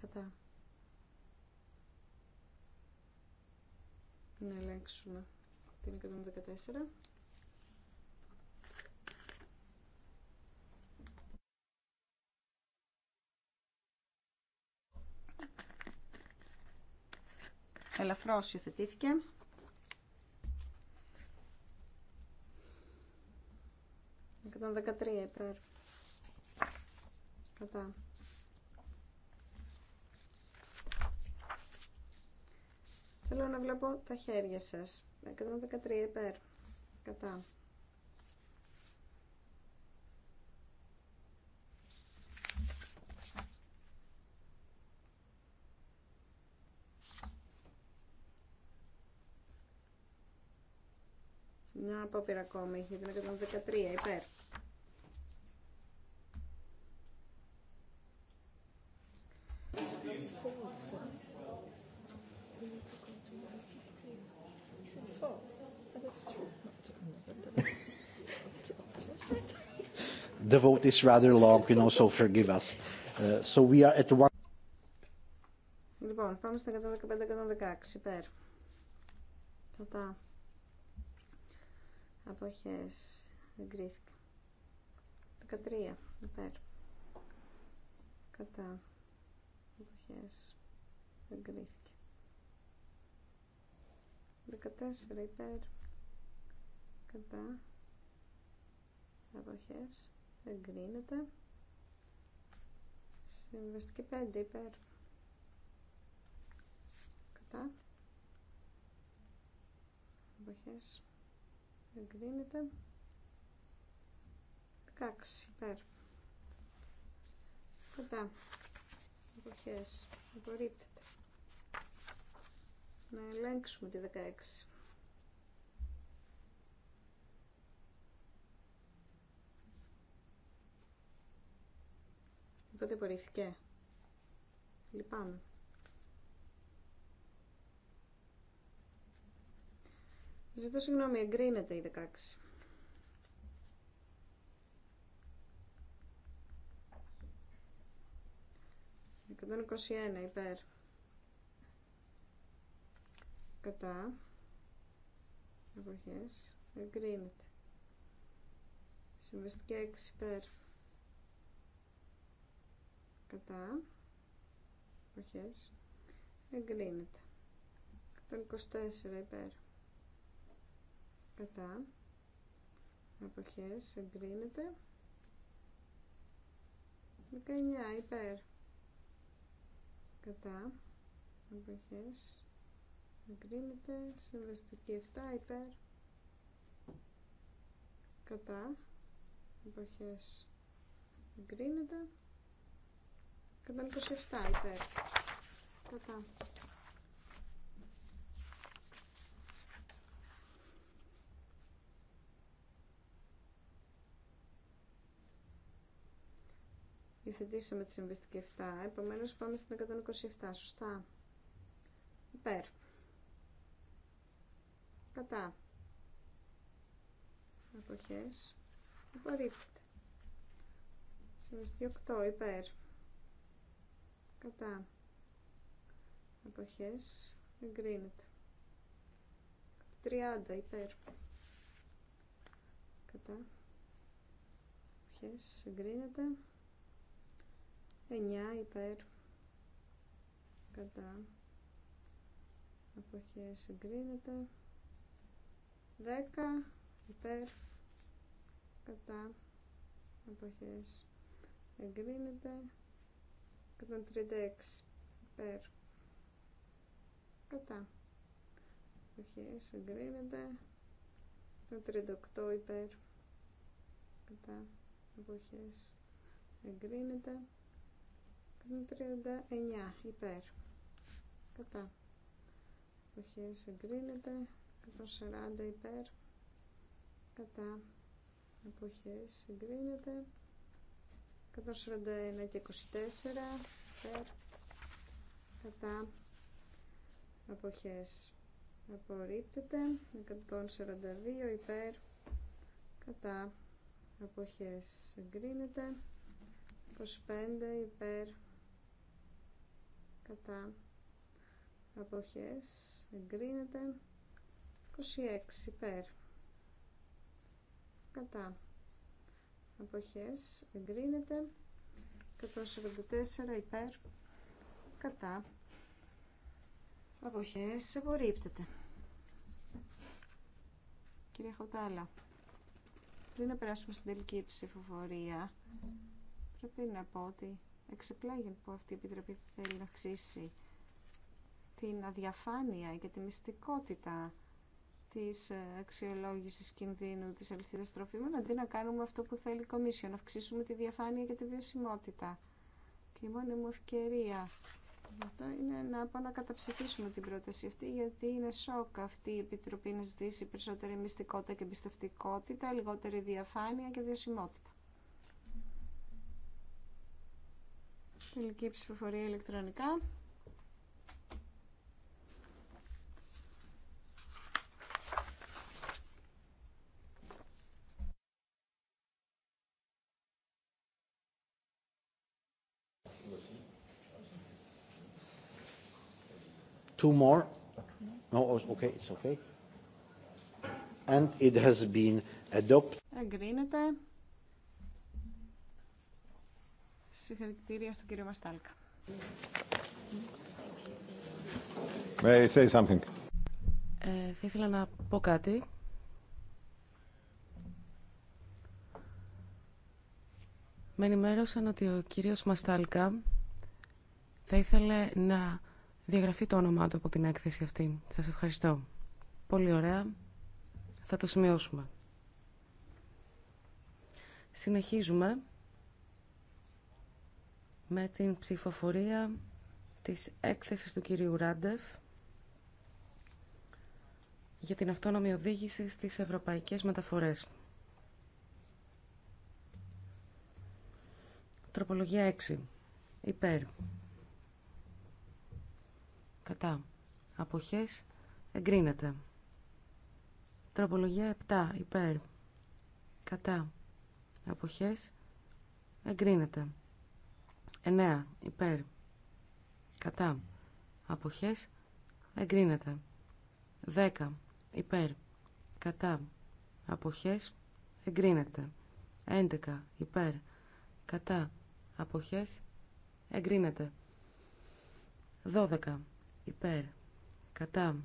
S2: κατά να ελέγξουμε την 114 Ελαφρώς υιοθετήθηκε. 113 υπέρ. Κατά. Θέλω να βλέπω τα χέρια σας. 113 υπέρ. Κατά. Μια απόπειρα ακόμη για την 113 υπέρ.
S3: The vote is rather long, you know, so forgive us. Uh, so we are at one.
S2: Λοιπόν, πάμε στα 115-116 υπέρ. Κατά αποχές εγκρίθηκε 13 υπέρ κατά αποχές εγκρίθηκε 14 υπέρ κατά αποχές εγκρίνεται συμβαστική 5 υπέρ κατά αποχές εγκρίνεται 16 υπέρ κατά εποχές απορρίπτεται να ελέγξουμε τη 16 Οπότε απορρίφθηκε. Λυπάμαι. Ζητώ συγγνώμη, εγκρίνεται η 16. Εκατόν 21 υπέρ. Κατά. Αποχές. Εγκρίνεται. Συμβαστική 6 υπέρ. Κατά. Αποχές. Εγκρίνεται. 124 υπέρ κατά Εποχές. εγκρίνεται 19 υπέρ κατά Εποχές. εγκρίνεται συμβαστική 7 υπέρ κατά Εποχές. εγκρίνεται 127 υπέρ κατά Υιοθετήσαμε τη συμβαστική 7, επομένως πάμε στην 127, σωστά. Υπέρ. Κατά. Αποχές. Απορρίπτεται. Συμβαστική 8, υπέρ. Κατά. Αποχές. Εγκρίνεται. 30, υπέρ. Κατά. Αποχές. Εγκρίνεται. 9 υπέρ κατά αποχές συγκρίνεται 10 υπέρ κατά αποχές εγκρίνεται 136 υπέρ κατά εποχέ εγκρίνεται 138 υπέρ κατά αποχές εγκρίνεται 39 υπέρ κατά εποχές εγκρίνεται 140 υπέρ κατά εποχές εγκρίνεται 141 και 24 υπέρ κατά εποχές απορρίπτεται 142 υπέρ κατά εποχές εγκρίνεται 25 υπέρ κατά αποχές εγκρίνεται 26 υπέρ κατά αποχές εγκρίνεται 144 υπέρ κατά αποχές απορρίπτεται Κυρία Χωτάλα πριν να περάσουμε στην τελική ψηφοφορία πρέπει να πω ότι εξεπλάγει που αυτή η Επιτροπή θέλει να αυξήσει την αδιαφάνεια και τη μυστικότητα της ε, αξιολόγησης κινδύνου της αληθίδας τροφίμων αντί να κάνουμε αυτό που θέλει η Κομίσιο, να αυξήσουμε τη διαφάνεια και τη βιωσιμότητα. Και η μόνη μου ευκαιρία αυτό είναι να πάω να καταψηφίσουμε την πρόταση αυτή γιατί είναι σοκ αυτή η Επιτροπή να ζητήσει περισσότερη μυστικότητα και εμπιστευτικότητα, λιγότερη διαφάνεια και βιωσιμότητα. Τελική ψηφοφορία ηλεκτρονικά.
S3: Two more. No, okay, it's okay. And it has been adopted.
S2: Εγκρίνεται. Συγχαρητήρια στον κύριο Μαστάλκα.
S4: May say something? Ε, θα ήθελα να πω κάτι. Με ενημέρωσαν ότι ο κύριος Μαστάλκα θα ήθελε να διαγραφεί το όνομά του από την έκθεση αυτή. Σας ευχαριστώ. Πολύ ωραία. Θα το σημειώσουμε. Συνεχίζουμε με την ψηφοφορία της έκθεσης του κυρίου Ράντεφ για την αυτόνομη οδήγηση στις ευρωπαϊκές μεταφορές. Τροπολογία 6. Υπέρ. Κατά. Αποχές. Εγκρίνεται. Τροπολογία 7. Υπέρ. Κατά. Αποχές. Εγκρίνεται. 9. Υπέρ. Κατά. Αποχές. Εγκρίνεται. 10. Υπέρ. Κατά. Αποχές. Εγκρίνεται. 11. Υπέρ. Κατά. Αποχές. Εγκρίνεται. 12. Υπέρ. Κατά.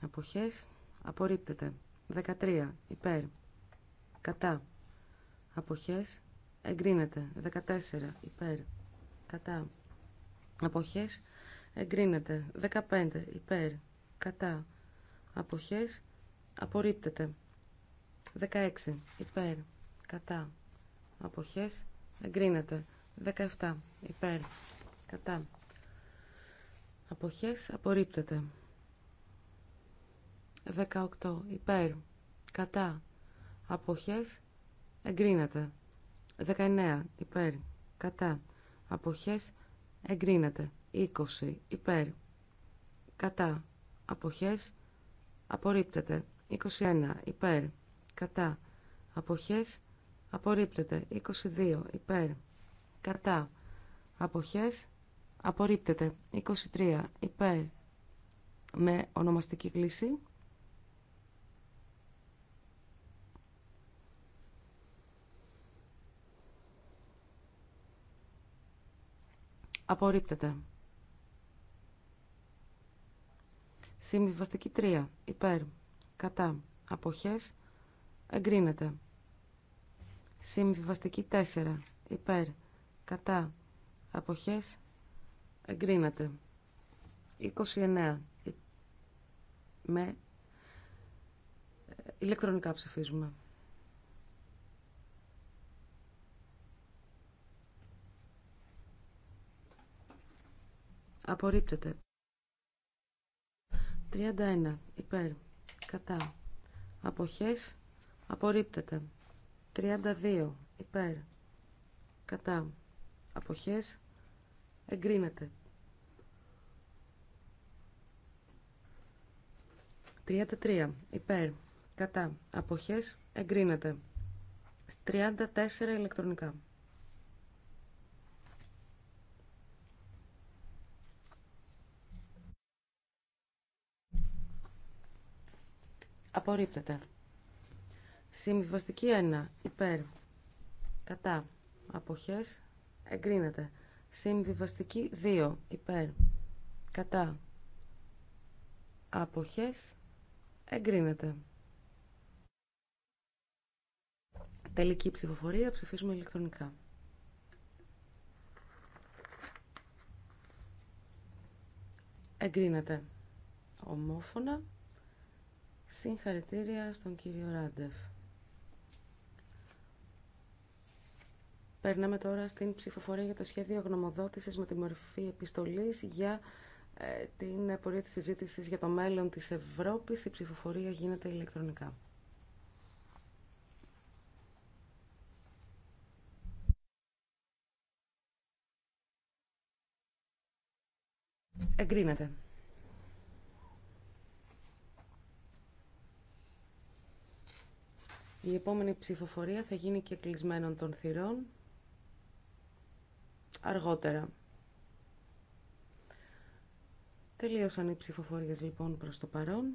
S4: Αποχές. Απορρίπτεται. 13. Υπέρ. Κατά. Αποχές εγκρίνεται. 14 υπέρ κατά αποχές εγκρίνεται. 15 υπέρ κατά αποχές απορρίπτεται. 16 υπέρ κατά αποχές εγκρίνεται. 17 υπέρ κατά αποχές απορρίπτεται. 18 υπέρ κατά αποχές εγκρίνεται. 19 υπέρ κατά αποχές εγκρίνεται 20 υπέρ κατά αποχές απορρίπτεται 21 υπέρ κατά αποχές απορρίπτεται 22 υπέρ κατά αποχές απορρίπτεται 23 υπέρ με ονομαστική κλίση Απορρίπτεται. Συμβιβαστική 3. Υπέρ. Κατά. Αποχές. Εγκρίνεται. Συμβιβαστική 4. Υπέρ. Κατά. Αποχές. Εγκρίνεται. 29. Με. Ηλεκτρονικά ψηφίζουμε. Απορρίπτεται. 31. Υπέρ. Κατά. Αποχές. Απορρίπτεται. 32. Υπέρ. Κατά. Αποχές. Εγκρίνεται. 33. Υπέρ. Κατά. Αποχές. Εγκρίνεται. 34 ηλεκτρονικά. Απορρίπτεται. Συμβιβαστική 1. Υπέρ. Κατά. Αποχές. Εγκρίνεται. Συμβιβαστική 2. Υπέρ. Κατά. Αποχές. Εγκρίνεται. Τελική ψηφοφορία. Ψηφίζουμε ηλεκτρονικά. Εγκρίνεται. Ομόφωνα. Συγχαρητήρια στον κύριο Ράντεφ. Περνάμε τώρα στην ψηφοφορία για το σχέδιο γνωμοδότησης με τη μορφή επιστολής για ε, την πορεία της συζήτησης για το μέλλον της Ευρώπης. Η ψηφοφορία γίνεται ηλεκτρονικά. Εγκρίνεται. Η επόμενη ψηφοφορία θα γίνει και κλεισμένων των θυρών αργότερα. Τελείωσαν οι ψηφοφορίες λοιπόν προς το παρόν.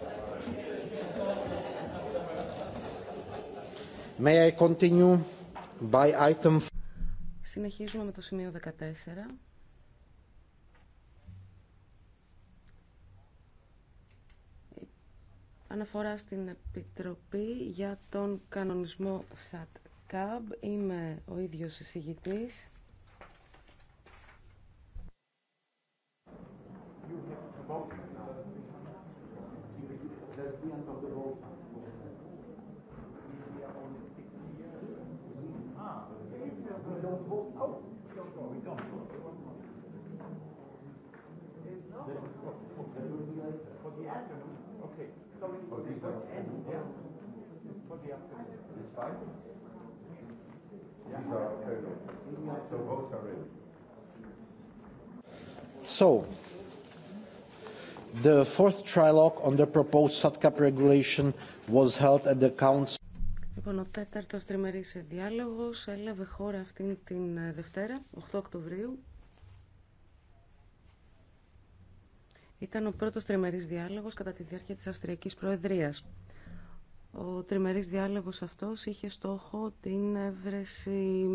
S4: May Συνεχίζουμε με το σημείο 14. Αναφορά στην Επιτροπή για τον κανονισμό ΣΑΤΚΑΜ. Είμαι ο ίδιος εισηγητής.
S3: So, the fourth trilogue on the proposed SATCAP regulation was held at the Council.
S4: Λοιπόν, ο τέταρτος τριμερής διάλογος έλαβε χώρα αυτήν την Δευτέρα, 8 Οκτωβρίου, Ήταν ο πρώτος τριμερής διάλογος κατά τη διάρκεια της Αυστριακής Προεδρίας. Ο τριμερής διάλογος αυτός είχε στόχο την έβρεση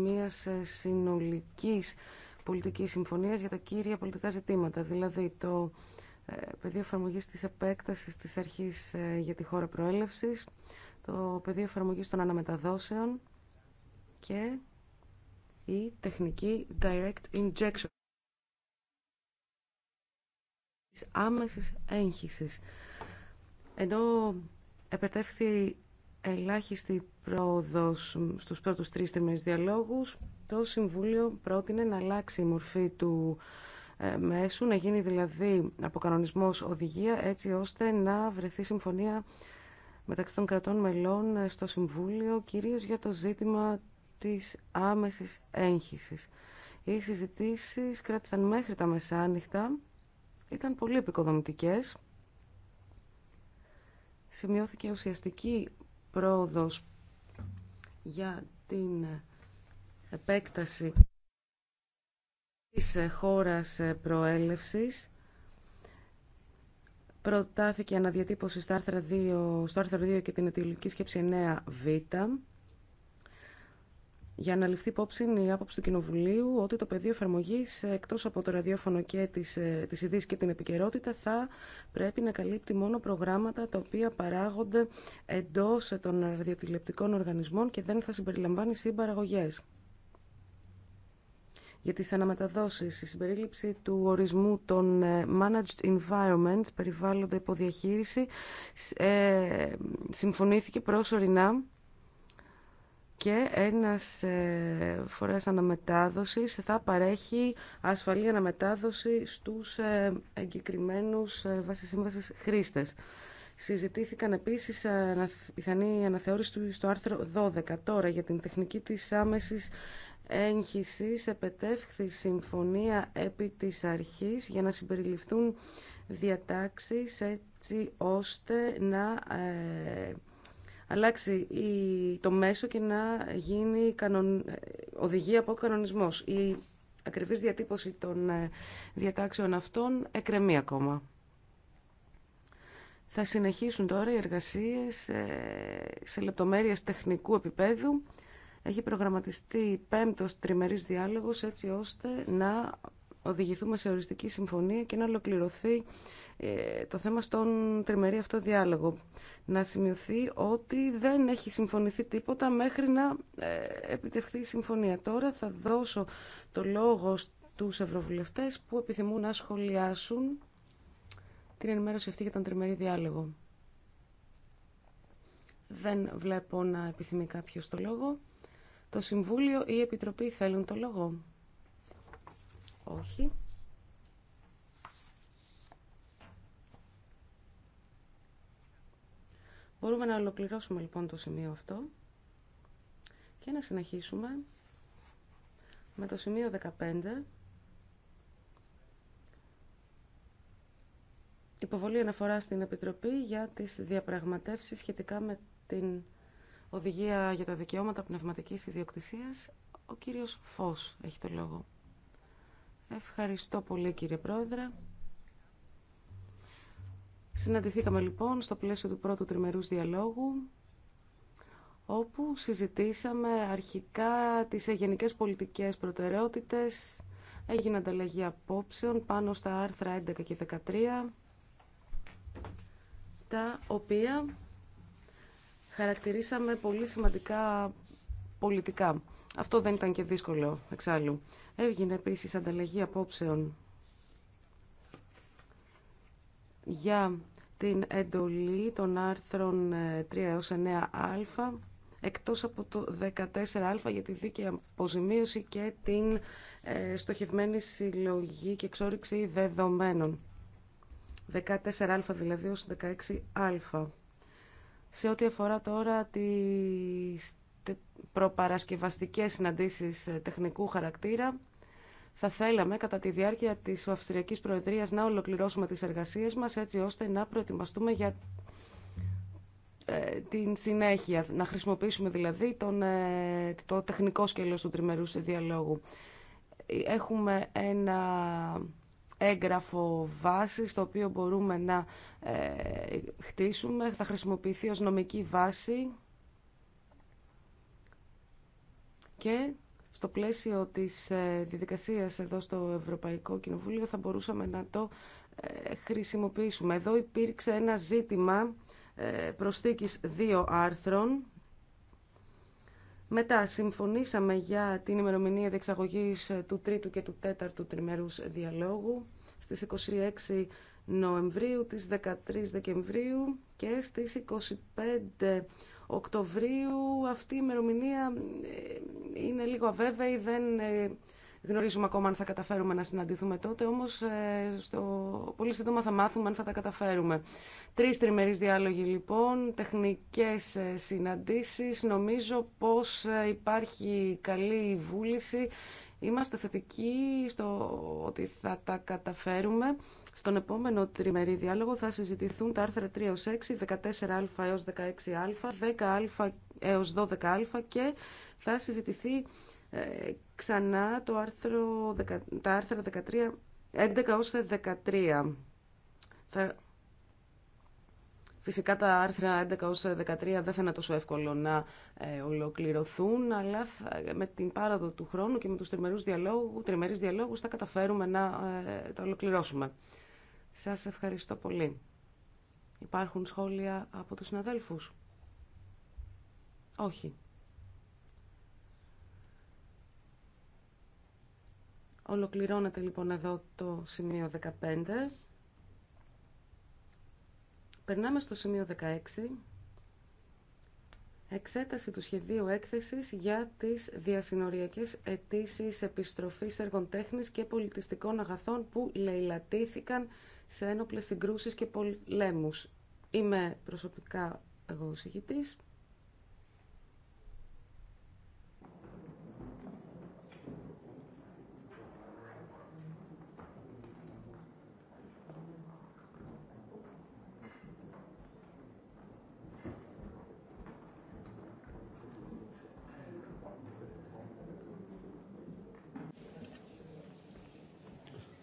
S4: μιας συνολικής πολιτικής συμφωνίας για τα κύρια πολιτικά ζητήματα, δηλαδή το ε, πεδίο εφαρμογή της επέκτασης της αρχής ε, για τη χώρα προέλευσης, το πεδίο εφαρμογή των αναμεταδόσεων και η τεχνική direct injection της άμεσης έγχυσης. Ενώ επετεύχθη ελάχιστη πρόοδος στους πρώτους τρεις διαλόγους, το Συμβούλιο πρότεινε να αλλάξει η μορφή του ε, μέσου, να γίνει δηλαδή από οδηγία, έτσι ώστε να βρεθεί συμφωνία μεταξύ των κρατών μελών ε, στο Συμβούλιο, κυρίως για το ζήτημα της άμεσης έγχυσης. Οι συζητήσεις κράτησαν μέχρι τα μεσάνυχτα ήταν πολύ επικοδομητικές. Σημειώθηκε ουσιαστική πρόοδος για την επέκταση της χώρας προέλευσης. Προτάθηκε αναδιατύπωση στο άρθρο 2, 2 και την αιτιολογική σκέψη 9β για να ληφθεί υπόψη η άποψη του Κοινοβουλίου ότι το πεδίο εφαρμογή ε, εκτό από το ραδιόφωνο και τι ε, ειδήσει και την επικαιρότητα θα πρέπει να καλύπτει μόνο προγράμματα τα οποία παράγονται εντό ε, των ραδιοτηλεπτικών οργανισμών και δεν θα συμπεριλαμβάνει συμπαραγωγέ. Για τις αναμεταδόσεις, η συμπερίληψη του ορισμού των managed environments, περιβάλλοντα υποδιαχείριση, συμφωνήθηκε προσωρινά και ένας ε, φορέας αναμετάδοσης θα παρέχει ασφαλή αναμετάδοση στους ε, εγκεκριμένους ε, βάσεις σύμβασης χρήστες. Συζητήθηκαν επίσης πιθανή αναθεώρηση στο άρθρο 12. Τώρα για την τεχνική της άμεσης έγχυσης επετεύχθη συμφωνία επί της αρχής για να συμπεριληφθούν διατάξεις έτσι ώστε να αλλάξει το μέσο και να γίνει οδηγία από κανονισμός. Η ακριβής διατύπωση των ε, διατάξεων αυτών εκρεμεί ακόμα. Θα συνεχίσουν τώρα οι εργασίες ε, σε λεπτομέρειες τεχνικού επίπεδου. Έχει προγραμματιστεί πέμπτος τριμερής διάλογος έτσι ώστε να οδηγηθούμε σε οριστική συμφωνία και να ολοκληρωθεί ε, το θέμα στον τριμερή αυτό διάλογο. Να σημειωθεί ότι δεν έχει συμφωνηθεί τίποτα μέχρι να ε, επιτευχθεί η συμφωνία. Τώρα θα δώσω το λόγο στους ευρωβουλευτές που επιθυμούν να σχολιάσουν την ενημέρωση αυτή για τον τριμερή διάλογο. Δεν βλέπω να επιθυμεί κάποιο το λόγο. Το Συμβούλιο ή η Επιτροπή θέλουν το λόγο. Όχι. Μπορούμε να ολοκληρώσουμε λοιπόν το σημείο αυτό και να συνεχίσουμε με το σημείο 15 υποβολή αναφορά στην Επιτροπή για τις διαπραγματεύσεις σχετικά με την Οδηγία για τα Δικαιώματα Πνευματικής Ιδιοκτησίας. Ο κύριος Φως έχει το λόγο. Ευχαριστώ πολύ κύριε Πρόεδρε. Συναντηθήκαμε λοιπόν στο πλαίσιο του πρώτου τριμερούς διαλόγου όπου συζητήσαμε αρχικά τις γενικές πολιτικές προτεραιότητες, έγινε ανταλλαγή απόψεων πάνω στα άρθρα 11 και 13, τα οποία χαρακτηρίσαμε πολύ σημαντικά πολιτικά. Αυτό δεν ήταν και δύσκολο, εξάλλου. Έγινε επίσης ανταλλαγή απόψεων για την εντολή των άρθρων 3 ε, έως 9α εκτός από το 14α για τη δίκαιη αποζημίωση και την ε, στοχευμένη συλλογή και εξόριξη δεδομένων. 14α δηλαδή ως 16α. Σε ό,τι αφορά τώρα τις προπαρασκευαστικές συναντήσεις ε, τεχνικού χαρακτήρα, θα θέλαμε κατά τη διάρκεια της Αυστριακή Προεδρία να ολοκληρώσουμε τις εργασίες μας έτσι ώστε να προετοιμαστούμε για ε, την συνέχεια, να χρησιμοποιήσουμε δηλαδή τον, ε, το τεχνικό σκέλος του τριμερούς διαλόγου. Έχουμε ένα έγγραφο βάση το οποίο μπορούμε να ε, χτίσουμε. Θα χρησιμοποιηθεί ως νομική βάση και στο πλαίσιο της ε, διδικασίας εδώ στο Ευρωπαϊκό Κοινοβούλιο θα μπορούσαμε να το ε, χρησιμοποιήσουμε. Εδώ υπήρξε ένα ζήτημα ε, προσθήκης δύο άρθρων. Μετά συμφωνήσαμε για την ημερομηνία διεξαγωγής του τρίτου και του τέταρτου τριμερούς διαλόγου στις 26 Νοεμβρίου, τις 13 Δεκεμβρίου και στις 25 Οκτωβρίου. Αυτή η ημερομηνία ε, είναι λίγο αβέβαιη, δεν ε, γνωρίζουμε ακόμα αν θα καταφέρουμε να συναντηθούμε τότε, όμως ε, στο... πολύ σύντομα θα μάθουμε αν θα τα καταφέρουμε. Τρεις τριμερείς διάλογοι λοιπόν, τεχνικές συναντήσεις, νομίζω πως υπάρχει καλή βούληση Είμαστε θετικοί στο ότι θα τα καταφέρουμε. Στον επόμενο τριμερή διάλογο θα συζητηθούν τα άρθρα 3 έως 6, 14α έως 16α, 10α έως 12α και θα συζητηθεί ε, ξανά το άρθρο, τα άρθρα 13, 11 έως 13. Θα Φυσικά τα άρθρα 11 ως 13 δεν θα είναι τόσο εύκολο να ε, ολοκληρωθούν, αλλά με την πάραδο του χρόνου και με τους τριμερούς διαλόγου, διαλόγους θα καταφέρουμε να ε, τα ολοκληρώσουμε. Σας ευχαριστώ πολύ. Υπάρχουν σχόλια από τους συναδέλφους. Όχι. Ολοκληρώνεται λοιπόν εδώ το σημείο 15. Περνάμε στο σημείο 16. Εξέταση του σχεδίου έκθεσης για τις διασυνοριακές αιτήσει επιστροφής έργων τέχνης και πολιτιστικών αγαθών που λαιλατήθηκαν σε ένοπλες συγκρούσεις και πολέμους. Είμαι προσωπικά εγώ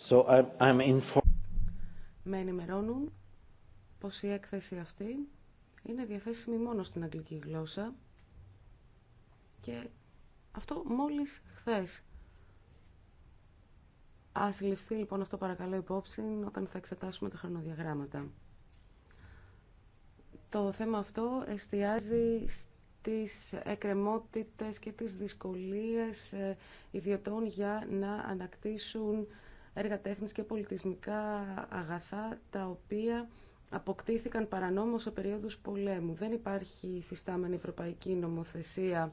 S3: So I'm
S4: Με ενημερώνουν πως η έκθεση αυτή είναι διαθέσιμη μόνο στην αγγλική γλώσσα και αυτό μόλις χθες. Ας ληφθεί λοιπόν αυτό παρακαλώ υπόψη όταν θα εξετάσουμε τα χρονοδιαγράμματα. Το θέμα αυτό εστιάζει στις εκκρεμότητες και τις δυσκολίες ε, ιδιωτών για να ανακτήσουν έργα τέχνης και πολιτισμικά αγαθά τα οποία αποκτήθηκαν παρανόμως σε περίοδους πολέμου. Δεν υπάρχει φυστάμενη ευρωπαϊκή νομοθεσία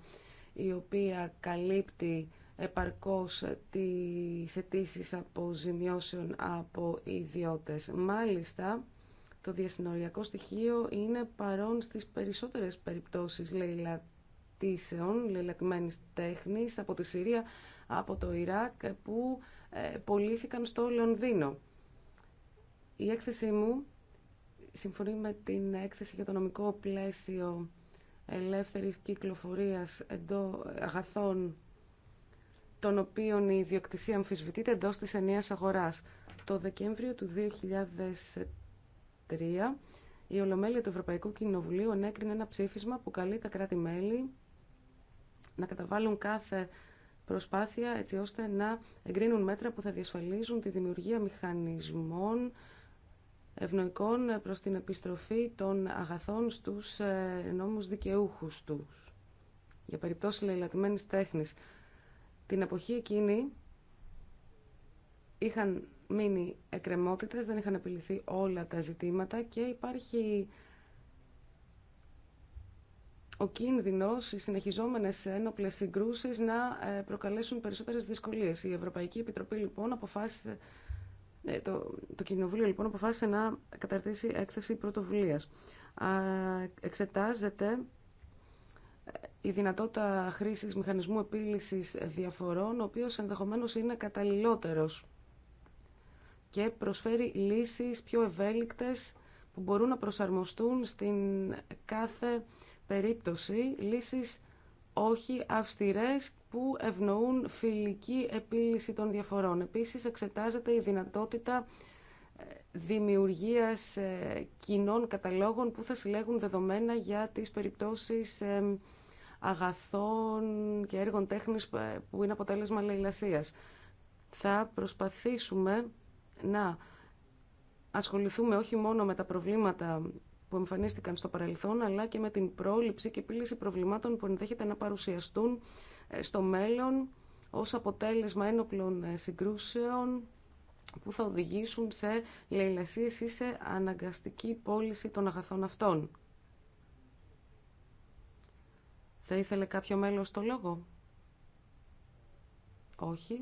S4: η οποία καλύπτει επαρκώς τις αιτήσει αποζημιώσεων από ιδιώτες. Μάλιστα, το διασυνοριακό στοιχείο είναι παρόν στις περισσότερες περιπτώσεις λαιλατήσεων, λαιλατημένης τέχνης από τη Συρία, από το Ιράκ, που πολίθηκαν στο Λονδίνο. Η έκθεσή μου συμφωνεί με την έκθεση για το νομικό πλαίσιο ελεύθερης κυκλοφορίας εντό αγαθών των οποίων η ιδιοκτησία αμφισβητείται εντός της ενιαίας αγοράς. Το Δεκέμβριο του 2003 η Ολομέλεια του Ευρωπαϊκού Κοινοβουλίου ανέκρινε ένα ψήφισμα που καλεί τα κράτη-μέλη να καταβάλουν κάθε προσπάθεια έτσι ώστε να εγκρίνουν μέτρα που θα διασφαλίζουν τη δημιουργία μηχανισμών ευνοϊκών προς την επιστροφή των αγαθών στους ε, νόμους δικαιούχους τους. Για περιπτώσεις λαϊλατημένης τέχνης. Την εποχή εκείνη είχαν μείνει εκκρεμότητες, δεν είχαν επιληθεί όλα τα ζητήματα και υπάρχει ο κίνδυνος, οι συνεχιζόμενες ένοπλες συγκρούσεις να ε, προκαλέσουν περισσότερες δυσκολίες. Η Ευρωπαϊκή Επιτροπή λοιπόν αποφάσισε, ε, το, το Κοινοβούλιο λοιπόν αποφάσισε να καταρτήσει έκθεση πρωτοβουλίας. εξετάζεται ε, η δυνατότητα χρήσης μηχανισμού επίλυσης διαφορών, ο οποίος ενδεχομένως είναι καταλληλότερος και προσφέρει λύσεις πιο ευέλικτες που μπορούν να προσαρμοστούν στην κάθε περίπτωση λύσεις όχι αυστηρές που ευνοούν φιλική επίλυση των διαφορών. Επίσης, εξετάζεται η δυνατότητα ε, δημιουργίας ε, κοινών καταλόγων που θα συλλέγουν δεδομένα για τις περιπτώσεις ε, αγαθών και έργων τέχνης που είναι αποτέλεσμα λαϊλασίας. Θα προσπαθήσουμε να ασχοληθούμε όχι μόνο με τα προβλήματα που εμφανίστηκαν στο παρελθόν, αλλά και με την πρόληψη και επίλυση προβλημάτων που ενδέχεται να παρουσιαστούν ε, στο μέλλον ως αποτέλεσμα ένοπλων ε, συγκρούσεων που θα οδηγήσουν σε λαϊλασίες ή σε αναγκαστική πώληση των αγαθών αυτών. Θα ήθελε κάποιο μέλος το λόγο? Όχι.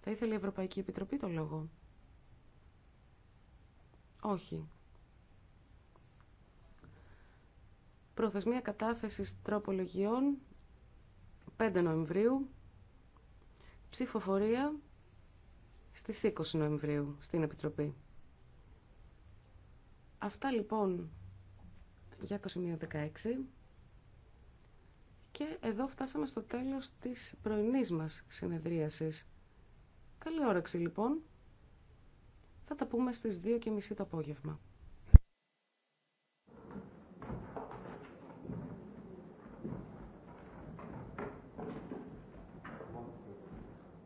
S4: Θα ήθελε η Ευρωπαϊκή Επιτροπή το λόγο? Όχι. Προθεσμία κατάθεσης τροπολογιών 5 Νοεμβρίου. Ψηφοφορία στις 20 Νοεμβρίου στην Επιτροπή. Αυτά λοιπόν για το σημείο 16. Και εδώ φτάσαμε στο τέλος της πρωινής μας συνεδρίασης. Καλή όρεξη λοιπόν. Θα τα πούμε στις 2.30 το απόγευμα.